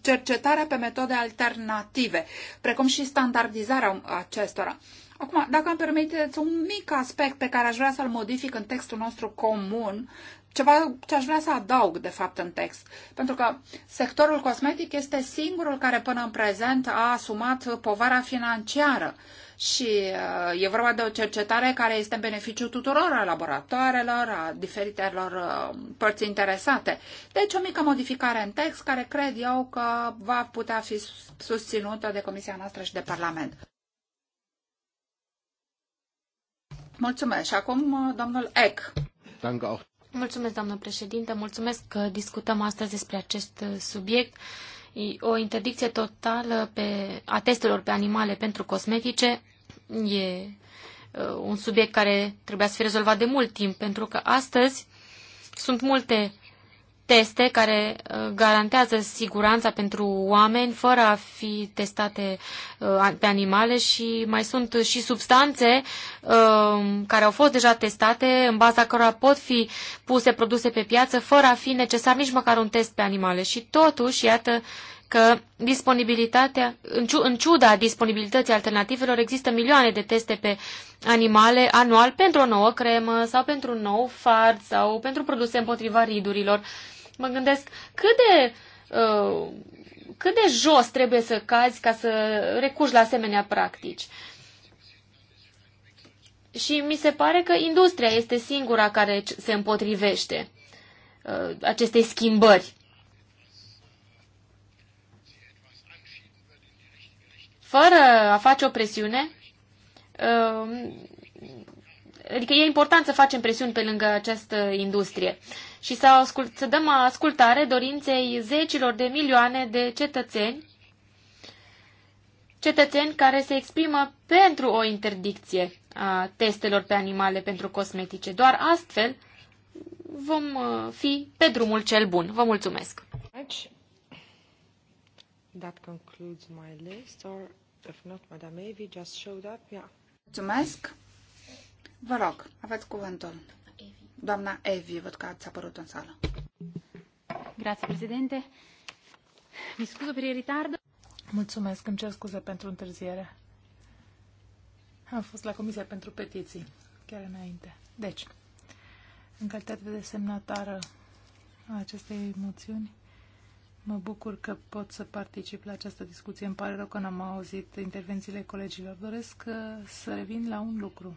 cercetarea pe metode alternative, precum și standardizarea acestora. Acum, dacă îmi permiteți un mic aspect pe care aș vrea să-l modific în textul nostru comun, ceva ce aș vrea să adaug, de fapt, în text. Pentru că sectorul cosmetic este singurul care până în prezent a asumat povara financiară și uh, e vorba de o cercetare care este în beneficiu tuturor a laboratoarelor, a diferitelor uh, părți interesate. Deci o mică modificare în text care cred eu că va putea fi susținută de Comisia noastră și de Parlament. Mulțumesc. Și acum uh, domnul Eck. Danke auch. Mulțumesc, doamnă președinte, mulțumesc că discutăm astăzi despre acest subiect. O interdicție totală pe, a testelor pe animale pentru cosmetice e un subiect care trebuia să fie rezolvat de mult timp, pentru că astăzi sunt multe teste care uh, garantează siguranța pentru oameni fără a fi testate uh, pe animale și mai sunt și substanțe uh, care au fost deja testate în baza cărora pot fi puse produse pe piață fără a fi necesar nici măcar un test pe animale. Și totuși, iată, că disponibilitatea, în, ciu, în ciuda disponibilității alternativelor, există milioane de teste pe animale anual pentru o nouă cremă sau pentru un nou fard sau pentru produse împotriva ridurilor. Mă gândesc cât de, uh, cât de jos trebuie să cazi ca să recurgi la asemenea practici. Și mi se pare că industria este singura care se împotrivește uh, acestei schimbări fără a face o presiune, um, adică e important să facem presiuni pe lângă această industrie și să, ascult, să dăm ascultare dorinței zecilor de milioane de cetățeni, cetățeni care se exprimă pentru o interdicție a testelor pe animale pentru cosmetice. Doar astfel vom uh, fi pe drumul cel bun. Vă mulțumesc! That concludes my list or If not, Madame Evi just showed up, yeah. Mulțumesc. Vă rog, aveți cuvântul. Doamna Evi, văd că ați apărut în sală. Grazie, președinte. Mi scuză pe ritardo. Mulțumesc, îmi cer scuze pentru întârziere. Am fost la Comisia pentru Petiții, chiar înainte. Deci, în calitate de semnatară a acestei moțiuni, Mă bucur că pot să particip la această discuție. Îmi pare rău că n-am auzit intervențiile colegilor. Doresc uh, să revin la un lucru.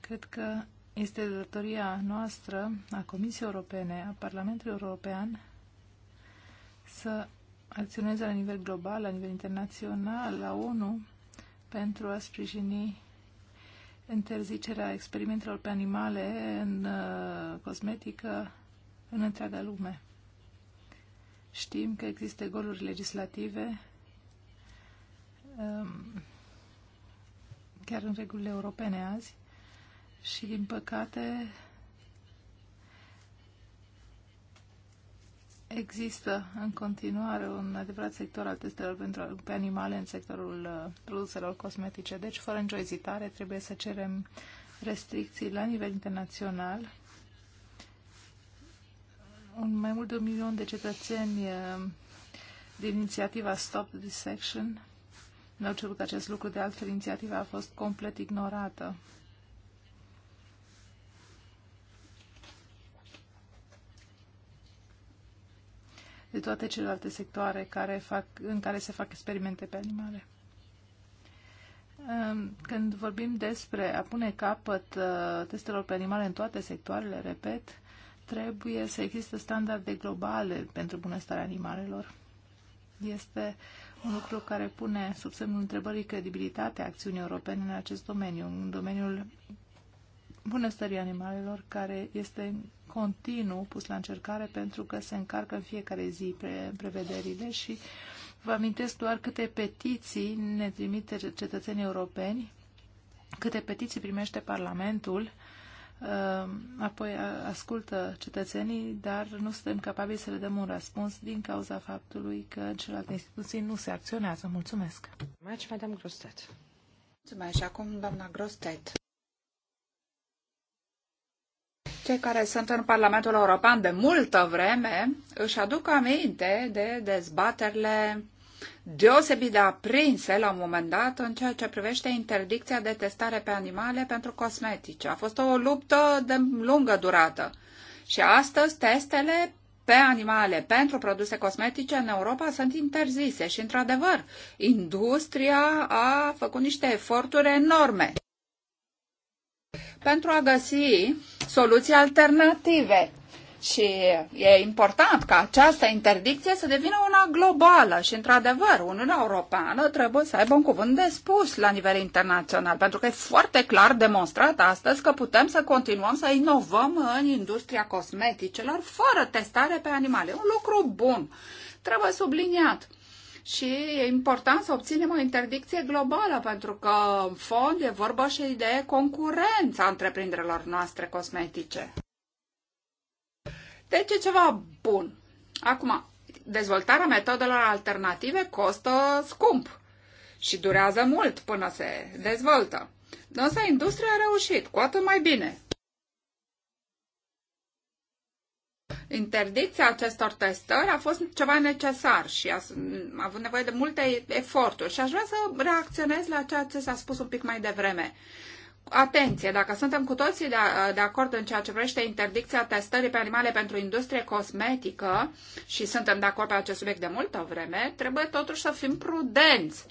Cred că este datoria noastră, a Comisiei Europene, a Parlamentului European, să acționeze la nivel global, la nivel internațional, la ONU, pentru a sprijini interzicerea experimentelor pe animale în uh, cosmetică în întreaga lume. Știm că există goluri legislative um, chiar în regulile europene azi și, din păcate, Există în continuare un adevărat sector al testelor pentru, pe animale în sectorul uh, produselor cosmetice, deci fără nicio ezitare trebuie să cerem restricții la nivel internațional un mai mult de un milion de cetățeni eh, din inițiativa Stop the Dissection ne-au cerut acest lucru, de altfel inițiativa a fost complet ignorată. de toate celelalte sectoare care fac, în care se fac experimente pe animale. Ehm, când vorbim despre a pune capăt eh, testelor pe animale în toate sectoarele, repet, trebuie să existe standarde globale pentru bunăstarea animalelor. Este un lucru care pune sub semnul întrebării credibilitatea acțiunii europene în acest domeniu, în domeniul bunăstării animalelor, care este continuu pus la încercare pentru că se încarcă în fiecare zi pre prevederile și vă amintesc doar câte petiții ne trimite cetățenii europeni, câte petiții primește Parlamentul Ehm, apoi ascultă cetățenii, dar nu suntem capabili să le dăm un răspuns din cauza faptului că celelalte instituții nu se acționează. Mulțumesc! Mulțumesc, Madame Grostet! Mulțumesc! Și acum, doamna Grostet! Cei care sunt în Parlamentul European de multă vreme își aduc aminte de dezbaterile deosebit de aprinse la un moment dat în ceea ce privește interdicția de testare pe animale pentru cosmetice. A fost o luptă de lungă durată. Și astăzi testele pe animale pentru produse cosmetice în Europa sunt interzise și, într-adevăr, industria a făcut niște eforturi enorme pentru a găsi soluții alternative și e important ca această interdicție să devină una globală și, într-adevăr, Uniunea Europeană trebuie să aibă un cuvânt de spus la nivel internațional, pentru că e foarte clar demonstrat astăzi că putem să continuăm să inovăm în industria cosmeticelor fără testare pe animale. Un lucru bun. Trebuie subliniat. Și e important să obținem o interdicție globală, pentru că, în fond, e vorba și de concurența întreprinderilor noastre cosmetice. Deci e ceva bun. Acum, dezvoltarea metodelor alternative costă scump și durează mult până se dezvoltă. Însă industria a reușit, cu atât mai bine. Interdicția acestor testări a fost ceva necesar și a, avut nevoie de multe eforturi și aș vrea să reacționez la ceea ce s-a spus un pic mai devreme. Atenție, dacă suntem cu toții de, de acord în ceea ce privește interdicția testării pe animale pentru industrie cosmetică și suntem de acord pe acest subiect de multă vreme, trebuie totuși să fim prudenți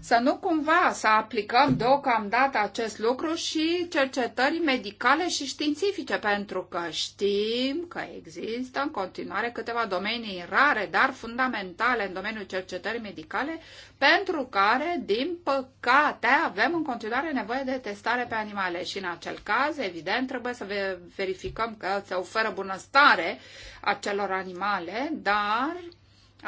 să nu cumva să aplicăm deocamdată acest lucru și cercetării medicale și științifice, pentru că știm că există în continuare câteva domenii rare, dar fundamentale în domeniul cercetării medicale, pentru care, din păcate, avem în continuare nevoie de testare pe animale și, în acel caz, evident, trebuie să verificăm că se oferă bunăstare acelor animale, dar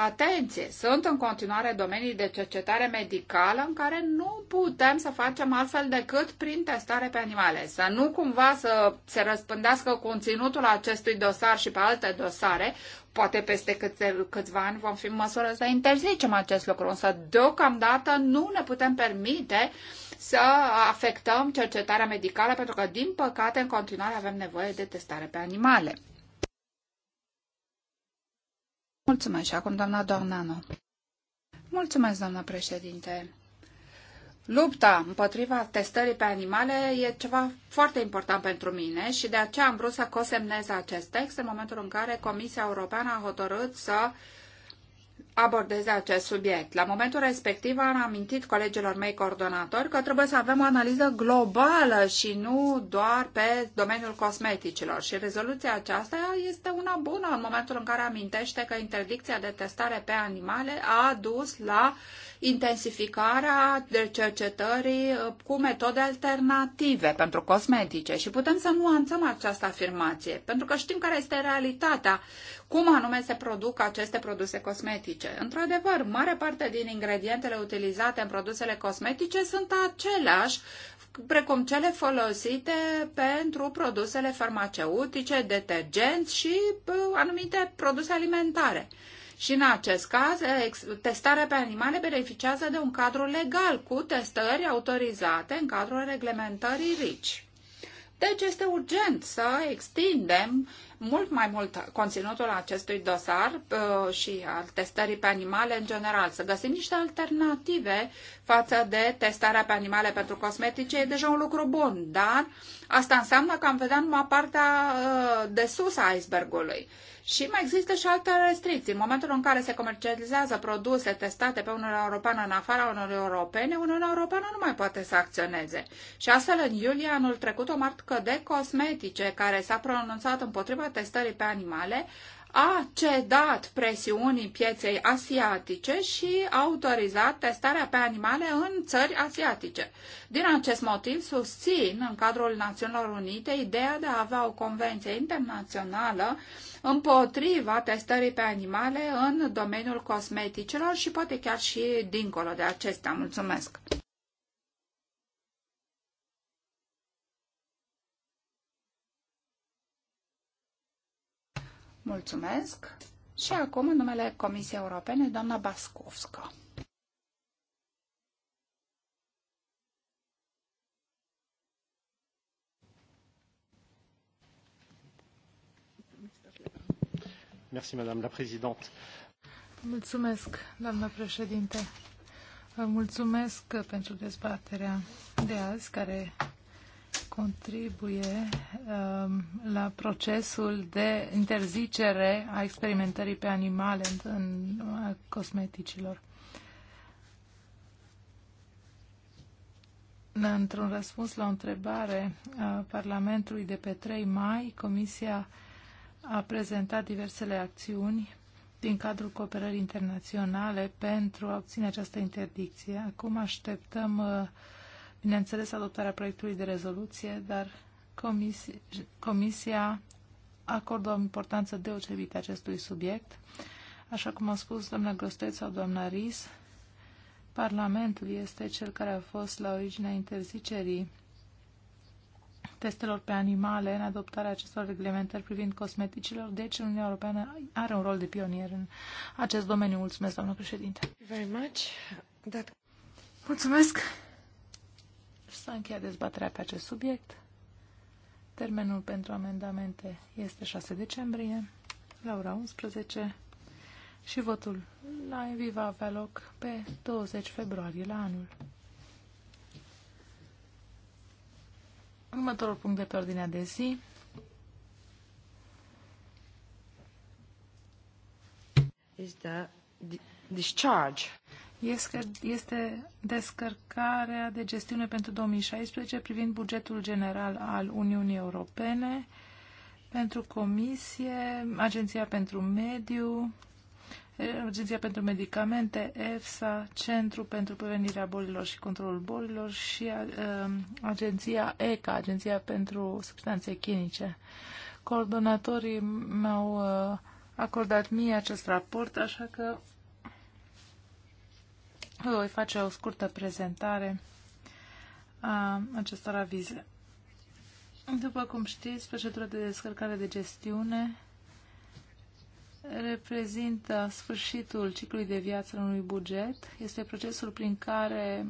Atenție! Sunt în continuare domenii de cercetare medicală în care nu putem să facem altfel decât prin testare pe animale. Să nu cumva să se răspândească conținutul acestui dosar și pe alte dosare. Poate peste câte, câțiva ani vom fi în măsură să interzicem acest lucru, însă deocamdată nu ne putem permite să afectăm cercetarea medicală, pentru că, din păcate, în continuare avem nevoie de testare pe animale. Mulțumesc acum doamna Dornano. Mulțumesc, doamna președinte. Lupta împotriva testării pe animale e ceva foarte important pentru mine și de aceea am vrut să cosemnez acest text în momentul în care Comisia Europeană a hotărât să uh, abordeze acest subiect. La momentul respectiv am amintit colegilor mei coordonatori că trebuie să avem o analiză globală și nu doar pe domeniul cosmeticilor. Și rezoluția aceasta este una bună în momentul în care amintește că interdicția de testare pe animale a dus la intensificarea de cercetării cu metode alternative pentru cosmetice și putem să nuanțăm această afirmație, pentru că știm care este realitatea cum anume se produc aceste produse cosmetice. Într-adevăr, mare parte din ingredientele utilizate în produsele cosmetice sunt aceleași precum cele folosite pentru produsele farmaceutice, detergenți și anumite produse alimentare. Și în acest caz, testarea pe animale beneficiază de un cadru legal cu testări autorizate în cadrul reglementării RICI. Deci este urgent să extindem mult mai mult conținutul acestui dosar uh, și al testării pe animale în general. Să găsim niște alternative față de testarea pe animale pentru cosmetice e deja un lucru bun, dar asta înseamnă că am vedea numai partea uh, de sus a icebergului. Și mai există și alte restricții. În momentul în care se comercializează produse testate pe Uniunea Europeană în afara Uniunii Europene, Uniunea Europeană nu mai poate să acționeze. Și astfel, în iulie anul trecut, o marcă de cosmetice care s-a pronunțat împotriva împotriva pe animale a cedat presiunii pieței asiatice și a autorizat testarea pe animale în țări asiatice. Din acest motiv susțin în cadrul Națiunilor Unite ideea de a avea o convenție internațională împotriva testării pe animale în domeniul cosmeticelor și poate chiar și dincolo de acestea. Mulțumesc! Mulțumesc. Și acum, în numele Comisiei Europene, doamna Bascovska. Merci, Madame la Présidente. Mulțumesc, doamnă președinte. Vă mulțumesc pentru dezbaterea de azi, care contribuie um, la procesul de interzicere a experimentării pe animale în, în a cosmeticilor. Într-un răspuns la o întrebare a Parlamentului de pe 3 mai, Comisia a prezentat diversele acțiuni din cadrul cooperării internaționale pentru a obține această interdicție. Acum așteptăm uh, bineînțeles, adoptarea proiectului de rezoluție, dar comisia, comisia acordă o importanță deosebită acestui subiect. Așa cum a spus doamna Grosteț sau doamna Ris, Parlamentul este cel care a fost la originea interzicerii testelor pe animale în adoptarea acestor reglementări privind cosmeticilor, deci Uniunea Europeană are un rol de pionier în acest domeniu. Mulțumesc, doamnă președinte. Mulțumesc. S-a încheiat dezbaterea pe acest subiect. Termenul pentru amendamente este 6 decembrie la ora 11 și votul la Envi va avea loc pe 20 februarie la anul. Următorul punct de pe ordinea de zi este discharge este descărcarea de gestiune pentru 2016 privind bugetul general al Uniunii Europene pentru Comisie, Agenția pentru Mediu, Agenția pentru Medicamente, EFSA, Centru pentru Prevenirea Bolilor și Controlul Bolilor și uh, Agenția ECA, Agenția pentru Substanțe Chimice. Coordonatorii m-au uh, acordat mie acest raport, așa că Vă voi face o scurtă prezentare a acestor avize. După cum știți, procedura de descărcare de gestiune reprezintă sfârșitul ciclului de viață al unui buget. Este procesul prin care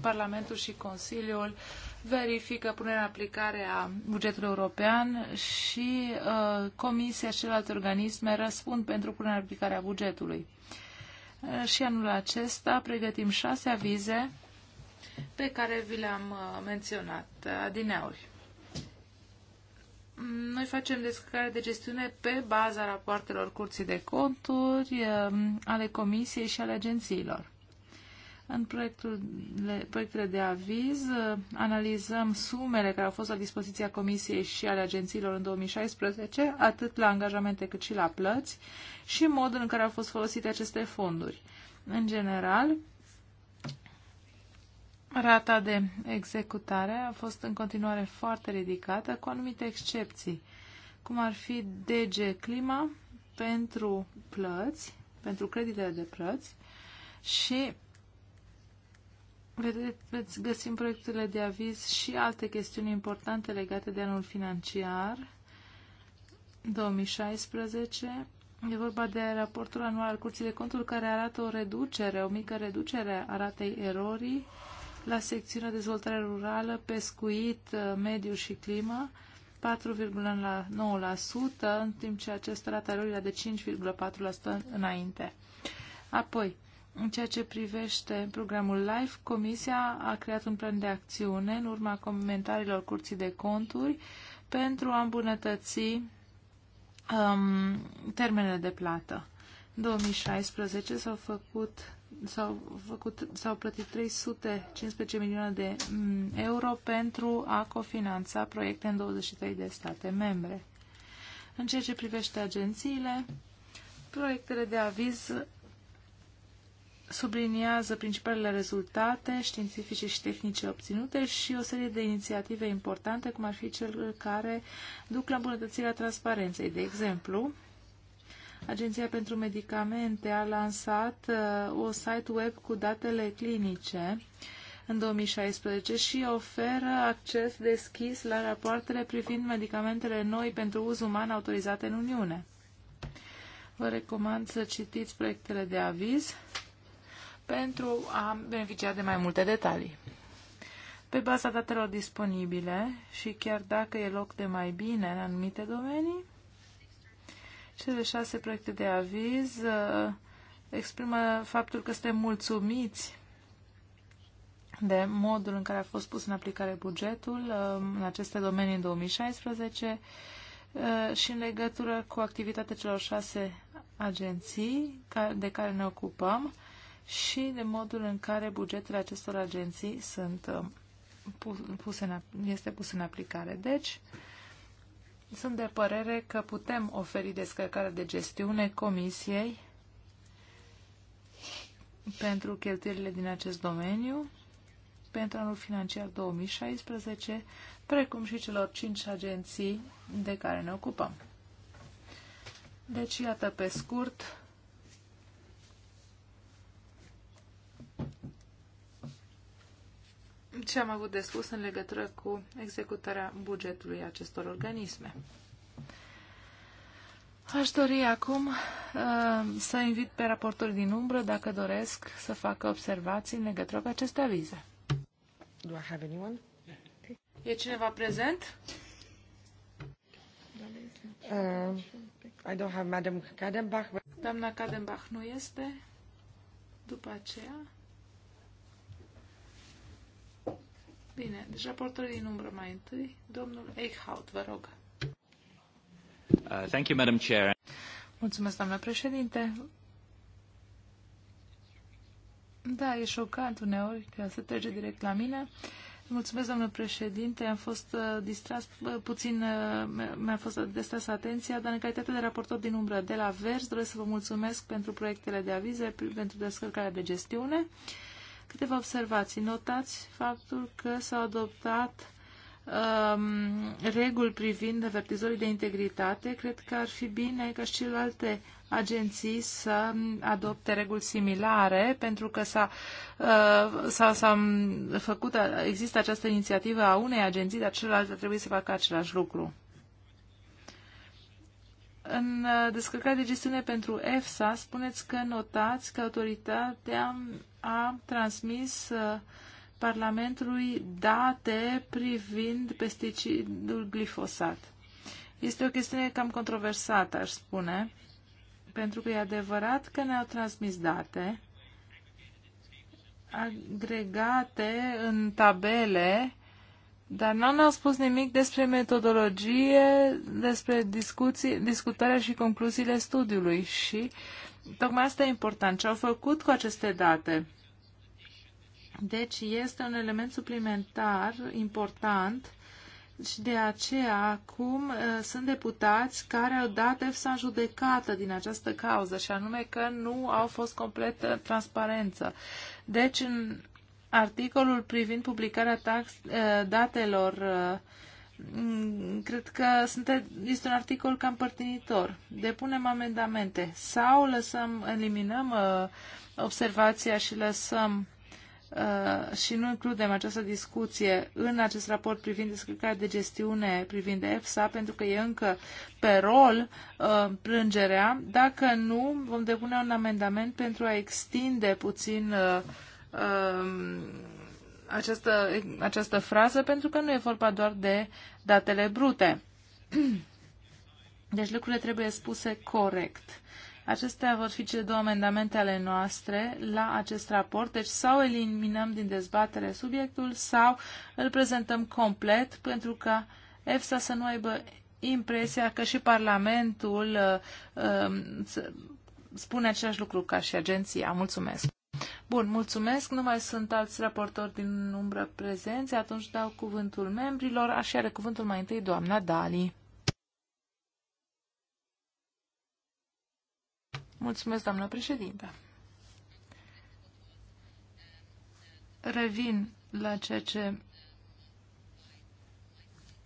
Parlamentul și Consiliul verifică punerea în aplicare a bugetului european și uh, Comisia și celelalte organisme răspund pentru punerea în aplicare a bugetului. Uh, Uh, și anul acesta pregătim șase avize pe care vi le-am uh, menționat uh, adineauri. Noi facem descărcare de gestiune pe baza rapoartelor curții de conturi, um, ale comisiei și ale agențiilor. În proiectul, proiectele de aviz uh, analizăm sumele care au fost la dispoziția Comisiei și ale agențiilor în 2016, atât la angajamente cât și la plăți, și modul în care au fost folosite aceste fonduri. În general, rata de executare a fost în continuare foarte ridicată, cu anumite excepții, cum ar fi DG Clima pentru plăți, pentru creditele de plăți, și Vedeți, veți găsi în proiectele de aviz și alte chestiuni importante legate de anul financiar 2016. E vorba de raportul anual al Curții de Conturi care arată o reducere, o mică reducere a ratei erorii la secțiunea dezvoltare rurală, pescuit, uh, mediu și climă, 4,9%, în timp ce această rată erorii era de 5,4% înainte. Apoi, în ceea ce privește programul LIFE, Comisia a creat un plan de acțiune în urma comentariilor Curții de Conturi pentru a îmbunătăți um, termenele de plată. În 2016 s-au făcut s-au, făcut, s-au plătit 315 milioane de mm, euro pentru a cofinanța proiecte în 23 de state membre. În ceea ce privește agențiile, proiectele de aviz subliniază principalele rezultate științifice și tehnice obținute și o serie de inițiative importante, cum ar fi cel care duc la îmbunătățirea transparenței. De exemplu, Agenția pentru Medicamente a lansat uh, o site web cu datele clinice în 2016 și oferă acces deschis la rapoartele privind medicamentele noi pentru uz uman autorizate în Uniune. Vă recomand să citiți proiectele de aviz pentru a beneficia de mai multe detalii. Pe baza datelor disponibile și chiar dacă e loc de mai bine în anumite domenii, cele șase proiecte de aviz uh, exprimă faptul că suntem mulțumiți de modul în care a fost pus în aplicare bugetul uh, în aceste domenii în 2016 uh, și în legătură cu activitatea celor șase agenții de care ne ocupăm și de modul în care bugetele acestor agenții sunt uh, puse în, este pus în aplicare. Deci, sunt de părere că putem oferi descărcarea de gestiune comisiei pentru cheltuielile din acest domeniu pentru anul financiar 2016, precum și celor cinci agenții de care ne ocupăm. Deci, iată pe scurt ce am avut de spus în legătură cu executarea bugetului acestor organisme. Aș dori acum uh, să invit pe raportori din umbră, dacă doresc, să facă observații în legătură cu aceste avize. Do I have anyone? E cineva prezent? Uh, I don't have Madam Kadenbach. But... Doamna Kadenbach nu este. După aceea... Bine, deci raportul din umbră mai întâi, domnul Eichhout, vă rog. Uh, thank you, Madam Chair. Mulțumesc, doamna președinte. Da, e șocant uneori că se trece direct la mine. Mulțumesc, doamnă președinte. Am fost uh, distras uh, puțin, uh, mi-a fost distras atenția, dar în calitate de raportor din umbră de la Vers, doresc să vă mulțumesc pentru proiectele de avize, pentru descărcarea de gestiune. Uh, Câteva observații. Notați faptul că s-au adoptat um, reguli privind avertizorii de integritate. Cred că ar fi bine ca și celelalte agenții să adopte reguli similare, pentru că s-a, uh, s-a, s-a făcut, există această inițiativă a unei agenții, dar celelalte trebuie să facă același lucru. În uh, descărcarea de gestiune pentru EFSA spuneți că notați că autoritatea a transmis uh, Parlamentului date privind pesticidul glifosat. Este o chestiune cam controversată, aș spune, pentru că e adevărat că ne-au transmis date agregate în tabele dar nu ne-au spus nimic despre metodologie, despre discuții, discutarea și concluziile studiului și tocmai asta e important, ce au făcut cu aceste date. Deci este un element suplimentar important și de aceea acum uh, sunt deputați care au dat EFSA judecată din această cauză și anume că nu au fost complet uh, transparență. Deci în articolul privind publicarea tax, eh, datelor, eh, cred că sunte, este un articol cam părtinitor. Depunem amendamente sau lăsăm, eliminăm eh, observația și lăsăm și nu includem această discuție în acest raport privind descărcarea de gestiune privind EFSA, pentru că e încă pe rol uh, plângerea. Dacă nu, vom depune un amendament pentru a extinde puțin uh, Um, această, această frază pentru că nu e vorba doar de datele brute. Deci lucrurile trebuie spuse corect. Acestea vor fi cele două amendamente ale noastre la acest raport, deci sau eliminăm din dezbatere subiectul sau îl prezentăm complet pentru ca EFSA să nu aibă impresia că și Parlamentul uh, uh, spune același lucru ca și agenția. Mulțumesc! Bun, mulțumesc. Nu mai sunt alți raportori din umbră prezenți. Atunci dau cuvântul membrilor. Așa are cuvântul mai întâi doamna Dali. Mulțumesc, doamna președintă. Revin la ceea ce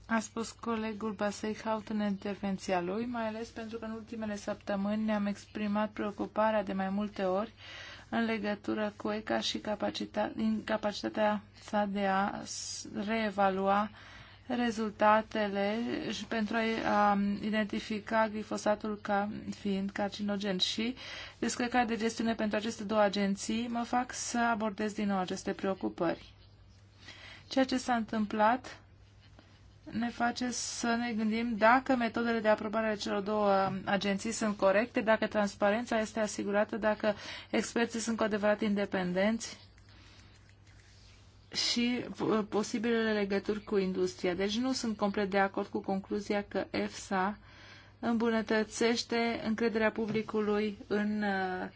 a spus colegul Haut în intervenția lui, mai ales pentru că în ultimele săptămâni ne-am exprimat preocuparea de mai multe ori în legătură cu ECA și capacita- incapacitatea sa de a reevalua rezultatele și pentru a identifica glifosatul ca fiind carcinogen și descărcarea de gestiune pentru aceste două agenții mă fac să abordez din nou aceste preocupări. Ceea ce s-a întâmplat ne face să ne gândim dacă metodele de aprobare ale celor două um, agenții sunt corecte, dacă transparența este asigurată, dacă experții sunt cu adevărat independenți și uh, posibilele legături cu industria. Deci nu sunt complet de acord cu concluzia că EFSA îmbunătățește încrederea publicului în uh,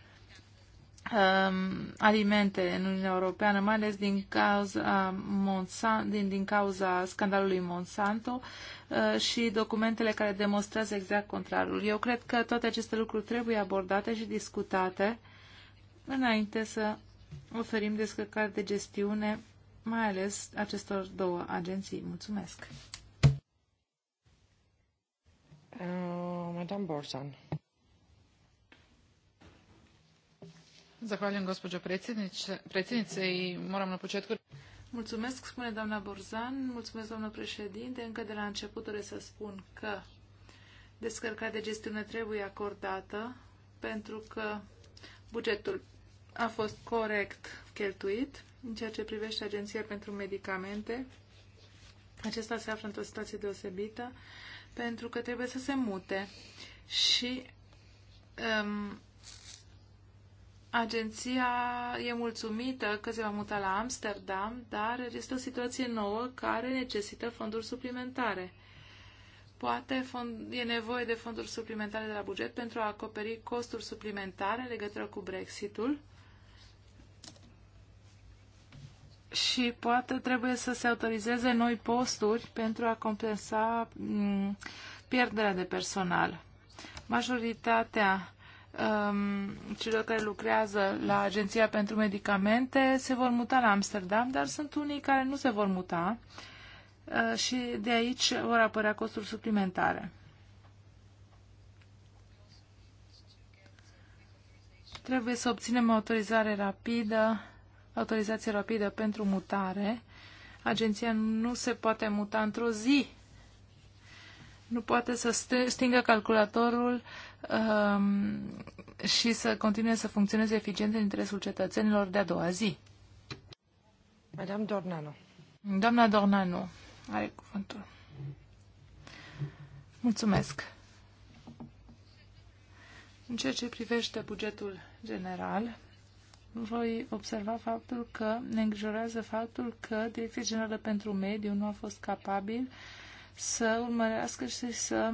Um, alimente în Uniunea Europeană, mai ales din cauza, Monsan, din, din cauza scandalului Monsanto uh, și documentele care demonstrează exact contrarul. Eu cred că toate aceste lucruri trebuie abordate și discutate înainte să oferim descărcare de gestiune, mai ales acestor două agenții. Mulțumesc! Uh, Madame Borsan. Zahvaljujem, gospođo predsjednice, i moram la početku... Mulțumesc, spune doamna Borzan, mulțumesc, doamna președinte. Încă de la început doresc să spun că descărcarea de gestiune trebuie acordată pentru că bugetul a fost corect cheltuit în ceea ce privește Agenția pentru Medicamente. Acesta se află într-o situație deosebită pentru că trebuie să se mute și um, Agenția e mulțumită că se va muta la Amsterdam, dar este o situație nouă care necesită fonduri suplimentare. Poate fond, e nevoie de fonduri suplimentare de la buget pentru a acoperi costuri suplimentare în legătură cu Brexitul și poate trebuie să se autorizeze noi posturi pentru a compensa mm, pierderea de personal. Majoritatea um, celor care lucrează la Agenția pentru Medicamente se vor muta la Amsterdam, dar sunt unii care nu se vor muta uh, și de aici vor apărea costuri suplimentare. Trebuie să obținem autorizare rapidă, autorizație rapidă pentru mutare. Agenția nu se poate muta într-o zi. Nu poate să stingă calculatorul um, și să continue să funcționeze eficient în interesul cetățenilor de-a doua zi. Madame Dornano. Doamna Dornano are cuvântul. Mulțumesc. În ceea ce privește bugetul general, voi observa faptul că ne îngrijorează faptul că Direcția Generală pentru Mediu nu a fost capabil uh, să urmărească și să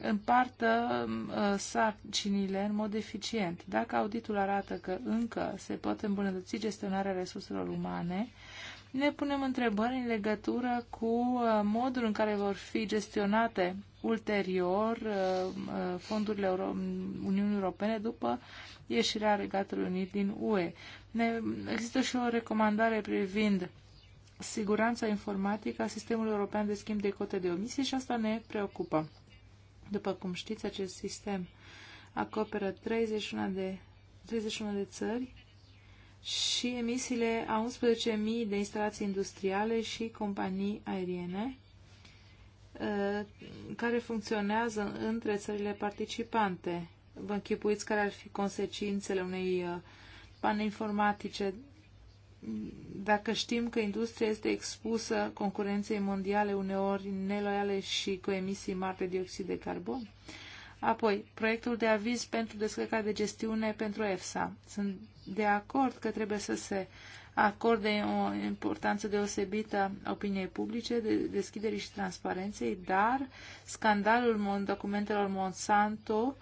împartă uh, sarcinile în mod eficient. Dacă auditul arată că încă se pot îmbunătăți gestionarea resurselor umane, ne punem întrebări în legătură cu uh, modul în care vor fi gestionate ulterior uh, fondurile Uniunii Europene după ieșirea Regatului Unit din UE. Ne, există și o recomandare privind siguranța informatică a sistemului european de schimb de cote de omisie și asta ne preocupă. După cum știți, acest sistem acoperă 31 de, 31 de țări și emisiile a 11.000 de instalații industriale și companii aeriene uh, care funcționează între țările participante. Vă închipuiți care ar fi consecințele unei uh, pane informatice dacă știm că industria este expusă concurenței mondiale uneori neloiale și cu emisii mari de dioxid de carbon? Apoi, proiectul de aviz pentru descărcarea de gestiune pentru EFSA. Sunt de acord că trebuie să se acorde o importanță deosebită opiniei publice, de deschiderii și transparenței, dar scandalul documentelor Monsanto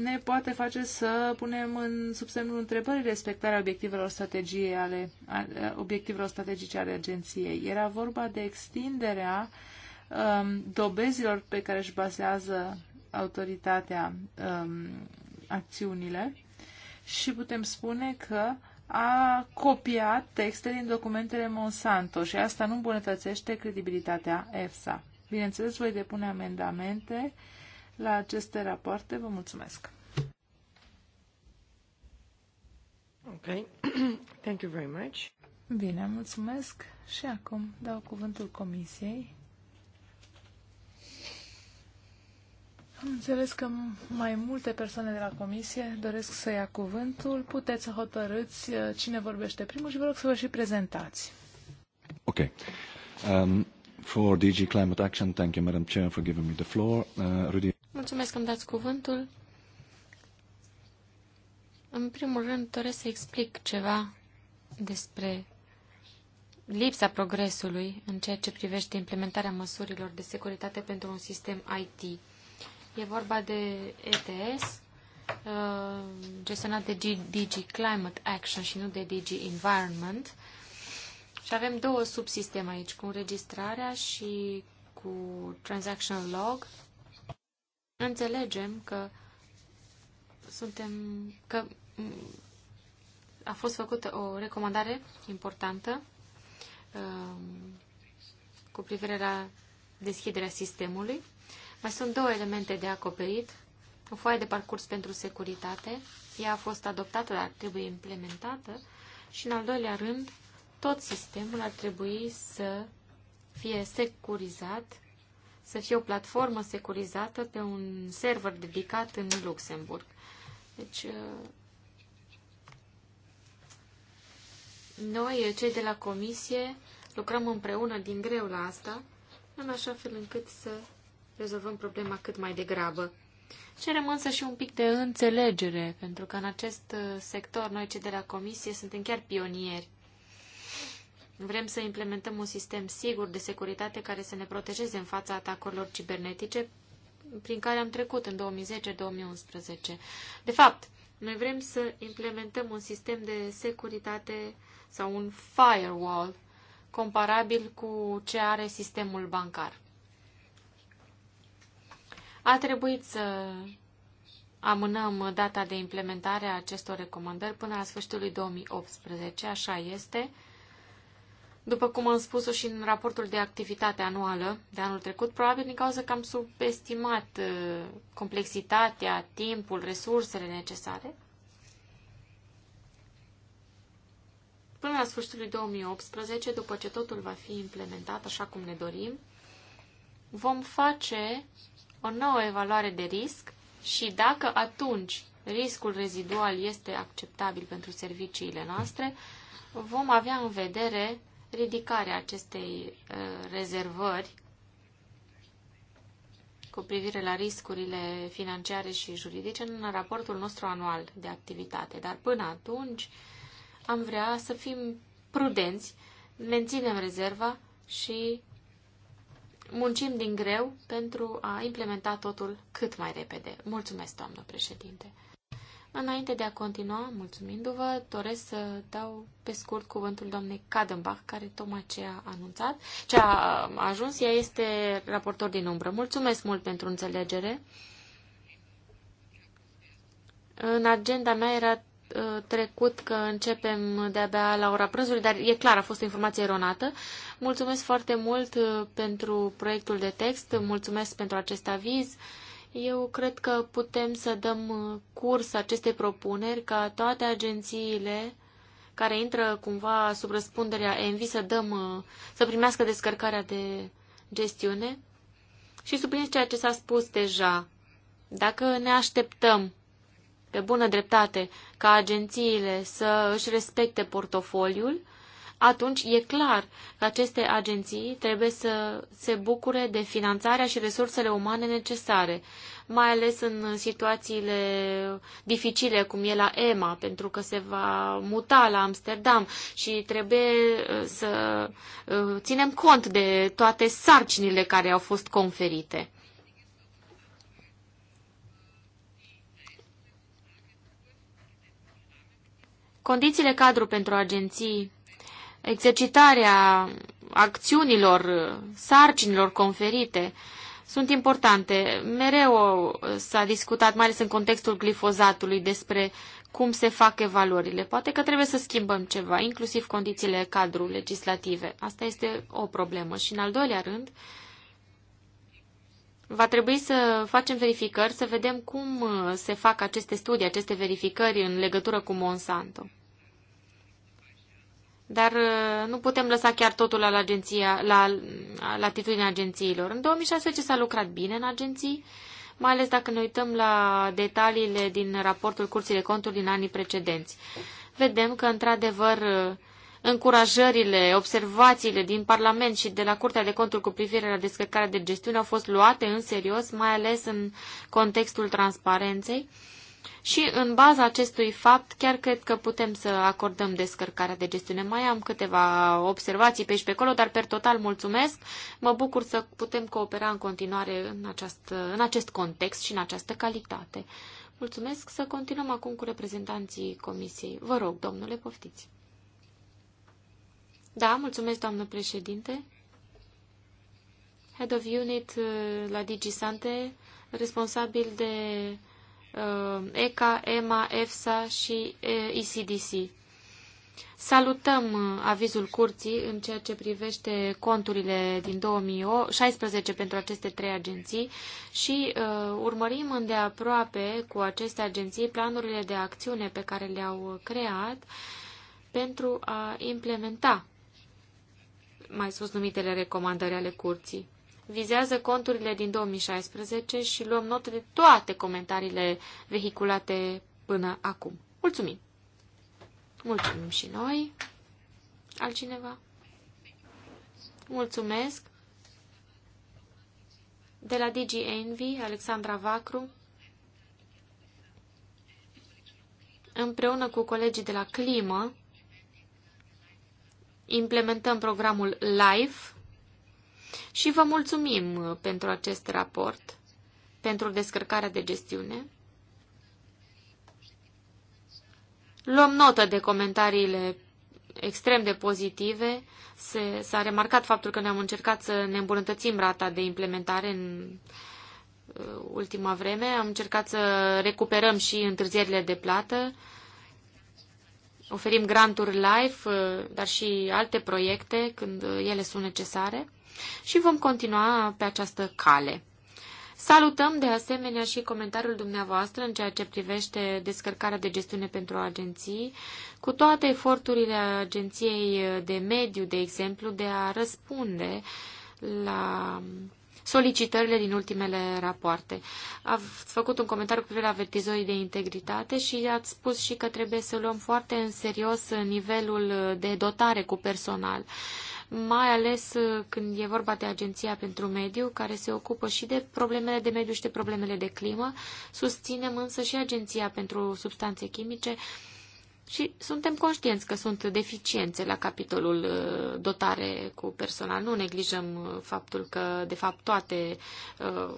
ne poate face să punem în sub semnul întrebării respectarea obiectivelor, strategiei ale, obiectivelor strategice ale agenției. Era vorba de extinderea um, dobezilor pe care își bazează autoritatea um, acțiunile și putem spune că a copiat texte din documentele Monsanto și asta nu îmbunătățește credibilitatea EFSA. Bineînțeles, voi depune amendamente uh, la aceste rapoarte. Vă mulțumesc! Okay, thank you very much. Bine, mulțumesc și acum dau cuvântul comisiei. Am înțeles că mai multe persoane de la comisie doresc să ia cuvântul. Puteți să hotărâți uh, cine vorbește primul și vă rog să vă și prezentați. Ok. Um, for DG Climate Action, thank you, Madam Chair, for giving me the floor. Uh, Rudy mulțumesc că îmi dați cuvântul. În primul rând, doresc să explic ceva despre lipsa progresului în ceea ce privește implementarea măsurilor de securitate pentru un sistem IT. E vorba de ETS, uh, gestionat de DG Climate Action și nu de DG Environment. Și avem două subsisteme aici, cu înregistrarea și cu Transaction Log Înțelegem că suntem că a fost făcută o recomandare importantă um, cu privire la deschiderea sistemului. Mai sunt două elemente de acoperit. O foaie de parcurs pentru securitate. Ea a fost adoptată, dar trebuie implementată. Și, în al doilea rând, tot sistemul ar trebui să fie securizat să fie o platformă securizată pe un server dedicat în Luxemburg. Deci, uh, noi, uh, cei de la comisie, lucrăm împreună din greu la asta, în așa fel încât să rezolvăm problema cât mai degrabă. Cerem însă și un pic de înțelegere, pentru că în acest uh, sector noi, cei de la comisie, suntem chiar pionieri. Vrem să implementăm un sistem sigur de securitate care să ne protejeze în fața atacurilor cibernetice prin care am trecut în 2010-2011. De fapt, noi vrem să implementăm un sistem de securitate sau un firewall comparabil cu ce are sistemul bancar. A trebuit să amânăm data de implementare a acestor recomandări până la sfârșitul lui 2018, așa este. După cum am spus-o și în raportul de activitate anuală de anul trecut, probabil din cauza că am subestimat uh, complexitatea, timpul, resursele necesare, Până la sfârșitul lui 2018, după ce totul va fi implementat așa cum ne dorim, vom face o nouă evaluare de risc și dacă atunci riscul rezidual este acceptabil pentru serviciile noastre, vom avea în vedere ridicarea acestei uh, rezervări cu privire la riscurile financiare și juridice în raportul nostru anual de activitate. Dar până atunci am vrea să fim prudenți, menținem rezerva și muncim din greu pentru a implementa totul cât mai repede. Mulțumesc, doamnă președinte! Înainte de a continua, mulțumindu-vă, doresc să dau pe scurt cuvântul doamnei Kadenbach, care tocmai ce a anunțat, ce a ajuns, ea este raportor din umbră. Mulțumesc mult pentru înțelegere. În agenda mea era ă, trecut că începem de-abia la ora prânzului, dar e clar, a fost o informație eronată. Mulțumesc foarte mult ă, pentru proiectul de text, mulțumesc pentru acest aviz. Eu cred că putem să dăm uh, curs acestei propuneri ca toate agențiile care intră cumva sub răspunderea ENVI să, dăm, uh, să primească descărcarea de gestiune. Și subliniez ceea ce s-a spus deja. Dacă ne așteptăm pe bună dreptate ca agențiile să își respecte portofoliul, atunci e clar că aceste agenții trebuie să se bucure de finanțarea și resursele umane necesare, mai ales în situațiile dificile, cum e la EMA, pentru că se va muta la Amsterdam și trebuie uh, să uh, ținem cont de toate sarcinile care au fost conferite. Condițiile cadru pentru agenții exercitarea acțiunilor, sarcinilor conferite sunt importante. Mereu s-a discutat, mai ales în contextul glifozatului, despre cum se fac evaluările. Poate că trebuie să schimbăm ceva, inclusiv condițiile cadru legislative. Asta este o problemă. Și în al doilea rând, va trebui să facem verificări, să vedem cum se fac aceste studii, aceste verificări în legătură cu Monsanto. Dar uh, nu putem lăsa chiar totul la, agenția, la latitudinea agențiilor. În 2016 s-a lucrat bine în agenții, mai ales dacă ne uităm la detaliile din raportul Curții de Conturi din anii precedenți. Vedem că, într-adevăr, uh, încurajările, observațiile din Parlament și de la Curtea de Conturi cu privire la descărcarea de gestiune au fost luate în serios, mai ales în contextul transparenței și în baza acestui fapt, chiar cred că putem să acordăm descărcarea de gestiune. Mai am câteva observații pe aici pe acolo, dar per total mulțumesc. Mă bucur să putem coopera în continuare în, această, în acest context și în această calitate. Mulțumesc să continuăm acum cu reprezentanții Comisiei. Vă rog, domnule, poftiți. Da, mulțumesc, doamnă președinte. Head of Unit uh, la DigiSante, responsabil de ECA, EMA, EFSA și uh, ECDC. Salutăm uh, avizul curții în ceea ce privește conturile din 2016 pentru aceste trei agenții și uh, urmărim îndeaproape cu aceste agenții planurile de acțiune pe care le-au creat pentru a implementa mai sus numitele recomandări ale curții vizează conturile din 2016 și luăm notă de toate comentariile vehiculate până acum. Mulțumim! Mulțumim și noi. Altcineva? Mulțumesc! De la DG Envy, Alexandra Vacru, împreună cu colegii de la Climă, implementăm programul LIFE, și vă mulțumim uh, pentru acest raport, pentru descărcarea de gestiune. Luăm notă de comentariile extrem de pozitive. S-a remarcat faptul că ne-am încercat să ne îmbunătățim rata de implementare în uh, ultima vreme. Am încercat să recuperăm și întârzierile de plată. Oferim granturi live, uh, dar și alte proiecte când ele sunt necesare și vom continua pe această cale. Salutăm de asemenea și comentariul dumneavoastră în ceea ce privește descărcarea de gestiune pentru agenții, cu toate eforturile agenției de mediu, de exemplu, de a răspunde la solicitările din ultimele rapoarte. Ați făcut un comentariu cu privire la vertizorii de integritate și ați spus și că trebuie să luăm foarte în serios nivelul de dotare cu personal. Uh, mai ales uh, când e vorba de Agenția pentru Mediu, care se ocupă și de problemele de mediu și de problemele de climă. Susținem însă și Agenția pentru Substanțe Chimice și suntem conștienți că sunt deficiențe la capitolul uh, dotare cu personal. Nu neglijăm uh, faptul că, de fapt, toate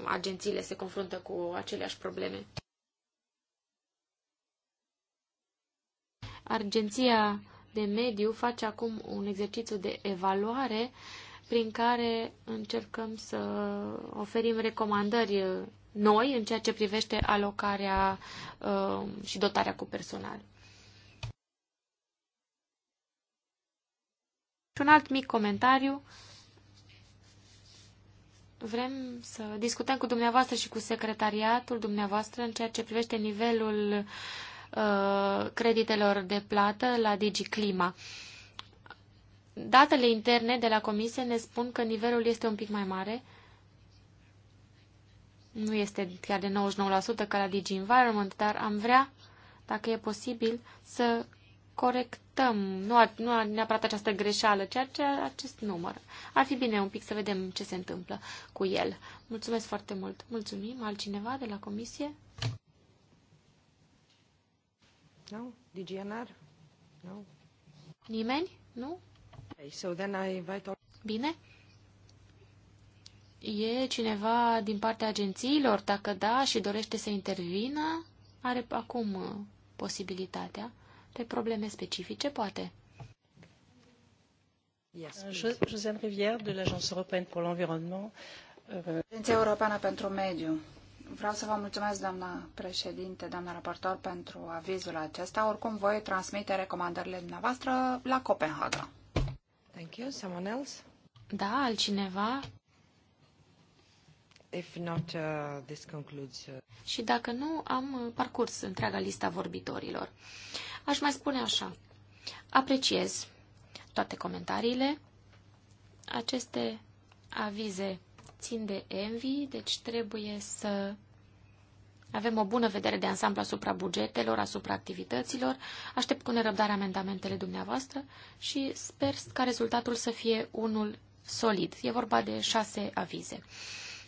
agențiile se confruntă cu aceleași probleme. Agenția de mediu face acum un exercițiu de evaluare prin care încercăm să oferim recomandări noi în ceea ce privește alocarea um, și dotarea cu personal. Și un alt mic comentariu. Vrem să discutăm cu dumneavoastră și cu secretariatul dumneavoastră în ceea ce privește nivelul Uh, creditelor de plată la DigiClima. Datele interne de la comisie ne spun că nivelul este un pic mai mare, nu este chiar de 99% ca la Digi Environment, dar am vrea, dacă e posibil, să corectăm, nu, ar, nu ar neapărat această greșeală, ceea ce acest număr. Ar fi bine un pic să vedem ce se întâmplă cu el. Mulțumesc foarte mult. Mulțumim. Altcineva de la comisie? No? DGNR? No? Nimeni? Nu? Okay, so then I invite all... Bine. E cineva din partea agențiilor? Dacă da și dorește să intervină, are acum uh, posibilitatea. Pe probleme specifice, poate. Yes, euh, Josiane Rivière, de l'Agence Europeană pentru Mediu. Agenția Europeană pentru Mediu. Vreau să vă mulțumesc, doamna președinte, doamna raportor, pentru avizul acesta. Oricum, voi transmite recomandările dumneavoastră la Copenhaga. Thank you. Someone else? Da, altcineva? If not, uh, this concludes, uh... Și dacă nu, am uh, parcurs întreaga lista vorbitorilor. Aș mai spune așa. Apreciez toate comentariile. Aceste avize țin de envy, deci trebuie să avem o bună vedere de ansamblu asupra bugetelor, asupra activităților. Aștept cu nerăbdare amendamentele dumneavoastră și sper ca rezultatul să fie unul solid. E vorba de șase avize.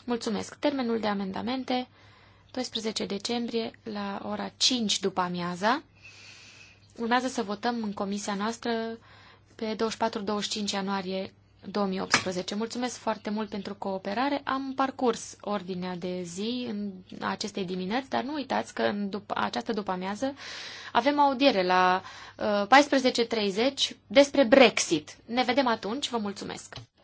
Mulțumesc. Termenul de amendamente, 12 decembrie, la ora 5 după amiaza. Urmează să votăm în comisia noastră pe 24-25 ianuarie 2018. Mulțumesc foarte mult pentru cooperare. Am parcurs ordinea de zi în aceste dimineți, dar nu uitați că în după, această după-amiază avem audiere la uh, 14.30 despre Brexit. Ne vedem atunci. Vă mulțumesc!